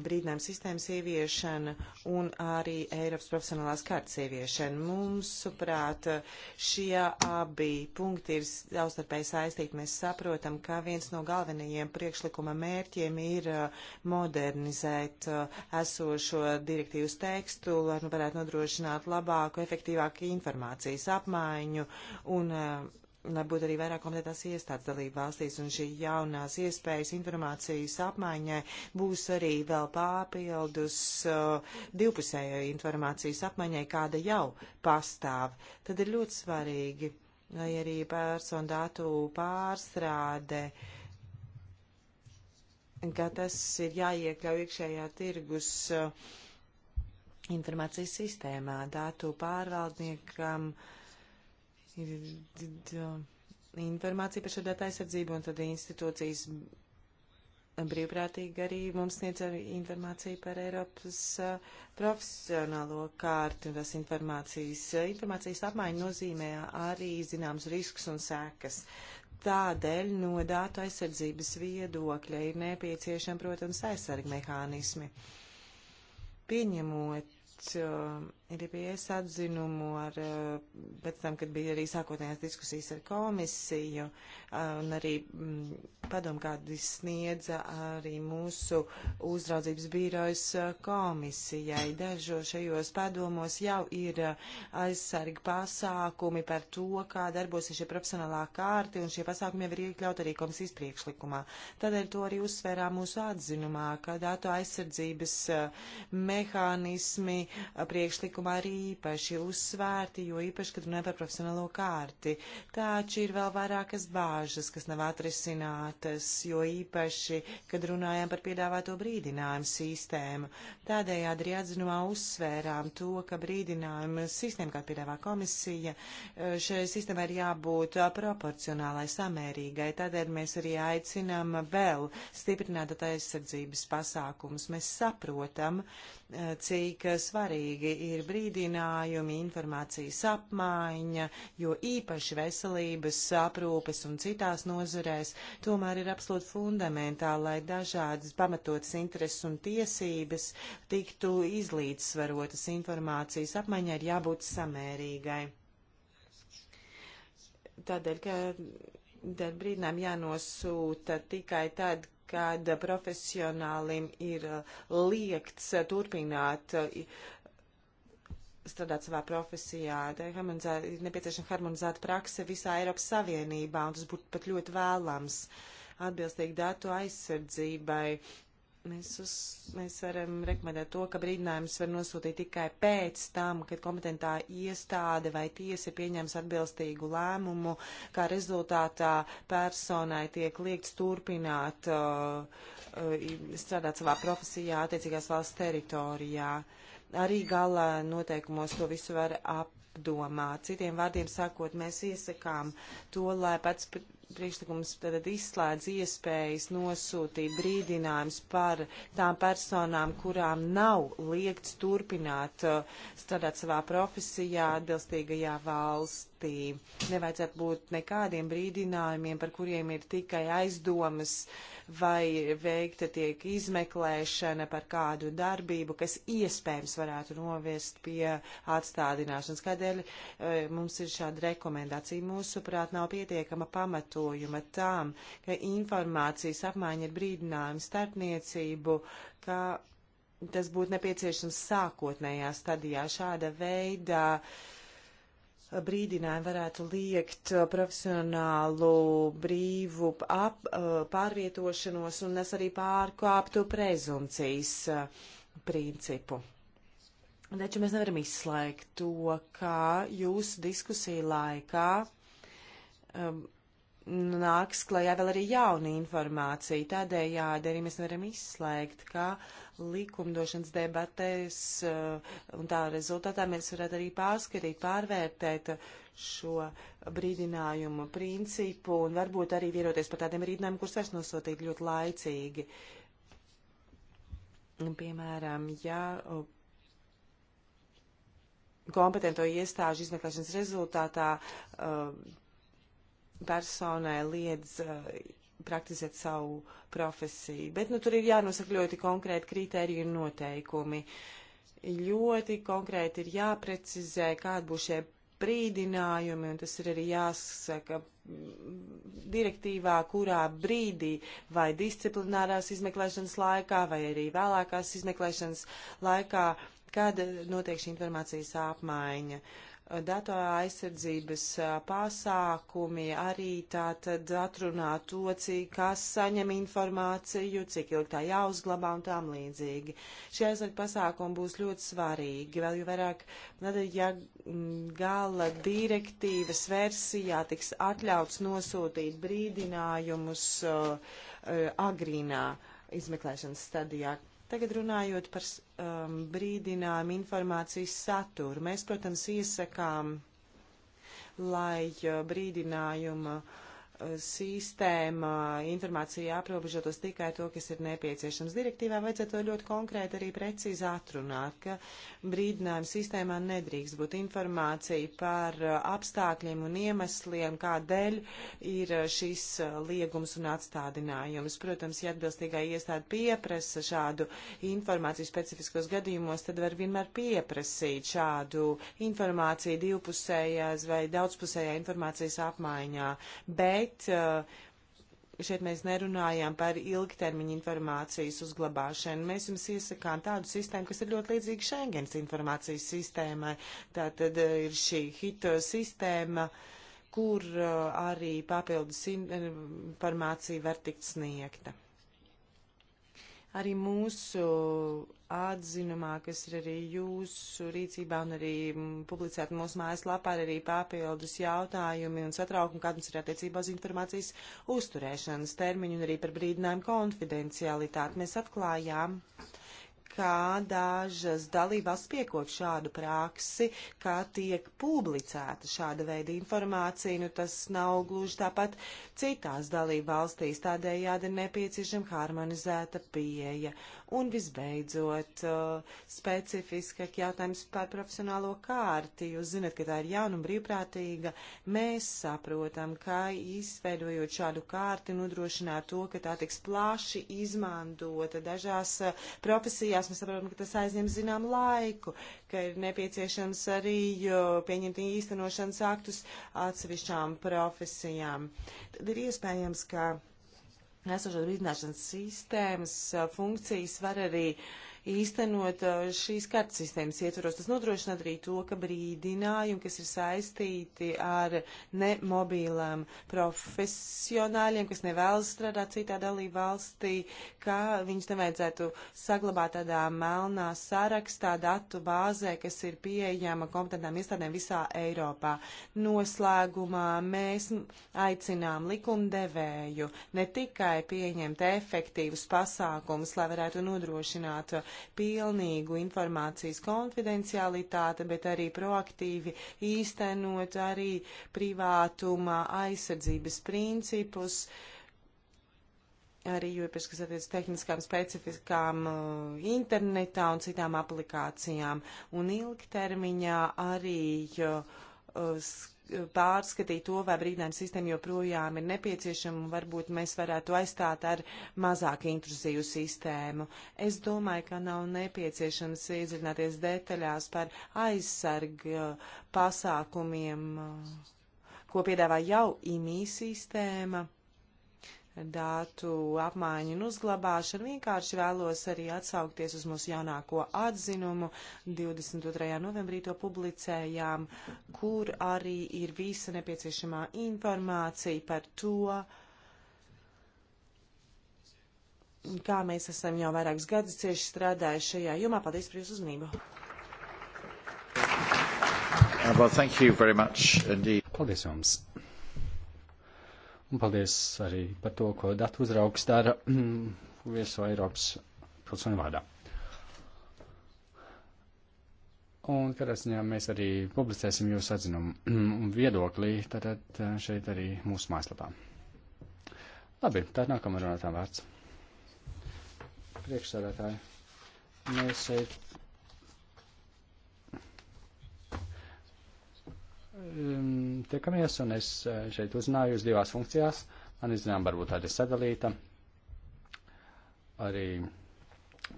brīdinājuma sistēmas ieviešana un arī Eiropas profesionālās kartas ieviešana. Mums, suprāt, šie abi punkti ir savstarpēji saistīti. Mēs saprotam, ka viens no galvenajiem priekšlikuma mērķiem ir uh, modernizēt uh, esošo direktīvas tekstu, lai nu varētu nodrošināt labāku, efektīvāku informācijas apmaiņu un uh, lai būtu arī vairāk kompetentās iestādes dalība valstīs, un šī jaunās iespējas informācijas apmaiņai būs arī vēl papildus uh, divpusējai informācijas apmaiņai, kāda jau pastāv. Tad ir ļoti svarīgi, lai arī personu datu pārstrāde, ka tas ir jāiekļauj iekšējā tirgus. Uh, Informācijas sistēmā datu pārvaldniekam uh, ir informācija par šo datu aizsardzību, un tad institūcijas brīvprātīgi arī mums sniedz informāciju par Eiropas profesionālo kārtu un tas informācijas. Informācijas apmaiņa nozīmē arī zināms risks un sēkas. Tādēļ no dātu aizsardzības viedokļa ir nepieciešama, protams, aizsarga mehānismi. Pieņemot Gribējies atzinumu ar, eh, pēc tam, kad bija arī sākotnējās diskusijas ar komisiju eh, un arī mm, padomu, kādi sniedza arī mūsu uzraudzības bīrojas eh, komisijai. Dažo šajos padomos jau ir aizsarga pasākumi par to, kā darbosies šie profesionālā kārti, un šie pasākumi jau ir iekļaut arī komisijas priekšlikumā. Tādēļ to arī uzsvērā mūsu atzinumā, ka datu aizsardzības mehānismi priekšlikumā priekšlikumā ir īpaši uzsvērti, jo īpaši, kad runājam par profesionālo kārti. Taču ir vēl vairākas bāžas, kas nav atrisinātas, jo īpaši, kad runājam par piedāvāto brīdinājumu sistēmu. Tādējādi arī atzinumā uzsvērām to, ka brīdinājumu sistēma, kā piedāvā komisija, šai sistēmai ir jābūt proporcionālai, samērīgai. Tādēļ mēs arī aicinām vēl stiprināt aizsardzības pasākumus. Mēs saprotam, cik svarīgi ir brīdinājumi, informācijas apmaiņa, jo īpaši veselības aprūpes un citās nozarēs tomēr ir absolūti fundamentāli, lai dažādas pamatotas intereses un tiesības tiktu izlīdzsvarotas informācijas apmaiņa ir jābūt samērīgai. Tādēļ, ka dēļ brīdinām jānosūta tikai tad, kad profesionālim ir liekts turpināt uh, strādāt savā profesijā. Ir nepieciešama harmonizēta prakse visā Eiropas Savienībā, un tas būtu pat ļoti vēlams. Atbilstīgi datu aizsardzībai Mēs, uz, mēs varam rekomendēt to, ka brīdinājumus var nosūtīt tikai pēc tam, kad kompetentā iestāde vai tiesa ir pieņēmis atbilstīgu lēmumu, kā rezultātā personai tiek liekts turpināt uh, uh, strādāt savā profesijā attiecīgās valsts teritorijā. Arī gala noteikumos to visu var apdomāt. Citiem vārdiem sakot, mēs iesakām to, lai pats priekšlikums tad izslēdz iespējas nosūtīt brīdinājums par tām personām, kurām nav liegts turpināt uh, strādāt savā profesijā atbilstīgajā valstī. Nevajadzētu būt nekādiem brīdinājumiem, par kuriem ir tikai aizdomas vai veikta tiek izmeklēšana par kādu darbību, kas iespējams varētu novest pie atstādināšanas. Kādēļ uh, mums ir šāda rekomendācija? Mūsuprāt, nav pietiekama pamatu pamatojuma tam, ka informācijas apmaiņa ir brīdinājums starpniecību, ka tas būtu nepieciešams sākotnējā stadijā. Šāda veida brīdinājumi varētu liekt profesionālu brīvu ap, pārvietošanos un es arī pārkāptu prezumcijas principu. Taču mēs nevaram izslēgt to, ka jūsu diskusiju laikā um, nāks klajā vēl arī jauna informācija. Tādējādi arī mēs varam izslēgt, ka likumdošanas debatēs uh, un tā rezultātā mēs varētu arī pārskatīt, pārvērtēt šo brīdinājumu principu un varbūt arī vieroties par tādiem brīdinājumiem, kurus vairs nosūtīt ļoti laicīgi. Piemēram, ja uh, kompetento iestāžu izmeklēšanas rezultātā uh, personai liedz uh, praktizēt savu profesiju. Bet nu, tur ir jānosaka ļoti konkrēti kriteriji un noteikumi. Ļoti konkrēti ir jāprecizē, kādi būs šie brīdinājumi, un tas ir arī jāsaka mm, direktīvā, kurā brīdī vai disciplinārās izmeklēšanas laikā, vai arī vēlākās izmeklēšanas laikā, kad notiek šī informācijas apmaiņa. Uh, datu aizsardzības pasākumi arī tātad atrunā to, cik kas saņem informāciju, cik ilgi tā jāuzglabā un tām līdzīgi. Šie aizsardzības pasākumi būs ļoti svarīgi, vēl jau vairāk, tad, ja gala direktīvas versijā tiks atļauts nosūtīt brīdinājumus uh, uh, agrīnā izmeklēšanas stadijā Tagad runājot par um, brīdinājumu informācijas saturu, mēs, protams, iesakām, lai uh, brīdinājuma uh, sistēma informācija aprobežotos tikai to, kas ir nepieciešams. Direktīvā vajadzētu to ļoti konkrēti arī precīzi atrunāt, ka brīdinājuma sistēmā nedrīkst būt informācija par apstākļiem un iemesliem, kādēļ ir šis liegums un atstādinājums. Protams, ja atbilstīgā iestāde pieprasa šādu informāciju specifiskos gadījumos, tad var vienmēr pieprasīt šādu informāciju divpusējās vai daudzpusējā informācijas apmaiņā. Bet bet eh, šeit mēs nerunājām par ilgtermiņa informācijas uzglabāšanu. Mēs jums iesakām tādu sistēmu, kas ir ļoti līdzīga Schengens informācijas sistēmai. Tā tad eh, ir šī hito sistēma, kur eh, arī papildus informācija var tikt sniegta arī mūsu atzinumā, kas ir arī jūsu rīcībā un arī publicēt mūsu mājaslapā, ir arī papildus jautājumi un satraukumi, kāda mums ir attiecībā uz informācijas uzturēšanas termiņu un arī par brīdinājumu konfidencialitāti. Mēs atklājām. Uh, kā dažas dalībās piekop šādu praksi, kā tiek publicēta šāda veida informācija, nu tas nav gluži tāpat citās dalībvalstīs, tādējādi ir nepieciešama harmonizēta pieeja. Uh, Un visbeidzot, uh, specifiskāk jautājums par profesionālo kārti. Jūs zinat, ka tā ir jauna un brīvprātīga. Mēs saprotam, ka izveidojot šādu kārti, nodrošināt to, ka tā tiks plaši izmantota dažās uh, profesijās. Mēs saprotam, ka tas aizņem zinām laiku, ka ir nepieciešams arī pieņemt īstenošanas aktus atsevišķām profesijām. Tad ir iespējams, ka esošo brīdināšanas sistēmas funkcijas var arī uh, īstenot šīs kartes sistēmas ietvaros. Tas nodrošina arī to, ka brīdinājumi, kas ir saistīti ar nemobīlām profesionāļiem, kas nevēlas strādāt citā dalība valstī, ka viņus nevajadzētu saglabāt tādā melnā sarakstā datu bāzē, kas ir pieejama kompetentām iestādēm visā Eiropā. Noslēgumā mēs aicinām likumdevēju ne tikai pieņemt efektīvus pasākumus, lai varētu nodrošināt pilnīgu informācijas konfidencialitāti, bet arī proaktīvi īstenot arī privātuma aizsardzības principus arī jūpēc, kas attiec tehniskām specifikām uh, internetā un citām aplikācijām. Un ilgtermiņā arī uh, pārskatīt to, vai brīdinājuma sistēma joprojām ir nepieciešama, un varbūt mēs varētu aizstāt ar mazāk intruzīvu sistēmu. Es domāju, ka nav nepieciešams iedziļināties detaļās par aizsargu pasākumiem, ko piedāvā jau imī sistēma dātu apmaiņu un uzglabāšanu. Vienkārši vēlos arī atsaukties uz mūsu jaunāko atzinumu. 22. novembrī to publicējām, kur arī ir visa nepieciešamā informācija par to, kā mēs esam jau vairākus gadus cieši strādājuši šajā jomā. Paldies par jūsu uzmanību! Uh, well, thank you very much indeed. Paldies jums! Un paldies arī par to, ko datu uzraugs dara *clears throat* visu Eiropas pilsoņu vārdā. Un, kad es ņēmu, mēs arī publicēsim jūsu atzinumu *clears throat* un viedoklī, tātad eh, šeit arī mūsu mājaslapā. Labi, tā nākamā runātā vārds. Priekšsādātāji, mēs šeit um, tiekamies, un es eh, šeit uzzināju uz divās funkcijās. Man izzinām, varbūt tāda sadalīta arī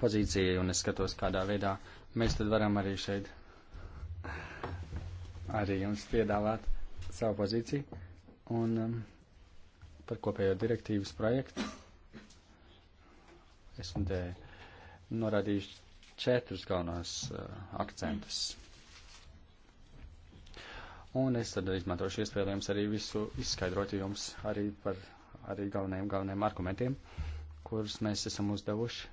pozīcija, un es skatos, kādā veidā mēs tad varam arī šeit arī jums piedāvāt savu pozīciju. Un um, par kopējo direktīvas projektu esmu te norādījuši četrus galvenos uh, akcentus. Mm. Un es tad izmantošu iespējams arī visu izskaidrot jums arī par arī galvenajiem, galvenajiem argumentiem, kurus mēs esam uzdevuši.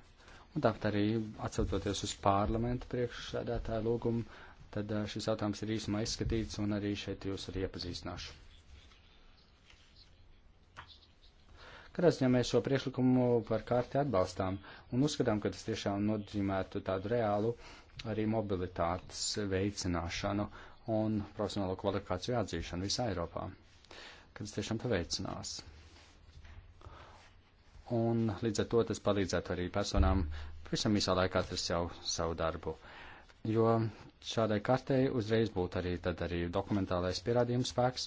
Un tāpat arī atsaucoties uz parlamentu priekšsēdētāju lūgumu, tad šis jautājums ir īsumā izskatīts un arī šeit jūs arī iepazīstināšu. Kāpēc ja mēs šo priekšlikumu par kārti atbalstām un uzskatām, ka tas tiešām nozīmētu tādu reālu arī mobilitātes veicināšanu un profesionālo kvalifikāciju atzīšanu visā Eiropā, kad tas tiešām paveicinās. Un līdz ar to tas palīdzētu arī personām pavisam īsā laikā atrast jau savu darbu. Jo šādai kartei uzreiz būtu arī, arī dokumentālais pierādījums spēks,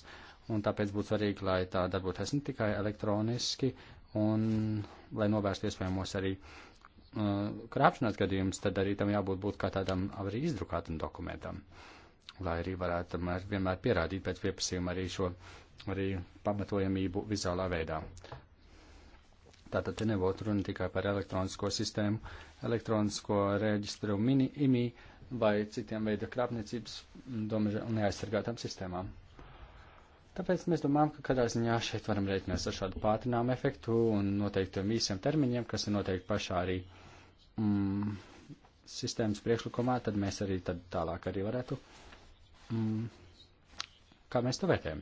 un tāpēc būtu svarīgi, lai tā darbotos ne tikai elektroniski, un lai novērstu iespējamos arī uh, krāpšanās gadījumus, tad arī tam jābūt būt kā tādam arī izdrukātam dokumentam. Uh, lai arī varētu tomēr vienmēr pierādīt pēc pieprasījuma arī šo arī pamatojamību vizuālā veidā. Tātad te nebūtu runa tikai par elektronisko sistēmu, elektronisko reģistru mini imī vai citiem veida krāpniecības domaža un neaizsargātām sistēmām. Tāpēc mēs domājam, ka kādā ziņā šeit varam rēķinās ar šādu pātrinājumu efektu un noteiktiem īsiem termiņiem, kas ir noteikti pašā arī mm, sistēmas priekšlikumā, tad mēs arī tad tālāk arī varētu uh, Mm. Kā mēs to vērtējam?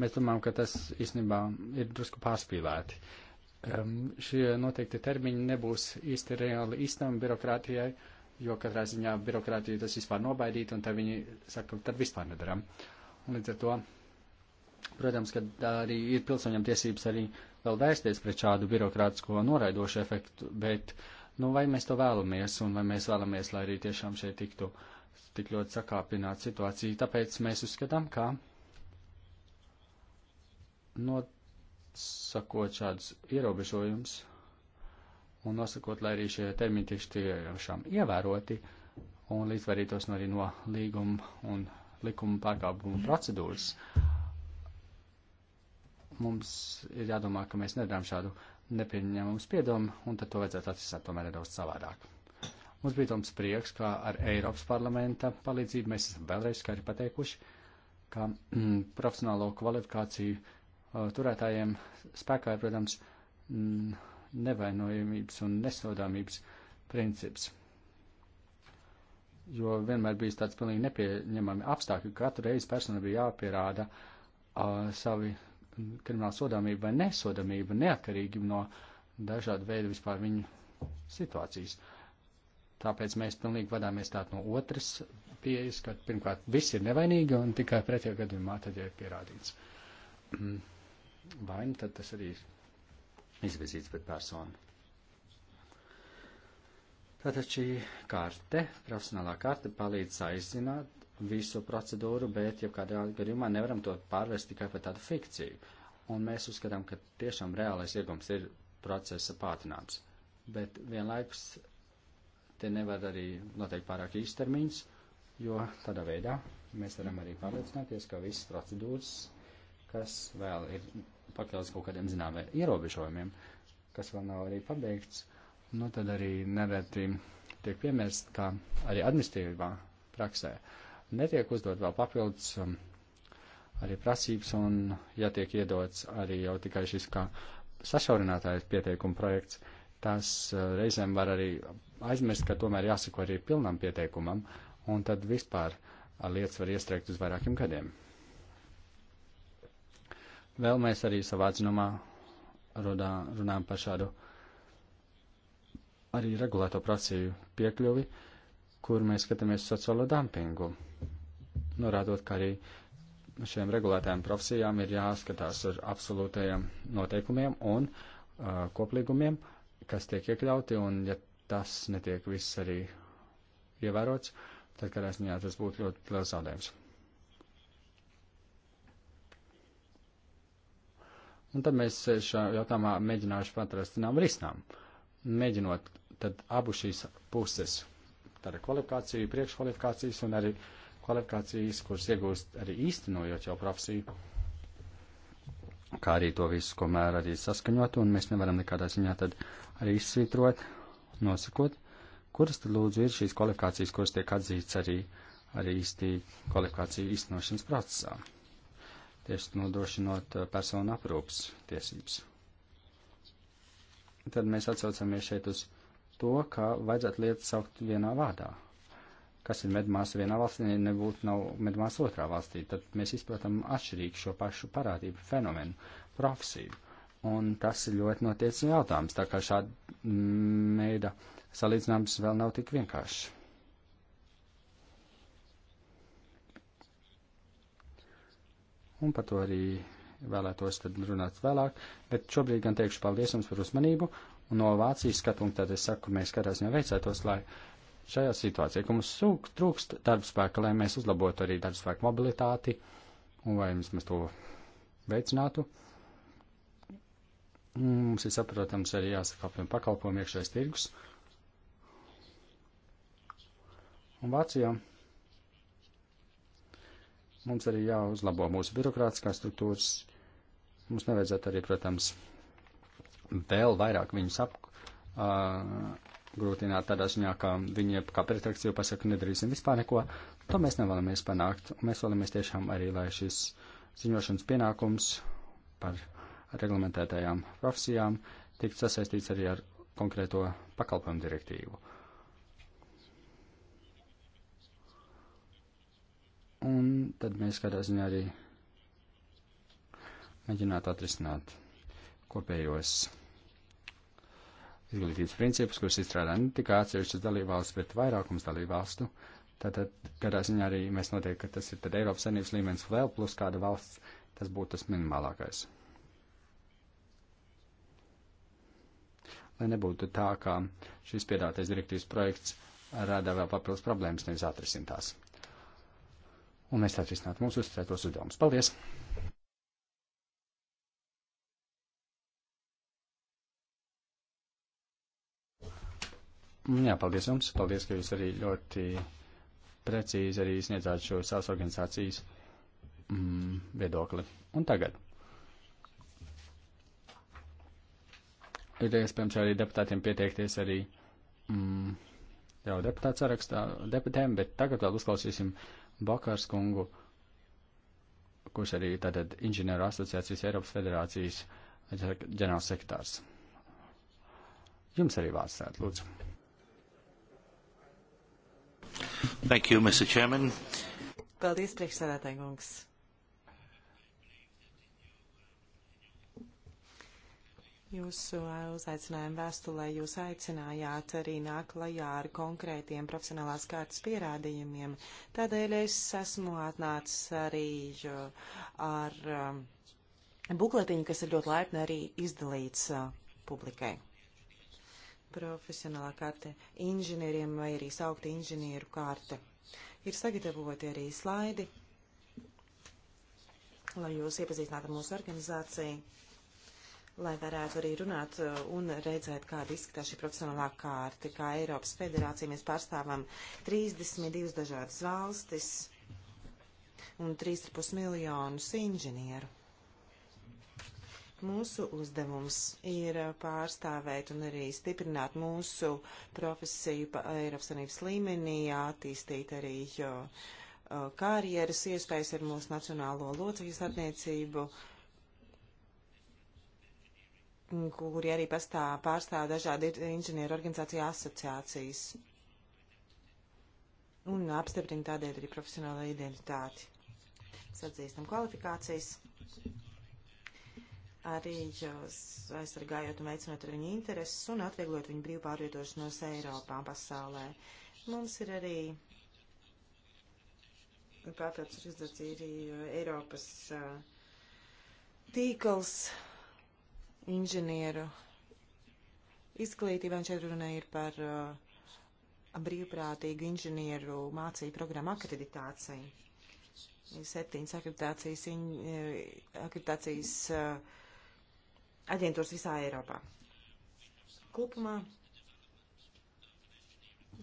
Mēs domājam, ka tas īstenībā ir drusku pārspīlēti. Um, šie noteikti termiņi nebūs īsti reāli īstam birokrātijai, jo katrā ziņā birokrātiju tas vispār nobaidīt, un tad viņi saka, tad vispār nedaram. Un līdz ar to Protams, ka arī ir pilsoņiem tiesības arī vēl vērsties pret šādu birokrātisko noraidošu efektu, bet Nu, vai mēs to vēlamies, un vai mēs vēlamies, lai arī tiešām šeit tiktu tik ļoti sakāpināta situācija. Tāpēc mēs uzskatām, ka nosakot šādus ierobežojumus un nosakot, lai arī šie termini tiktu tiešām ievēroti un līdzvarītos no arī no līguma un likuma pārkāpuma procedūras. Uh, mums ir jādomā, ka mēs nedarām šādu nepieņemumu spiedumu, un tad to vajadzētu atrisināt tomēr nedaudz savādāk. Mums bija toms prieks, ka ar Eiropas parlamenta palīdzību mēs esam vēlreiz skaidri pateikuši, ka mm, profesionālo kvalifikāciju uh, turētājiem spēkā ir, protams, mm, nevainojamības un nesodāmības princips. Jo vienmēr bijis tāds pilnīgi nepieņemami apstākļi, ka katru reizi personu bija jāpierāda uh, savi krimināla sodāmība vai nesodāmība neatkarīgi no dažāda veida vispār viņu situācijas. Tāpēc mēs pilnīgi vadāmies tādu no otras pieejas, ka pirmkārt viss ir nevainīgi un tikai pretējā gadījumā tad jau ir pierādīts. *clears throat* Vaina tad tas arī ir izvirzīts pret personu. Tātad šī karte, profesionālā karte, palīdz aizināt visu procedūru, bet jau kādā gadījumā nevaram to pārvērst tikai par tādu fikciju. Un mēs uzskatām, ka tiešām reālais iegums ir procesa pātrināts. Bet vienlaikus te nevar arī noteikt pārāk īstermiņus, jo tādā veidā mēs varam arī pārliecināties, ka visas procedūras, kas vēl ir pakļauts kaut kādiem zināmiem ierobežojumiem, kas vēl nav arī pabeigts, nu tad arī nereti tiek piemērst kā arī administratīvā praksē. Uh, netiek uzdot vēl papildus um, arī prasības, un ja tiek iedots arī jau tikai šis kā sašaurinātājs pieteikuma projekts, tas uh, reizēm var arī aizmirst, ka tomēr jāsako arī pilnam pieteikumam, un tad vispār uh, lietas var iestrēgt uz vairākiem gadiem. Vēl mēs arī savā atzinumā runājam par šādu arī regulēto prasīju piekļuvi, uh, kur mēs skatāmies sociālo dumpingu, norādot, ka arī šiem regulētājiem profesijām ir jāskatās ar absolūtajiem noteikumiem un uh, koplīgumiem, kas tiek iekļauti, un ja tas netiek viss arī ievērots, tad, kādā ziņā, tas būtu ļoti liels zaudējums. Un tad mēs šajā jautājumā mēģināšu patrast nav risinām, mēģinot tad abu šīs puses tāda kvalifikācija, priekškvalifikācijas un arī kvalifikācijas, kuras iegūst arī īstenojot jau profesiju. Kā arī to visu, komēr arī saskaņot, un mēs nevaram nekādā ziņā tad arī izsvītrot, nosakot, kuras tad lūdzu ir šīs kvalifikācijas, kuras tiek atzīts arī, arī īstī kvalifikāciju īstenošanas procesā. Tieši nodrošinot uh, personu aprūpas tiesības. Tad mēs atsaucamies šeit uz to, ka vajadzētu lietas saukt vienā vārdā. Kas ir medmāsa vienā valstī, ja nebūtu nav medmāsa otrā valstī, tad mēs izprotam atšķirīgi šo pašu parādību fenomenu, profesiju. Un tas ir ļoti notiecas jautājums, tā kā šāda meida salīdzinājums vēl nav tik vienkāršs. Un par to arī vēlētos tad runāt vēlāk, bet šobrīd gan teikšu paldies jums par uzmanību Un no Vācijas skatu, un tad es saku, mēs katrā ziņā veicētos, lai šajā situācijā, ka mums sūk, trūkst darbspēka, lai mēs uzlabotu arī darbspēku mobilitāti, un vai mēs to veicinātu. Mums ir saprotams arī jāsaka apvien pakalpojumu iekšējais tirgus. Un Vācijā mums arī jāuzlabo mūsu birokrātiskās struktūras. Mums nevajadzētu arī, protams, vēl vairāk viņus ap, uh, grūtināt tādā ziņā, ka viņi kā pretrakciju pasaka, nedarīsim vispār neko, to mēs nevēlamies panākt. Mēs vēlamies tiešām arī, lai šis ziņošanas pienākums par reglamentētajām profesijām tiktu sasaistīts arī ar konkrēto pakalpojumu direktīvu. Un tad mēs kādā ziņā arī mēģinātu atrisināt kopējos izglītības principus, kurus izstrādā ne tikai atsevišķas dalībvalstis, bet vairākums dalībvalstu. Tātad, kādā ziņā arī mēs notiek, ka tas ir tad Eiropas Savienības līmenis vēl plus kāda valsts, tas būtu tas minimālākais. Lai nebūtu tā, ka šis piedātais direktīvas projekts rada vēl papildus problēmas, nevis atrisintās. Un mēs tā risināt mūsu uzticētos uzdevumus. Paldies! Jā, paldies jums. Paldies, ka jūs arī ļoti precīzi arī sniedzāt šo savas organizācijas mm, viedokli. Un tagad. Ir iespējams arī deputātiem pieteikties arī mm, jau deputāts sarakstā deputēm, bet tagad vēl uzklausīsim Bakars kungu, kurš arī tātad inženieru asociācijas Eiropas federācijas ģenerālsekretārs. Jums arī vārds, lūdzu. Thank you, Mr. Chairman. Paldies, priekšsēdētāji kungs. Jūsu uzaicinājuma vēstulē jūs aicinājāt arī nāk lajā ar konkrētiem profesionālās kārtas pierādījumiem. Tādēļ es esmu atnācis arī ar um, bukletiņu, kas ir ļoti laipni arī izdalīts uh, publikai profesionālā karte inženieriem vai arī saukta inženieru karte. Ir sagatavoti arī slaidi, lai jūs iepazīstinātu ar mūsu organizāciju, lai varētu arī runāt uh, un redzēt, kāda izskatās šī profesionālā kārta. Kā Eiropas federācija mēs pārstāvam 32 dažādas valstis un 3,5 miljonus inženieru. Mūsu uzdevums ir pārstāvēt un arī stiprināt mūsu profesiju Eiropas Savienības līmenī, attīstīt arī jo, karjeras iespējas ar mūsu nacionālo locekļu starpniecību, kuri arī pastāv, pārstāv dažādi inženieru organizāciju asociācijas un apstiprina tādēļ arī profesionālo identitāti. Sadzīstam kvalifikācijas arī aizsargājot un veicinot ar viņu intereses un atvieglot viņu brīvu pārvietošanos Eiropā un pasaulē. Mums ir arī papildus organizācija uh, Eiropas uh, tīkls inženieru izglītībā, un šeit runa ir par uh, brīvprātīgu inženieru mācību programmu akreditāciju. Ir septiņas akreditācijas, in, uh, akreditācijas uh, aģentūras visā Eiropā. Kopumā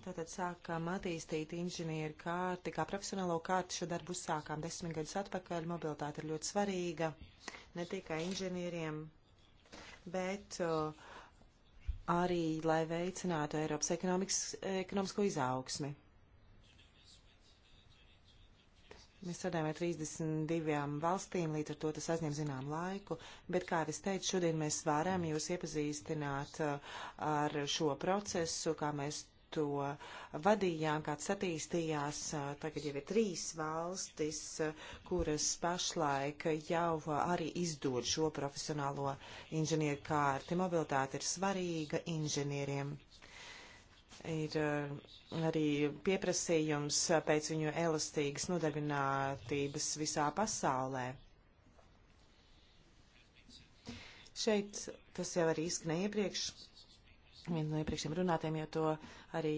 tātad sākām attīstīt inženieru kārti, kā profesionālo kārti šo darbu sākām desmit gadus atpakaļ. Mobilitāte ir ļoti svarīga ne tikai inženieriem, bet arī, lai veicinātu Eiropas ekonomisko izaugsmi. Mēs strādājam ar 32 valstīm, līdz ar to tas aizņem zinām laiku, bet, kā es teicu, šodien mēs varam jūs iepazīstināt uh, ar šo procesu, kā mēs to vadījām, kāds attīstījās. Uh, tagad jau ir trīs valstis, uh, kuras pašlaik jau arī izdod šo profesionālo inženieru kārti. Mobilitāte ir svarīga inženieriem ir eh, arī pieprasījums pēc viņu elastīgas nodarbinātības visā pasaulē. Šeit tas jau arī izskanēja iepriekš. Viena no iepriekšējiem runātiem jau to arī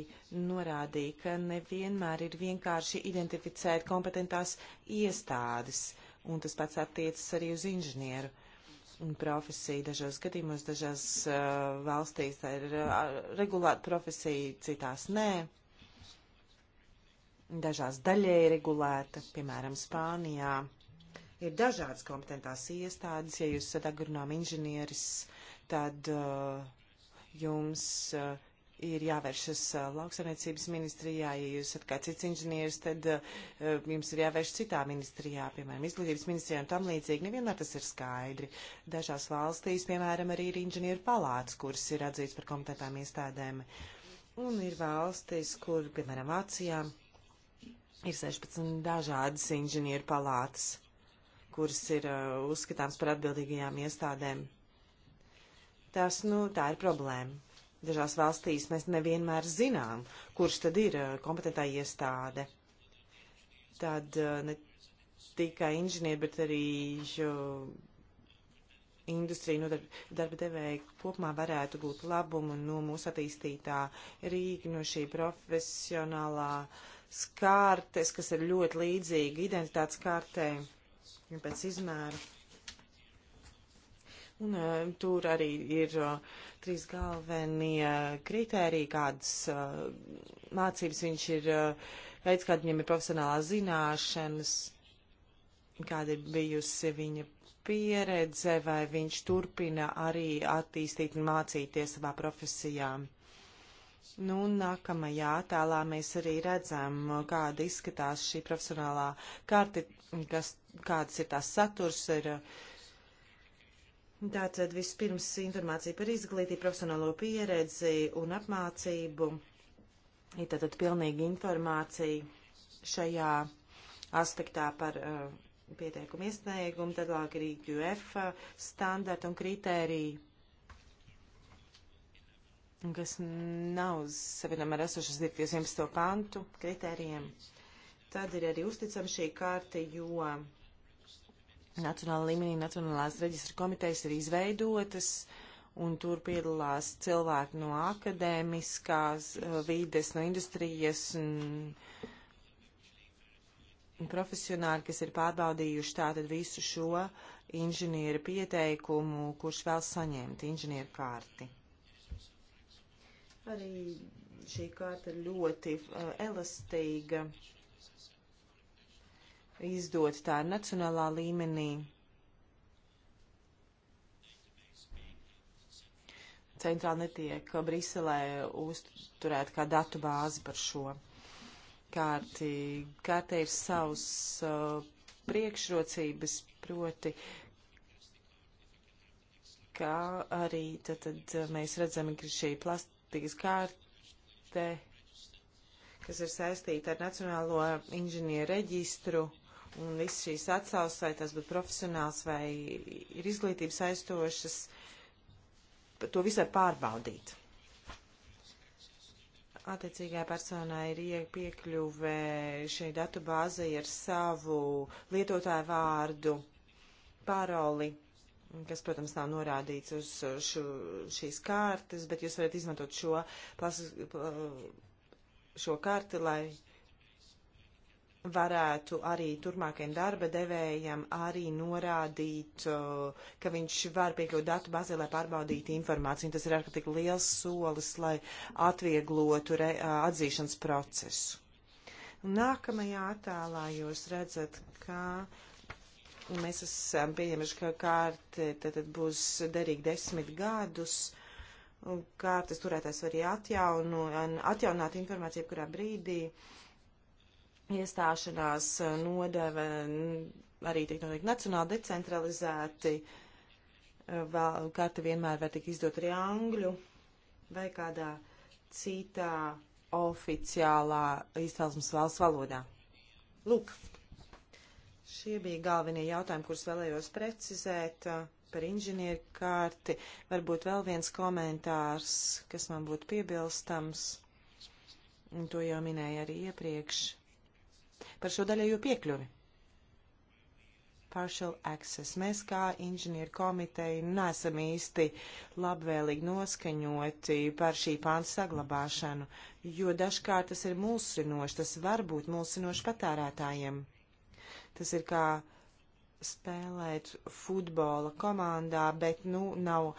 norādīja, ka nevienmēr ir vienkārši identificēt kompetentās iestādes, un tas pats attiecas arī uz inženieru uh, profesija. Dažos gadījumos, dažās uh, valstīs tā ir uh, regulēta profesija, citās nē. Dažās daļēji regulēta, piemēram, Spānijā. Ir dažādas kompetentās iestādes. Ja jūs esat agronoma inženieris, tad uh, jums uh, ir jāvēršas lauksaimniecības ministrijā. Ja jūs esat kāds cits inženieris, tad jums ir jāvērš citā ministrijā, piemēram, izglītības ministrijā un tam līdzīgi. Nevienmēr tas ir skaidri. Dažās valstīs, piemēram, arī ir inženieru palāts, kuras ir atzīts par kompetentām iestādēm. Un ir valstis, kur, piemēram, Vācijā ir 16 dažādas inženieru palātas kuras ir uh, uzskatāms par atbildīgajām iestādēm. Tas, nu, tā ir problēma. Dažās valstīs mēs nevienmēr zinām, kurš tad ir eh, kompetentā iestāde. Tad eh, ne tikai inženieri, bet arī industrija, nu, darba devēja kopumā varētu būt labumu no mūsu attīstītā rīka, no šī profesionālā skārtes, kas ir ļoti līdzīga identitātes kārtē, pēc izmēra. Un uh, tur arī ir uh, trīs galvenie uh, kritēriji, kādas uh, mācības viņš ir, uh, veids, kāda viņam ir profesionālā zināšanas, kāda ir bijusi viņa pieredze, vai viņš turpina arī attīstīt un mācīties savā profesijā. Nu, nākamajā attēlā mēs arī redzam, kāda izskatās šī profesionālā karte, kas, kādas ir tās saturs, ir uh, Tātad vispirms informācija par izglītību, profesionālo pieredzi un apmācību. Ir tātad pilnīgi informācija šajā aspektā par uh, pieteikumu iesniegumu, tad vēl ir IQF uh, standarta un kritērija, kas nav savienam ar esošas direktīvas 11. pantu kritērijiem. Tad ir arī uzticama šī kārta, jo Nacionāla līmenī Nacionālās reģistra komitejas ir izveidotas, un tur piedalās cilvēki no akadēmiskās eh, vides, no industrijas un profesionāļi, kas ir pārbaudījuši tātad visu šo inženieru pieteikumu, kurš vēl saņemt inženieru kārti. Arī šī kārta ļoti uh, elastīga. Uh, izdot tā ir nacionālā līmenī. Centrāli netiek Briselē uzturēt kā datu bāzi par šo kārti. Kārtē ir savs uh, priekšrocības, proti, kā arī tad, tad mēs redzam, ka šī plastikas kārte, kas ir saistīta ar Nacionālo inženieru reģistru, uh, un viss šīs atsauces, vai tas būtu profesionāls vai ir izglītības aizstošas, to visu var pārbaudīt. Attiecīgā personā ir piekļuve šai datu bāzei ar savu lietotāju vārdu, paroli, kas, protams, nav norādīts uz šo, šīs kārtas, bet jūs varat izmantot šo, plas, šo karti, lai varētu arī turpmākajam darba devējam arī norādīt, ka viņš var piekļūt datu bazē, lai pārbaudītu informāciju. Tas ir ārkārtīgi liels solis, lai atvieglotu re, atzīšanas procesu. Nākamajā attēlā jūs redzat, ka mēs esam pieņemuši, ka kārti tad, tad būs derīgi desmit gadus kārtas turētājs var arī atjauno, atjaunāt informāciju, kurā brīdī. Uh, iestāšanās eh, nodeva arī tiek noteikti nacionāli decentralizēti. Eh, vēl karte vienmēr var tikt izdot arī angļu vai kādā citā oficiālā izcelsmes valsts valodā. Lūk, šie bija galvenie jautājumi, kurus vēlējos precizēt eh, par inženieru kārti. Varbūt vēl viens komentārs, kas man būtu piebilstams, un to jau minēja arī iepriekš par šo daļējo piekļuvi. Partial access. Mēs kā inženieru komiteja nesam īsti labvēlīgi noskaņoti par šī pānta saglabāšanu, jo dažkārt tas ir mulsinoši, tas var būt mulsinoši patērētājiem. Tas ir kā spēlēt futbola komandā, bet nu nav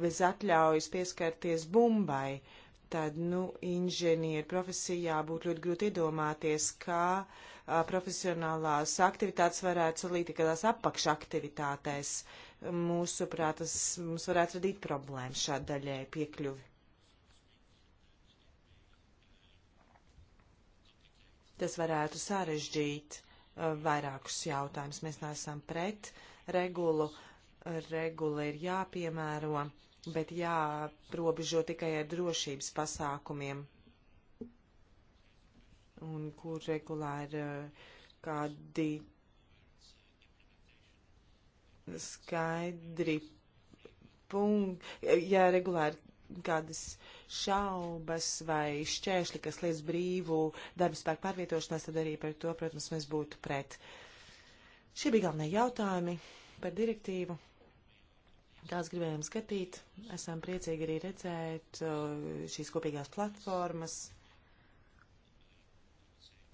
bez atļaujas pieskarties bumbai. Uh, tad, nu, inženieru profesijā būtu ļoti grūti iedomāties, kā a, profesionālās aktivitātes varētu salīt kādās apakšaktivitātēs. Mūsuprāt, tas mums varētu radīt problēmas šāda daļai piekļuvi. Tas varētu sarežģīt a, vairākus jautājumus. Mēs neesam pret regulu. Regula ir jāpiemēro bet jāaprobežo tikai ar drošības pasākumiem, un kur regulāri eh, kādi skaidri punkti, ja regulāri kādas šaubas vai šķēršļi, kas liec brīvu darba spēku pārvietošanās, tad arī par to, protams, mēs būtu pret. Šie bija galvenie jautājumi par direktīvu. Tās gribējām skatīt. Esam priecīgi arī redzēt uh, šīs kopīgās platformas,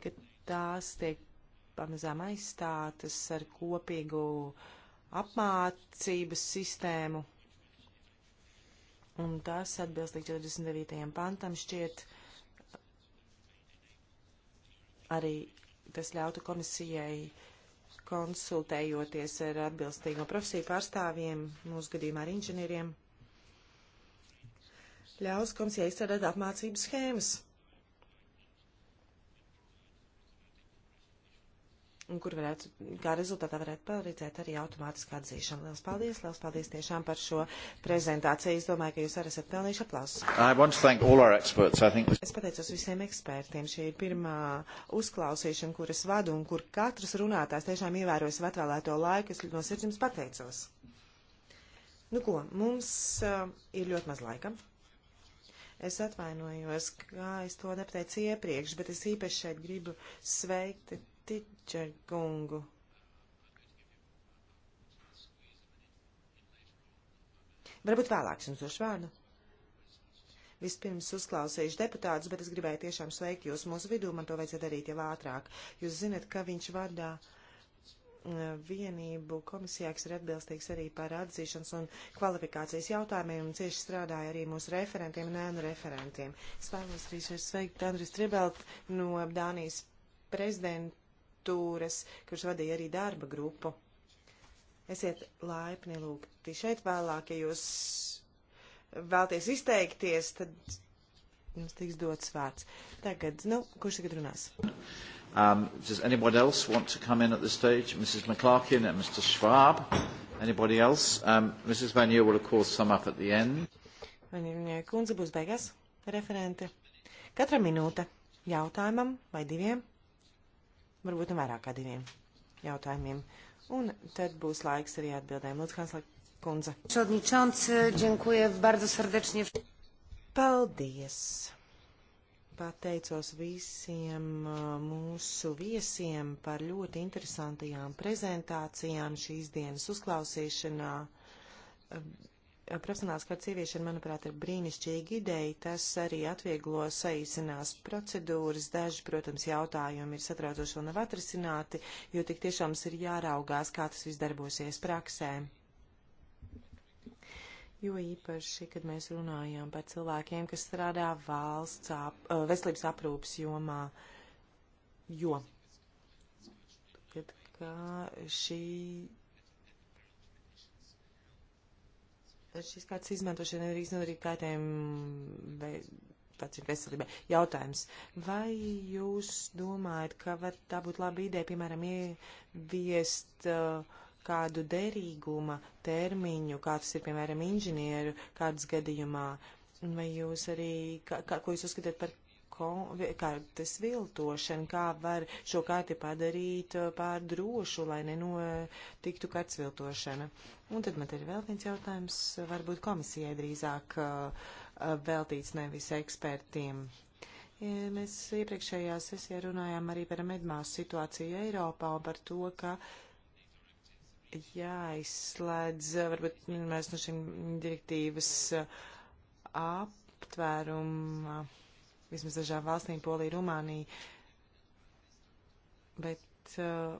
ka tās tiek pamazām aizstātas ar kopīgu apmācības sistēmu. Un tas atbilstīgi 49. pantam šķiet arī tas ļautu komisijai uh, konsultējoties ar atbilstīgo profesiju pārstāvjiem, mūsu gadījumā ar inženieriem, ļaus komisijai izstrādāt apmācības schēmas un kur varētu, kā rezultātā varētu palīdzēt arī automātiski atzīšana. Lielas paldies, lielas paldies tiešām par šo prezentāciju. Es domāju, ka jūs arī esat pelnījuši aplausus. Es pateicos visiem ekspertiem. Šī ir pirmā uzklausīšana, kuras vadu un kur katrs runātājs tiešām ievērojas atvēlēto laiku. Es no sirds jums pateicos. Nu ko, mums uh, ir ļoti maz laika. Es atvainojos, kā es to nepateicu iepriekš, bet es īpaši šeit gribu sveikt Tičer kungu. Varbūt vēlāk jums došu vārdu. Vispirms uzklausījuši deputātus, bet es gribēju tiešām sveikt jūs mūsu vidū, man to vajadzēja darīt jau ātrāk. Jūs zinat, ka viņš vārdā mm, vienību komisijā, kas ir atbilstīgs arī par atzīšanas un kvalifikācijas jautājumiem, un cieši strādāja arī mūsu referentiem un ēnu referentiem. Es vēlos arī sveikt Andris Tribelt no Dānijas prezident, struktūras, kurš vadīja arī darba grupu. Esiet laipni lūgti šeit vēlāk, ja jūs vēlties izteikties, tad jums tiks dots vārds. Tagad, nu, kurš tagad runās? Um, does anyone else want to come in at this stage? Mrs. McClarkin and Mr. Schwab? Anybody else? Um, Mrs. Vanier will, of course, sum up at the end. Vanier kundze būs beigās, referente. Katra minūte jautājumam vai diviem varbūt ne vairāk kā diviem jautājumiem. Un tad būs laiks arī atbildēm. Lūdzu, Hanslāk kundze. Čodničāns, eh, džinkuja bardzo sardečnie. Paldies! Pateicos visiem eh, mūsu viesiem par ļoti interesantajām prezentācijām šīs dienas uzklausīšanā profesionāls kārtas ieviešana, manuprāt, ir brīnišķīga ideja. Tas arī atvieglo saīsinās procedūras. Daži, protams, jautājumi ir satraucoši vēl nav atrisināti, jo tik tiešām ir jāraugās, kā tas viss darbosies praksē. Jo īpaši, kad mēs runājam par cilvēkiem, kas strādā valsts ap, veselības aprūpas jomā, jo kad, kā šī šīs kārtas izmantošana nedrīkst nodarīt kaitējumu pats ir veselībai. Jautājums, vai jūs domājat, ka var tā būt laba ideja, piemēram, ieviest uh, kādu derīguma termiņu, kā tas ir, piemēram, inženieru kādas gadījumā? Vai jūs arī, kā, kā, ko jūs uzskatāt par kartes viltošana, kā var šo karti padarīt uh, pār drošu, lai nenotiktu kartes viltošana. Un tad man ir vēl viens jautājums, varbūt komisijai drīzāk uh, uh, veltīts nevis ekspertiem. Mēs iepriekšējā sesijā runājām arī par medmās situāciju Eiropā un par to, ka jāizslēdz varbūt mēs no šīm direktīvas aptvēruma. Uh, vismaz dažām valstīm, Polija, Rumānija. Bet uh,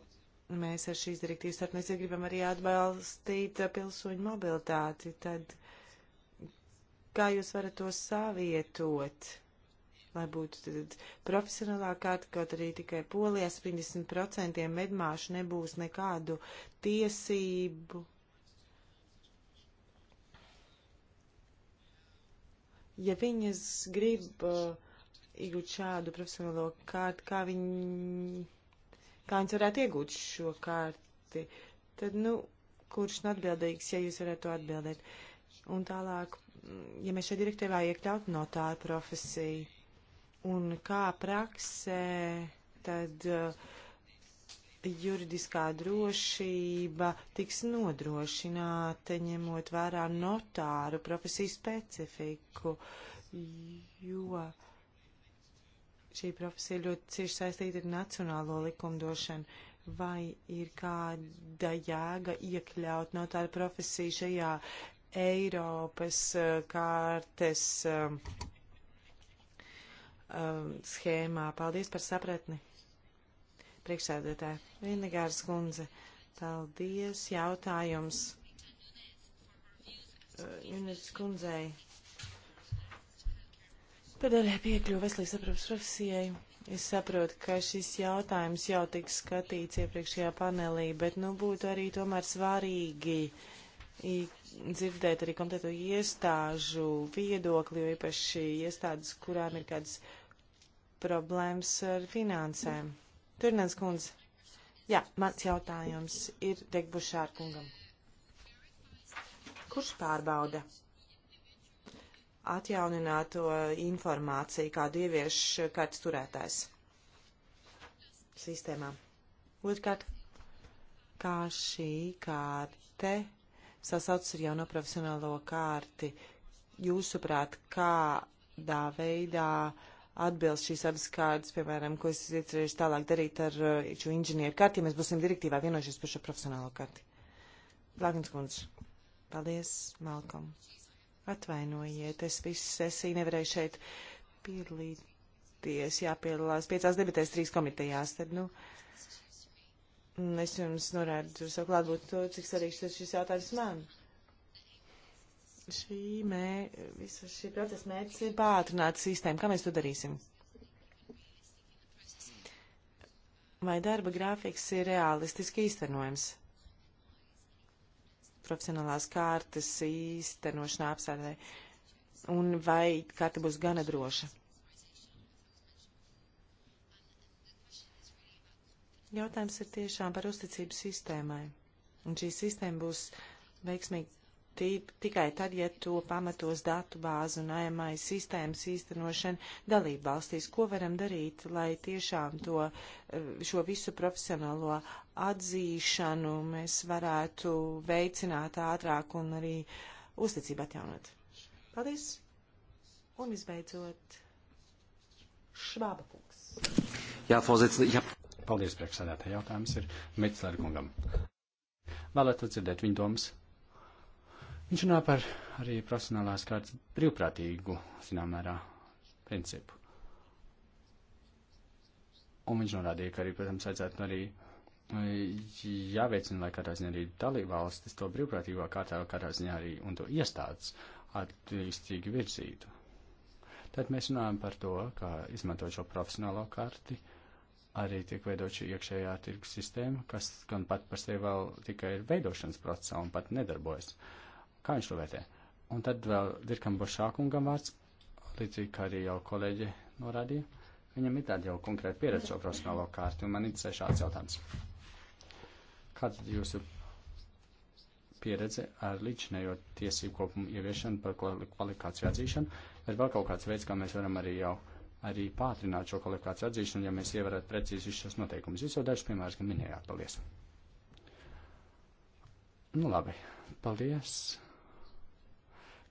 mēs ar šīs direktīvas starpniecību ja gribam arī atbalstīt uh, pilsoņu mobilitāti. Tad kā jūs varat to savietot? Lai būtu tad profesionālākā, kaut arī tikai polijā 70% medmāšu nebūs nekādu tiesību ja viņas grib uh, iegūt šādu profesionālo kārtu, kā viņi, kā viņas varētu iegūt šo kārti, tad, nu, kurš ir atbildīgs, ja jūs varētu to atbildēt. Un tālāk, ja mēs šajā direktīvā iekļautu notāru profesiju un kā praksē, tad uh, juridiskā drošība tiks nodrošināta, ņemot vērā notāru profesiju specifiku, jo. Uh, šī profesija ļoti cieši saistīta ar nacionālo likumdošanu. Vai ir kāda jēga iekļaut no tāda profesija šajā Eiropas eh, kārtas um, eh, eh, schēmā? Paldies par sapratni. Priekšsēdētāji, Vindegārs Kundze, paldies. Jautājums. Junis Kundzei Pēdējā piekļuva veselības aprūpas profesijai. Es saprotu, ka šis jautājums jau tiks skatīts iepriekšējā panelī, bet nu būtu arī tomēr svarīgi dzirdēt arī kompetēto iestāžu viedokli, jo īpaši iestādes, kurām ir kādas problēmas ar finansēm. Turnēns kundze, jā, mans jautājums ir Degbušārkungam. Kurš pārbauda atjaunināto informāciju, kādu ievieš kartes turētājs sistēmā. Otrkārt, kā šī kārte sasaucas ar jauno profesionālo kārti, jūsuprāt, kādā veidā atbilst šīs abas kārtas, piemēram, ko es iecerēšu tālāk darīt ar uh, šo inženieru karti, ja mēs būsim direktīvā vienojušies par šo profesionālo karti? Lāgins kundze. Paldies, Malkom. Atvainojiet, es visu sesiju nevarēju šeit piedalīties, jāpiedalās piecās debatēs trīs komitejās. Tad, nu, es jums norādu savu klātbūtu, cik svarīgs šis jautājums man šī mē, visa šī procesa mērķis ir pātrināt sistēmu. Kā mēs to darīsim? Vai darba grāfiks ir realistiski īstenojams? profesionālās kārtas īstenošanā apsēdē, un vai kārta būs gana droša. Jautājums ir tiešām par uzticību sistēmai, un šī sistēma būs veiksmīgi tikai tad, ja to pamatos datu bāzu un AMI sistēmas īstenošana dalību valstīs. Ko varam darīt, lai tiešām to, eh, šo visu profesionālo atzīšanu mēs varētu veicināt ātrāk un arī uzticību atjaunot? Paldies! Un visbeidzot, Švāba kungs. Jā, Fozits, jā. Paldies, priekšsēdētāji. Jautājums ir Mitsler kungam. Vēlētu dzirdēt viņa domas Viņš runā par arī profesionālās kārtas brīvprātīgu, zinām, mērā principu. Un viņš norādīja, ka arī, protams, vajadzētu arī e, jāveicina, lai katrā ziņā arī dalībvalstis to brīvprātīgo kārtā, katrā ziņā arī un to iestādes attīstīgi virzītu. Tad mēs runājam par to, kā izmantot šo profesionālo karti, arī tiek veidot šī iekšējā tirgus sistēma, kas gan pat par sevi vēl tikai ir veidošanas procesā un pat nedarbojas. Uh, Kā viņš to vērtē? Un tad vēl Dirkam Bošākungam vārds, līdzīgi kā arī jau kolēģi norādīja. Viņam ir tāda jau konkrēta pieredze šo profesionālo kārtu, un man interesē šāds jautājums. Kāda ir jūsu pieredze ar līdzinējo tiesību kopumu ieviešanu par kvalifikāciju atzīšanu, vai vēl kaut kāds veids, kā mēs varam arī jau arī pātrināt šo kvalifikāciju atzīšanu, ja mēs ievērētu precīzi visus šos noteikumus. Jūs jau dažus piemērus gan minējāt. Paldies! Nu labi, paldies!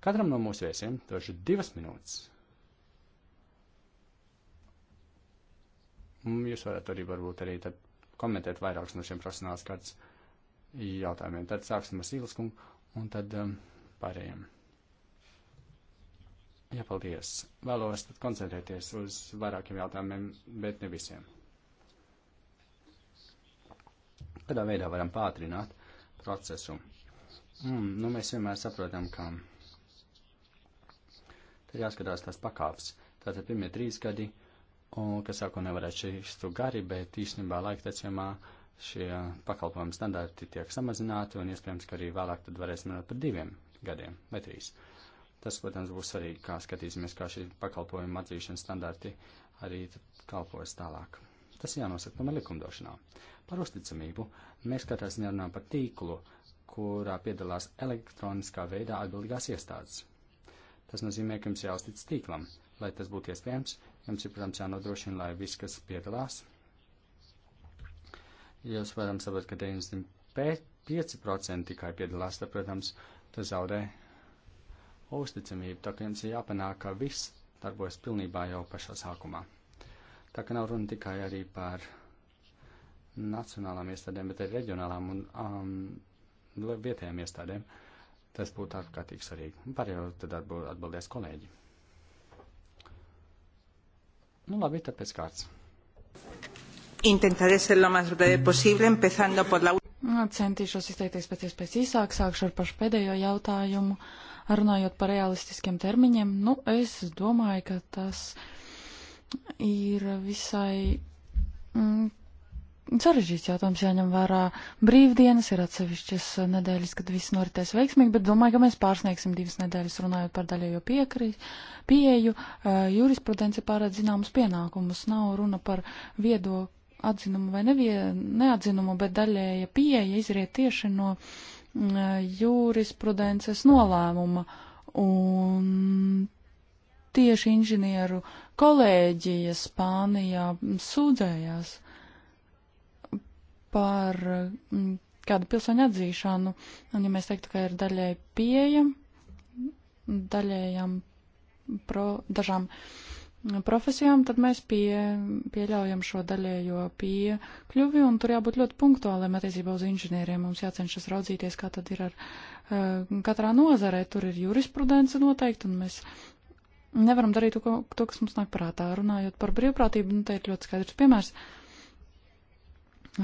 Katram no mūsu viesiem došu divas minūtes. Jūs varat arī varbūt arī tad komentēt vairākus no šiem profesionālas kārtas jautājumiem. Tad sāksim ar Sīliskumu un tad um, pārējiem. Jā, paldies. Vēlos tad koncentrēties uz vairākiem jautājumiem, bet ne visiem. Kādā veidā varam pātrināt procesu? Mm, nu, mēs vienmēr saprotam, ka Tad jāskatās tās pakāpes. Tātad pirmie trīs gadi, un, kas sāko nevarētu šķistu gari, bet īstenībā laika tecījumā šie pakalpojumi standarti tiek samazināti, un iespējams, ka arī vēlāk tad varēsim runāt par diviem gadiem vai trīs. Tas, protams, būs arī, kā skatīsimies, kā šie pakalpojumi atzīšanas standarti arī kalpos tālāk. Tas jānosaka tomēr likumdošanā. Par uzticamību mēs katrā ziņā runājam par tīklu, kurā piedalās elektroniskā veidā atbildīgās iestādes. Tas nozīmē, ka jums jāuztic tīklam. Lai tas būtu iespējams, jums ir, protams, jānodrošina, lai viss, kas piedalās, jūs varam saprast, ka 95% tikai piedalās, tad, protams, tas zaudē uzticamību. Tā kā jums ir jāpanāk, ka viss darbojas pilnībā jau pašā sākumā. Tā ka nav runa tikai arī par nacionālām iestādēm, bet arī reģionālām un um, vietējām iestādēm. Uh, Tas būtu ārkārtīgi svarīgi. Var jau tad atbildēs kolēģi. Nu labi, tad pēc kārtas. Intentaré ser lo más breve posible, empezando por la... Nu, centīšos izteikties pēc iespējas īsāk, sākšu ar pašu pēdējo jautājumu. Runājot par realistiskiem termiņiem, nu, es domāju, ka tas ir visai mm, sarežģīts jautājums jāņem vērā. Brīvdienas ir atsevišķas nedēļas, kad viss noritēs veiksmīgi, bet domāju, ka mēs pārsniegsim divas nedēļas runājot par daļējo piekri, pieeju. Jurisprudence pārēdz zināmus pienākumus, nav runa par viedo atzinumu vai nevie, neatzinumu, bet daļēja pieeja izriet tieši no jurisprudences nolēmuma. Un tieši inženieru kolēģija Spānijā sūdzējās par mm, kādu pilsoņu atzīšanu, un ja mēs teiktu, ka ir daļai pieejam, daļējām pro, dažām profesijām, tad mēs pie, pieļaujam šo daļējo piekļuvi, un tur jābūt ļoti punktuāliem attiecībā uz inženieriem. Mums jācenšas raudzīties, kā tad ir ar uh, katrā nozarē. Tur ir jurisprudence noteikti, un mēs nevaram darīt to, ko, to kas mums nāk prātā. Runājot par brīvprātību, nu, te ir ļoti skaidrs piemērs. Uh,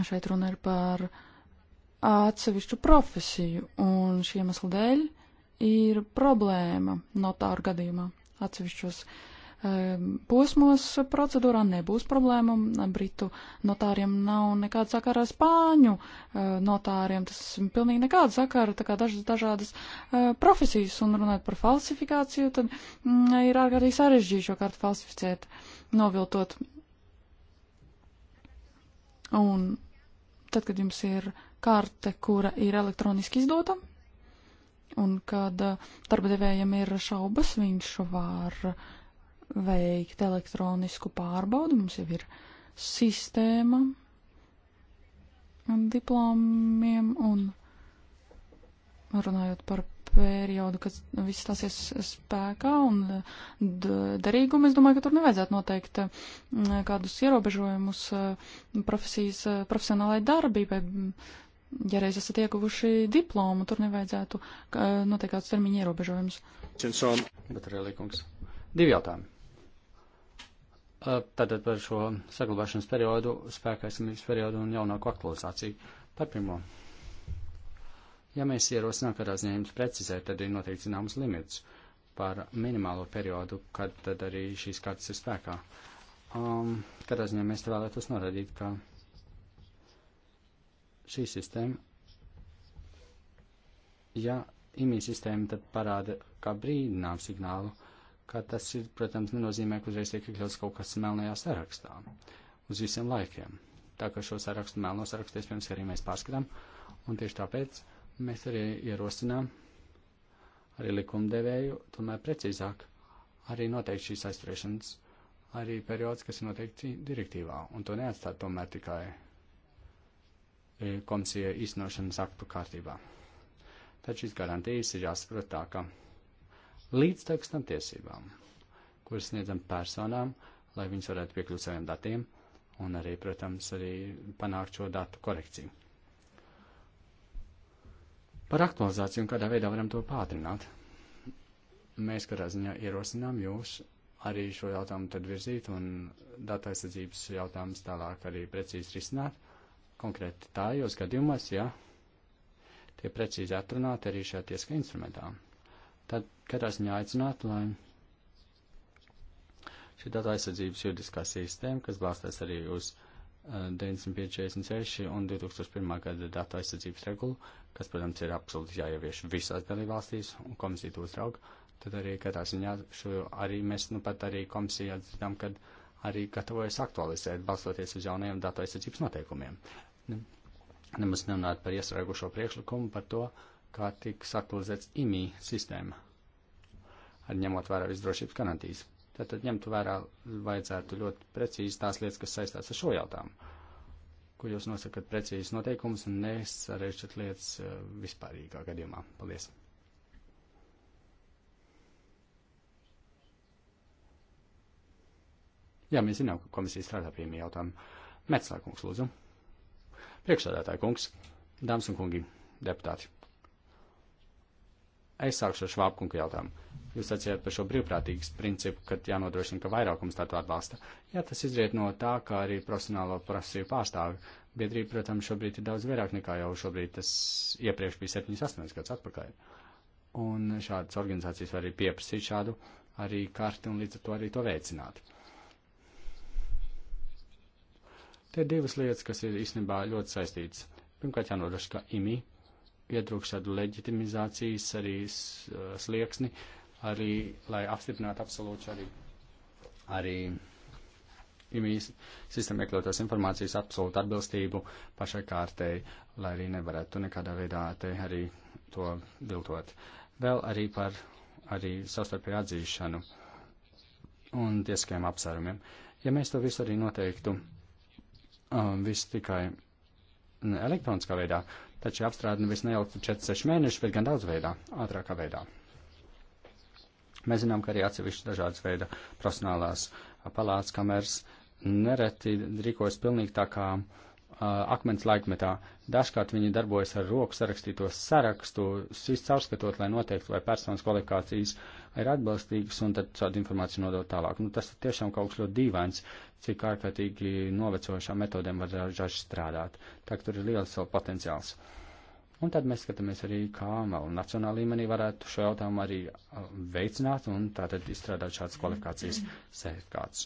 Šeit runa ir par atsevišķu profesiju, un šī iemesla dēļ ir problēma notāru gadījumā. Atsevišķos um, posmos procedūrā nebūs problēma. Britu notāriem nav nekāda sakara ar spāņu uh, notāriem. Tas pilnīgi nekāda sakara, tā kā dažas dažādas uh, profesijas un runāt par falsifikāciju, tad mm, ir ārkārtīgi sarežģīti šo kartu falsificēt, noviltot. Un tad, kad jums ir karte, kura ir elektroniski izdota, un kad uh, darba devējiem ir šaubas, viņš var veikt elektronisku pārbaudu. Mums jau ir sistēma diplomiem un runājot par periodu, kad viss stāsies spēkā un derīgumu, es domāju, ka tur nevajadzētu noteikt kādus ierobežojumus profesijas, profesionālai darbībai. Ja reiz esat ieguvuši diplomu, tur nevajadzētu noteikt kādus termiņu ierobežojumus. Bet relīkums. Divi jautājumi. Tātad par šo saglabāšanas periodu, spēkā esamības periodu un jaunāko aktualizāciju. Par pirmo. Ja mēs ierosinām kādā ziņojums precizēt, tad ir noteikti zināms limits par minimālo periodu, kad tad arī šīs kartas ir spēkā. Um, kādā ziņā mēs te vēlētos norādīt, ka šī sistēma, ja imī sistēma tad parāda kā brīdinām signālu, ka tas ir, protams, nenozīmē, ka uzreiz tiek iekļauts kaut kas melnajā sarakstā uz visiem laikiem. Tā kā šo sarakstu melno sarakstu, iespējams, arī mēs pārskatām, un tieši tāpēc Mēs arī ierosinām arī likumdevēju, tomēr precīzāk, arī noteikti šīs aizturēšanas arī periods, kas ir noteikti direktīvā, un to neatstāt tomēr tikai e, komisija īstenošanas aktu kārtībā. Taču šīs garantijas ir jāsaprot tā, ka līdz tekstam tiesībām, kuras sniedzam personām, lai viņas varētu piekļūt saviem datiem, un arī, protams, arī panākt šo datu korekciju. Par aktualizāciju un kādā veidā varam to pātrināt. Mēs, kādā ziņā, ierosinām jūs arī šo jautājumu tad virzīt un datu aizsardzības jautājumus tālāk arī precīzi risināt. Konkrēti tājos gadījumos, ja tie precīzi atrunāti arī šajā tieska instrumentā. Tad katrā ziņā aicināt, lai šī datu aizsardzības juridiskā sistēma, kas balstās arī uz 9546 un 2001. gada datu aizsardzības regulu, kas, protams, ir absolūti jāievieš visās dalībvalstīs un komisija to uzrauga, tad arī katrā ziņā šo arī mēs, nu pat arī komisijā dzirdam, kad arī gatavojas aktualizēt, balstoties uz jaunajiem datu aizsardzības noteikumiem. Nemaz nerunāt par iestrēgušo priekšlikumu, par to, kā tiks aktualizēts IMI sistēma, ar ņemot vērā visdrošības garantijas. Tātad ņemt vērā vajadzētu ļoti precīzi tās lietas, kas saistās ar šo jautājumu, kur jūs nosakat precīzi noteikumus un nesarežģat lietas eh, vispārīgā gadījumā. Paldies! Jā, mēs zinām, ka komisija strādā pie mī jautājuma. Metslā kungs, lūdzu. Priekšsādātāja kungs, dāmas un kungi, deputāti. Es sākšu ar švābkunga jautājumu. Jūs atcerat par šo brīvprātīgas principu, ka jānodrošina, ka vairākums tādu atbalsta. Jā, tas izriet no tā, ka arī profesionālo prasību pārstāvi biedrība, protams, šobrīd ir daudz vairāk nekā jau šobrīd tas iepriekš bija 7-8 gads atpakaļ. Un šādas organizācijas var arī pieprasīt šādu arī karti un līdz ar to arī to veicināt. Te ir divas lietas, kas ir īstenībā ļoti saistītas. Pirmkārt, jānodrošina, ka IMI ietrūkst tādu leģitimizācijas arī uh, slieksni, uh, arī, lai apstiprinātu absolūti arī, arī imijas sistēma iekļautos informācijas absolūtu atbilstību pašai kārtēji, lai arī nevarētu nekādā veidā te arī to viltot. Vēl arī par arī savstarpēju atzīšanu un tieskajiem apsvērumiem. Ja mēs to visu arī noteiktu um, visu tikai elektroniskā veidā, taču apstrādi nevis nejauktu 4-6 mēnešus, bet gan daudz veidā, ātrākā veidā. Mēs zinām, ka arī atsevišķi dažādas veida profesionālās palātas kameras nereti rīkojas pilnīgi tā kā uh, akmens laikmetā. Dažkārt viņi darbojas ar roku sarakstītos sarakstu, visu caurskatot, lai noteiktu, vai personas kvalifikācijas ir atbilstīgas, un tad šādu informāciju nodot tālāk. Nu, tas ir tiešām kaut kas ļoti dīvains, cik ārkārtīgi novecojušām metodēm var daži strādāt. Tā ka tur ir liels vēl potenciāls. Uh, Un tad mēs skatāmies arī, kā vēl nacionāla līmenī varētu šo jautājumu arī veicināt un tātad izstrādāt šādas kvalifikācijas sertifikātus.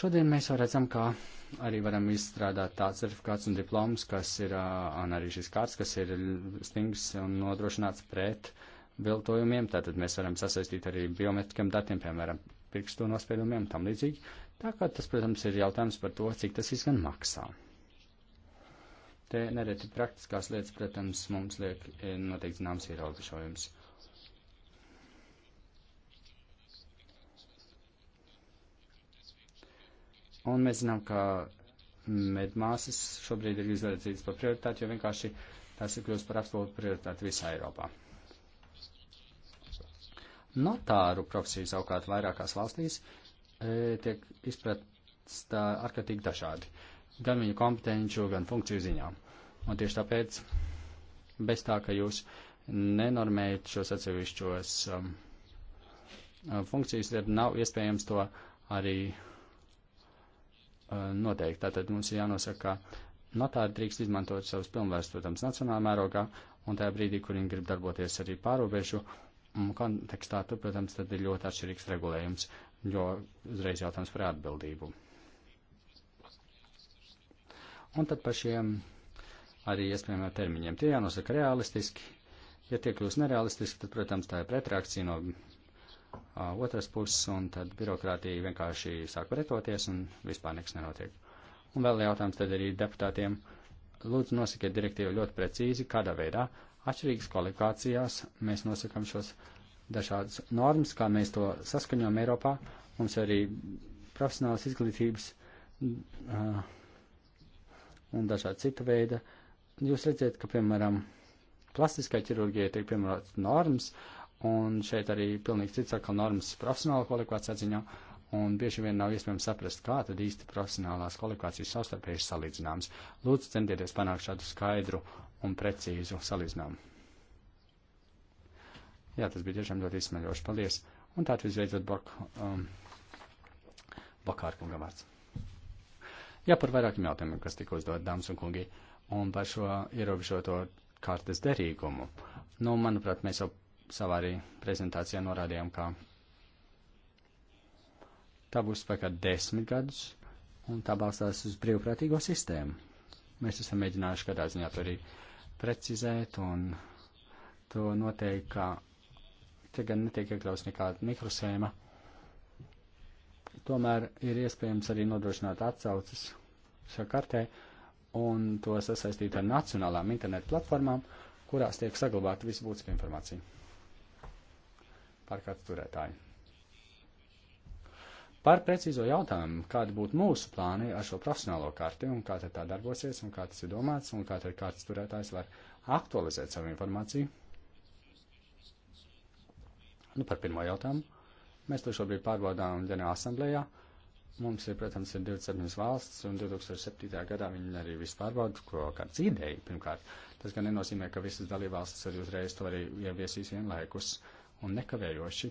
Šodien mēs jau redzam, ka arī varam izstrādāt tāds sertifikāts un diploms, kas ir, un arī šis kārts, kas ir stingrs un nodrošināts pret viltojumiem. Tātad mēs varam sasaistīt arī biometriskiem datiem, piemēram, pirkstu nospiedumiem un tam līdzīgi. Tā kā tas, protams, ir jautājums par to, cik tas izgan maksā. Te nereti praktiskās lietas, protams, mums liek eh, noteikti zināms ierobežojums. Un mēs zinām, ka medmāsas šobrīd ir izvērtītas par prioritāti, jo vienkārši tās ir kļūst par absolūtu prioritāti visā Eiropā. Notāru profesija savukārt vairākās valstīs e, tiek izpratstā ārkārtīgi dažādi, gan viņu kompetenču, gan funkciju ziņām. Un tieši tāpēc, bez tā, ka jūs nenormējat šos atsevišķos um, uh, funkcijas, tad nav iespējams to arī uh, noteikt. Tātad mums ir jānosaka, ka notāri drīkst izmantot savus pilnvērs, protams, nacionālā mērogā, un tajā brīdī, kur viņi grib darboties arī pārobežu mm, kontekstā, tur, protams, tad ir ļoti atšķirīgs regulējums, jo uzreiz jautājums par atbildību. Un tad par šiem arī iespējamiem termiņiem. Tie jānosaka realistiski. Ja tie kļūst nerealistiski, tad, protams, tā ir pretreakcija no uh, otras puses, un tad birokrātija vienkārši sāk pretoties, un vispār nekas nenotiek. Un vēl jautājums tad arī deputātiem. Lūdzu, nosakiet direktīvu ļoti precīzi, kādā veidā atšķirīgas kvalifikācijās mēs nosakam šos dažādas normas, kā mēs to saskaņojam Eiropā. Mums arī profesionālas izglītības uh, un dažāda cita veida uh, jūs redzat, ka, piemēram, plastiskai ķirurģijai tiek piemērotas normas, un šeit arī pilnīgi cits atkal normas profesionāla kvalifikācija ziņā, un bieži vien nav iespējams saprast, kā tad īsti profesionālās kvalifikācijas savstarpēji salīdzināmas. Lūdzu, centieties panākt šādu skaidru un precīzu salīdzinājumu. Jā, tas bija tiešām ļoti izsmeļoši. Paldies! Un tātad visbeidzot bak, um, Bakārkungam vārds. Jā, par vairākiem jautājumiem, kas tika uzdot, dāmas un kungi. Uh, un par šo ierobežoto kartes derīgumu. Nu, manuprāt, mēs jau savā arī prezentācijā norādījām, ka tā būs spēkā desmit gadus, un tā balstās uz brīvprātīgo sistēmu. Mēs esam mēģinājuši kādā ziņā to arī precizēt un to noteikt, ka te gan netiek iekļauts nekāda mikrosēma. Tomēr ir iespējams arī nodrošināt atsaucas šā kartē, uh, un to sasaistīt ar nacionālām internetu platformām, kurās tiek saglabāta visbūtiska informācija par kādu turētāju. Par precīzo jautājumu, kādi būtu mūsu plāni ar šo profesionālo karti un kā tā darbosies un kā tas ir domāts un kā tad kāds turētājs var aktualizēt savu informāciju. Nu, par pirmo jautājumu. Mēs to šobrīd pārbaudām ģenerāla asamblējā. Uh, Mums ir, protams, ir 27 valsts, un 2007. gadā viņi arī visu pārbaudu, ko kāds ideja pirmkārt. Tas gan nenozīmē, ka visas dalībvalstis arī uzreiz to arī ieviesīs vienlaikus un nekavējoši.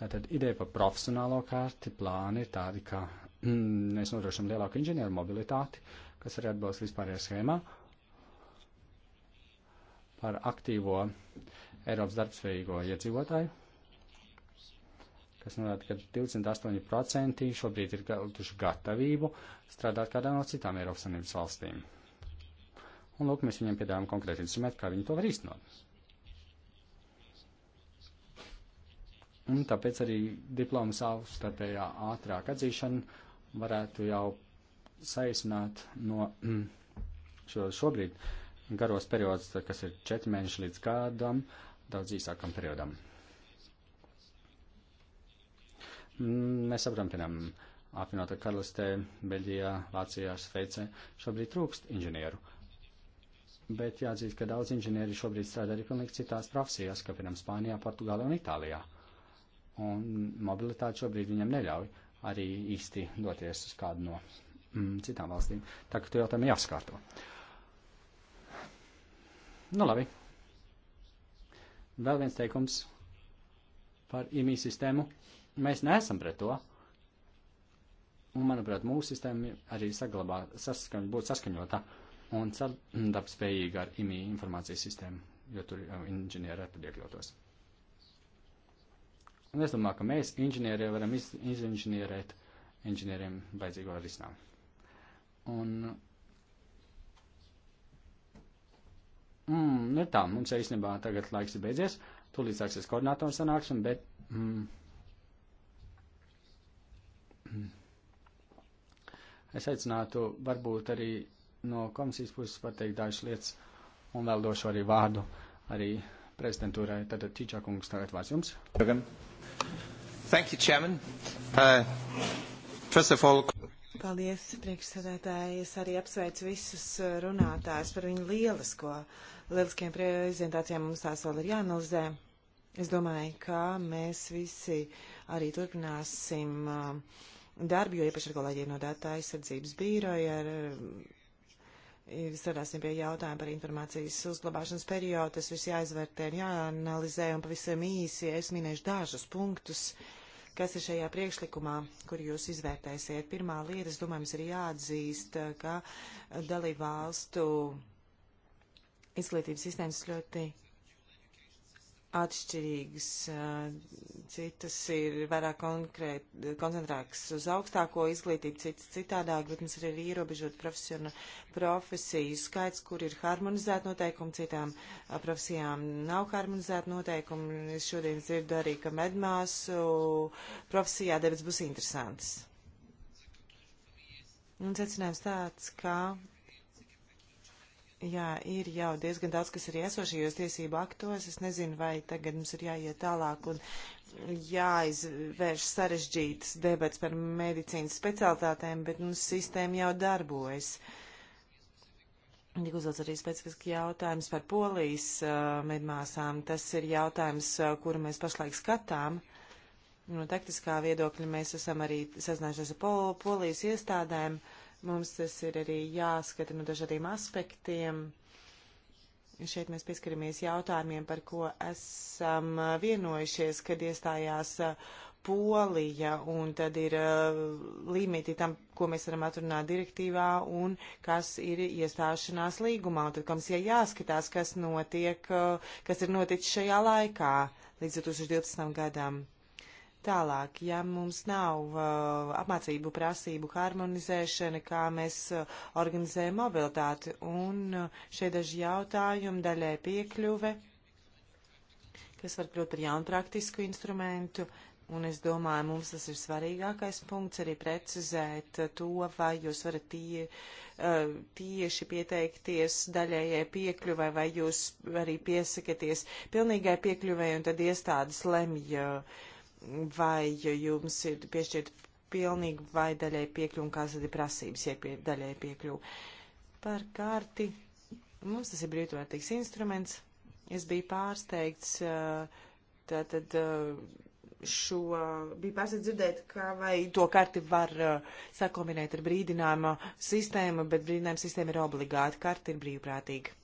Tātad ideja par profesionālo kārti, plāni ir tādi, ka *clears throat* mēs nodrošam lielāku inženieru mobilitāti, kas arī atbilst vispārējā schēmā par aktīvo Eiropas darbspējīgo iedzīvotāju kas norāda, ka 28% šobrīd ir gautuši gatavību strādāt kādā no citām Eiropas Savienības valstīm. Un lūk, mēs viņiem piedāvājam konkrēti instrumentu, kā viņi to var īstenot. Un tāpēc arī diplomu savstarpējā ātrāk atzīšana varētu jau saīsināt no *clears throat* šo, šobrīd garos periods, kas ir 4 mēneši līdz gadam, daudz īsākam periodam. Mēs saprotam, piemēram, apvienotā karalistē, Beļģijā, Vācijā, Šveicē šobrīd trūkst inženieru. Bet jāatzīst, ka daudz inženieri šobrīd strādā arī pilnīgi citās profesijās, kā piemēram Spānijā, Portugālē un Itālijā. Un mobilitāte šobrīd viņam neļauj arī īsti doties uz kādu no mm, citām valstīm. Tā ka tu jau tam jāskārto. Nu labi. Vēl viens teikums par IMI sistēmu Mēs neesam pret to. Un, manuprāt, mūsu sistēma arī saglabā, saskaņ, būtu saskaņota un sadarbspējīga ar IMI informācijas sistēmu, jo tur uh, inženieri arī iekļautos. Un es domāju, ka mēs, inženieri, varam iz, izinženierēt inženieriem vajadzīgo risinājumu. Un mm, nu tā, mums īstenībā tagad laiks ir beidzies, tūlīt sāksies koordinātors sanāksim, bet mm, Mhm. Es aicinātu varbūt arī no komisijas puses pateikt dažas lietas un vēl došu arī vārdu arī prezidentūrai. Tad Tīčā kungs tagad vārds jums. Thank you, Chairman. Uh, first of all, Paldies, priekšsēdētāji. Es arī apsveicu visus runātājus par viņu lielisko, lieliskiem prezentācijām. Mums tās vēl ir jāanalizē. Es domāju, ka mēs visi arī turpināsim uh, darbu, jo īpaši ar kolēģiem no data aizsardzības bīroja ar, um, strādāsim pie jautājuma par informācijas uzglabāšanas periodu. Tas viss jāizvērtē un jāanalizē, un pavisam īsi es minēšu dažus punktus, kas ir šajā priekšlikumā, kur jūs izvērtēsiet. Pirmā lieta, es domāju, mums ir jāatzīst, ka dalību valstu izglītības sistēmas ļoti atšķirīgas. Citas ir vairāk konkrēt, koncentrētas uz augstāko izglītību, citas citādāk, bet mums ir arī ierobežot profesiju skaits, kur ir harmonizēta noteikuma, citām profesijām nav harmonizēta noteikuma. Es šodien dzirdu arī, ka medmāsu profesijā debats būs interesants. Un secinājums tāds, ka Jā, ir jau diezgan daudz, kas ir iesošajos tiesību aktos. Es nezinu, vai tagad mums ir jāiet tālāk un jāizvērš sarežģītas debats par medicīnas specialitātēm, bet mums sistēma jau darbojas. Tik uzdots arī specifiski jautājums par polijas uh, medmāsām. Tas ir jautājums, uh, kuru mēs pašlaik skatām. No taktiskā viedokļa mēs esam arī sazinājušies ar pol polijas iestādēm. Uh, Mums tas ir arī jāskata no dažādiem aspektiem. Šeit mēs pieskaramies jautājumiem, par ko esam vienojušies, kad iestājās uh, Polija, un tad ir uh, limiti tam, ko mēs varam atrunāt direktīvā, un kas ir iestāšanās līgumā. Un tad mums ir jāskatās, kas notiek, uh, kas ir noticis šajā laikā līdz 2012. gadam. Tālāk, ja mums nav uh, apmācību prasību harmonizēšana, kā mēs uh, organizējam mobilitāti, un uh, šie daži jautājumi daļai piekļuve, kas var kļūt par jaunu praktisku instrumentu, un es domāju, mums tas ir svarīgākais punkts arī precizēt uh, to, vai jūs varat tie, uh, tieši pieteikties daļējai piekļuvai, vai jūs arī piesakaties pilnīgai piekļuvai, un tad iestādes lemj. Uh, vai jums ir piešķirta pilnīgi vai daļai piekļuva un kādas tad ir prasības, ja pie, daļai piekļuva. Par kārti mums tas ir brīvtvērtīgs instruments. Es biju pārsteigts, tātad šo, biju pārsteigts dzirdēt, ka vai to karti var sakombinēt ar brīdinājuma sistēmu, bet brīdinājuma sistēma ir obligāta, karti ir brīvprātīga.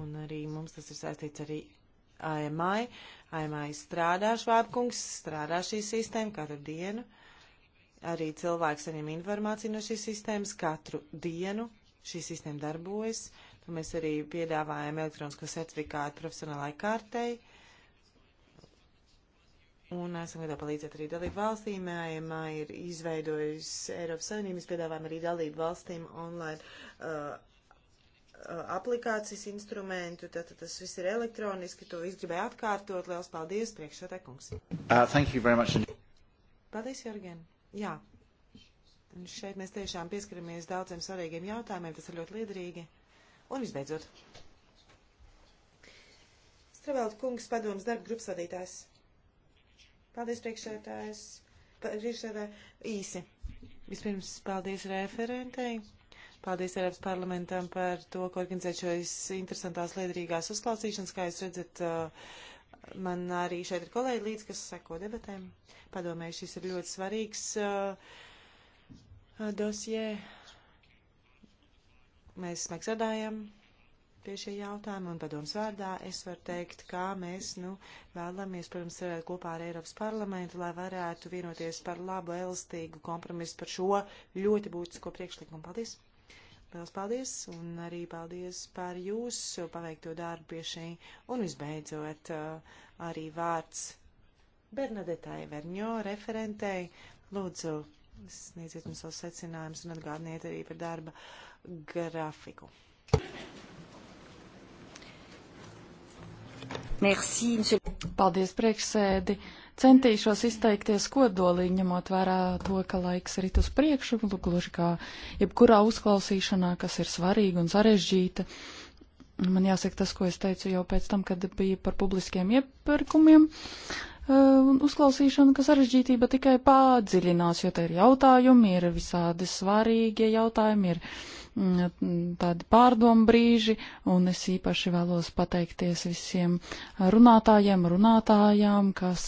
Un arī mums tas ir saistīts arī AMI. AMI strādā, Švābkungs strādā šī sistēma katru dienu. Arī cilvēks saņem informāciju no šīs sistēmas katru dienu. Šī sistēma darbojas. To nu, mēs arī piedāvājam elektronisko certifikātu profesionālai kārtei. Un esam gatavi palīdzēt arī dalību valstīm. EMA ir izveidojusi Eiropas Savienības piedāvājumu arī dalību valstīm online uh, aplikācijas instrumentu, tātad tas viss ir elektroniski, to viss gribēju atkārtot. Liels paldies, priekšsēdē kungs. Uh, thank you very much. Paldies, Jorgen. Jā. Un šeit mēs tiešām pieskaramies daudziem svarīgiem jautājumiem, tas ir ļoti liederīgi. Un visbeidzot. Stravēlta kungs, padomas darba grupas vadītājs. Paldies, priekšsēdētājs. Priekšsēdē īsi. Vispirms paldies referentei Paldies Eiropas parlamentam par to, ka organizē šīs interesantās liederīgās uzklausīšanas. Kā jūs redzat, uh, man arī šeit ir kolēģi līdz, kas seko debatēm. Padomēju, šis ir ļoti svarīgs uh, dosie. Mēs smagsādājam pie šī jautājuma un padoms vārdā es varu teikt, kā mēs, nu, vēlamies, protams, strādāt kopā ar Eiropas parlamentu, lai varētu vienoties par labu, elastīgu kompromisu par šo ļoti būtisko priekšlikumu. Paldies! Liels paldies un arī paldies par jūsu paveikto darbu pie šī. Un visbeidzot uh, arī vārds Bernadetai Verņo referentei. Lūdzu, sniedziet mums savus secinājumus un atgādniet arī par darba grafiku. Merci, monsieur. Paldies, priekšsēdi. Uh, Centīšos izteikties kodolīgi, ņemot vērā to, ka laiks ir uz priekšu, gluži kā jebkurā uzklausīšanā, kas ir svarīga un sarežģīta. Man jāsaka tas, ko es teicu jau pēc tam, kad bija par publiskiem iepirkumiem. Uh, uzklausīšana, ka sarežģītība tikai pādziļinās, jo te ir jautājumi, ir visādi svarīgie jautājumi, ir tādi pārdomu brīži, un es īpaši vēlos pateikties visiem runātājiem, runātājām, kas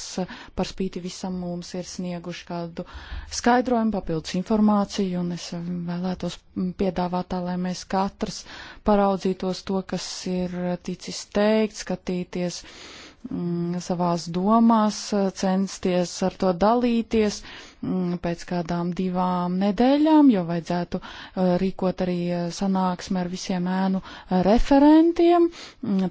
par spīti visam mums ir snieguši kādu skaidrojumu, papildus informāciju, un es vēlētos piedāvāt tā, lai mēs katrs paraudzītos to, kas ir ticis teikt, skatīties. Uh, Mm, savās domās, eh, censties ar to dalīties mm, pēc kādām divām nedēļām, jo vajadzētu eh, rīkot arī eh, sanāksmi ar visiem ēnu referentiem. Mm,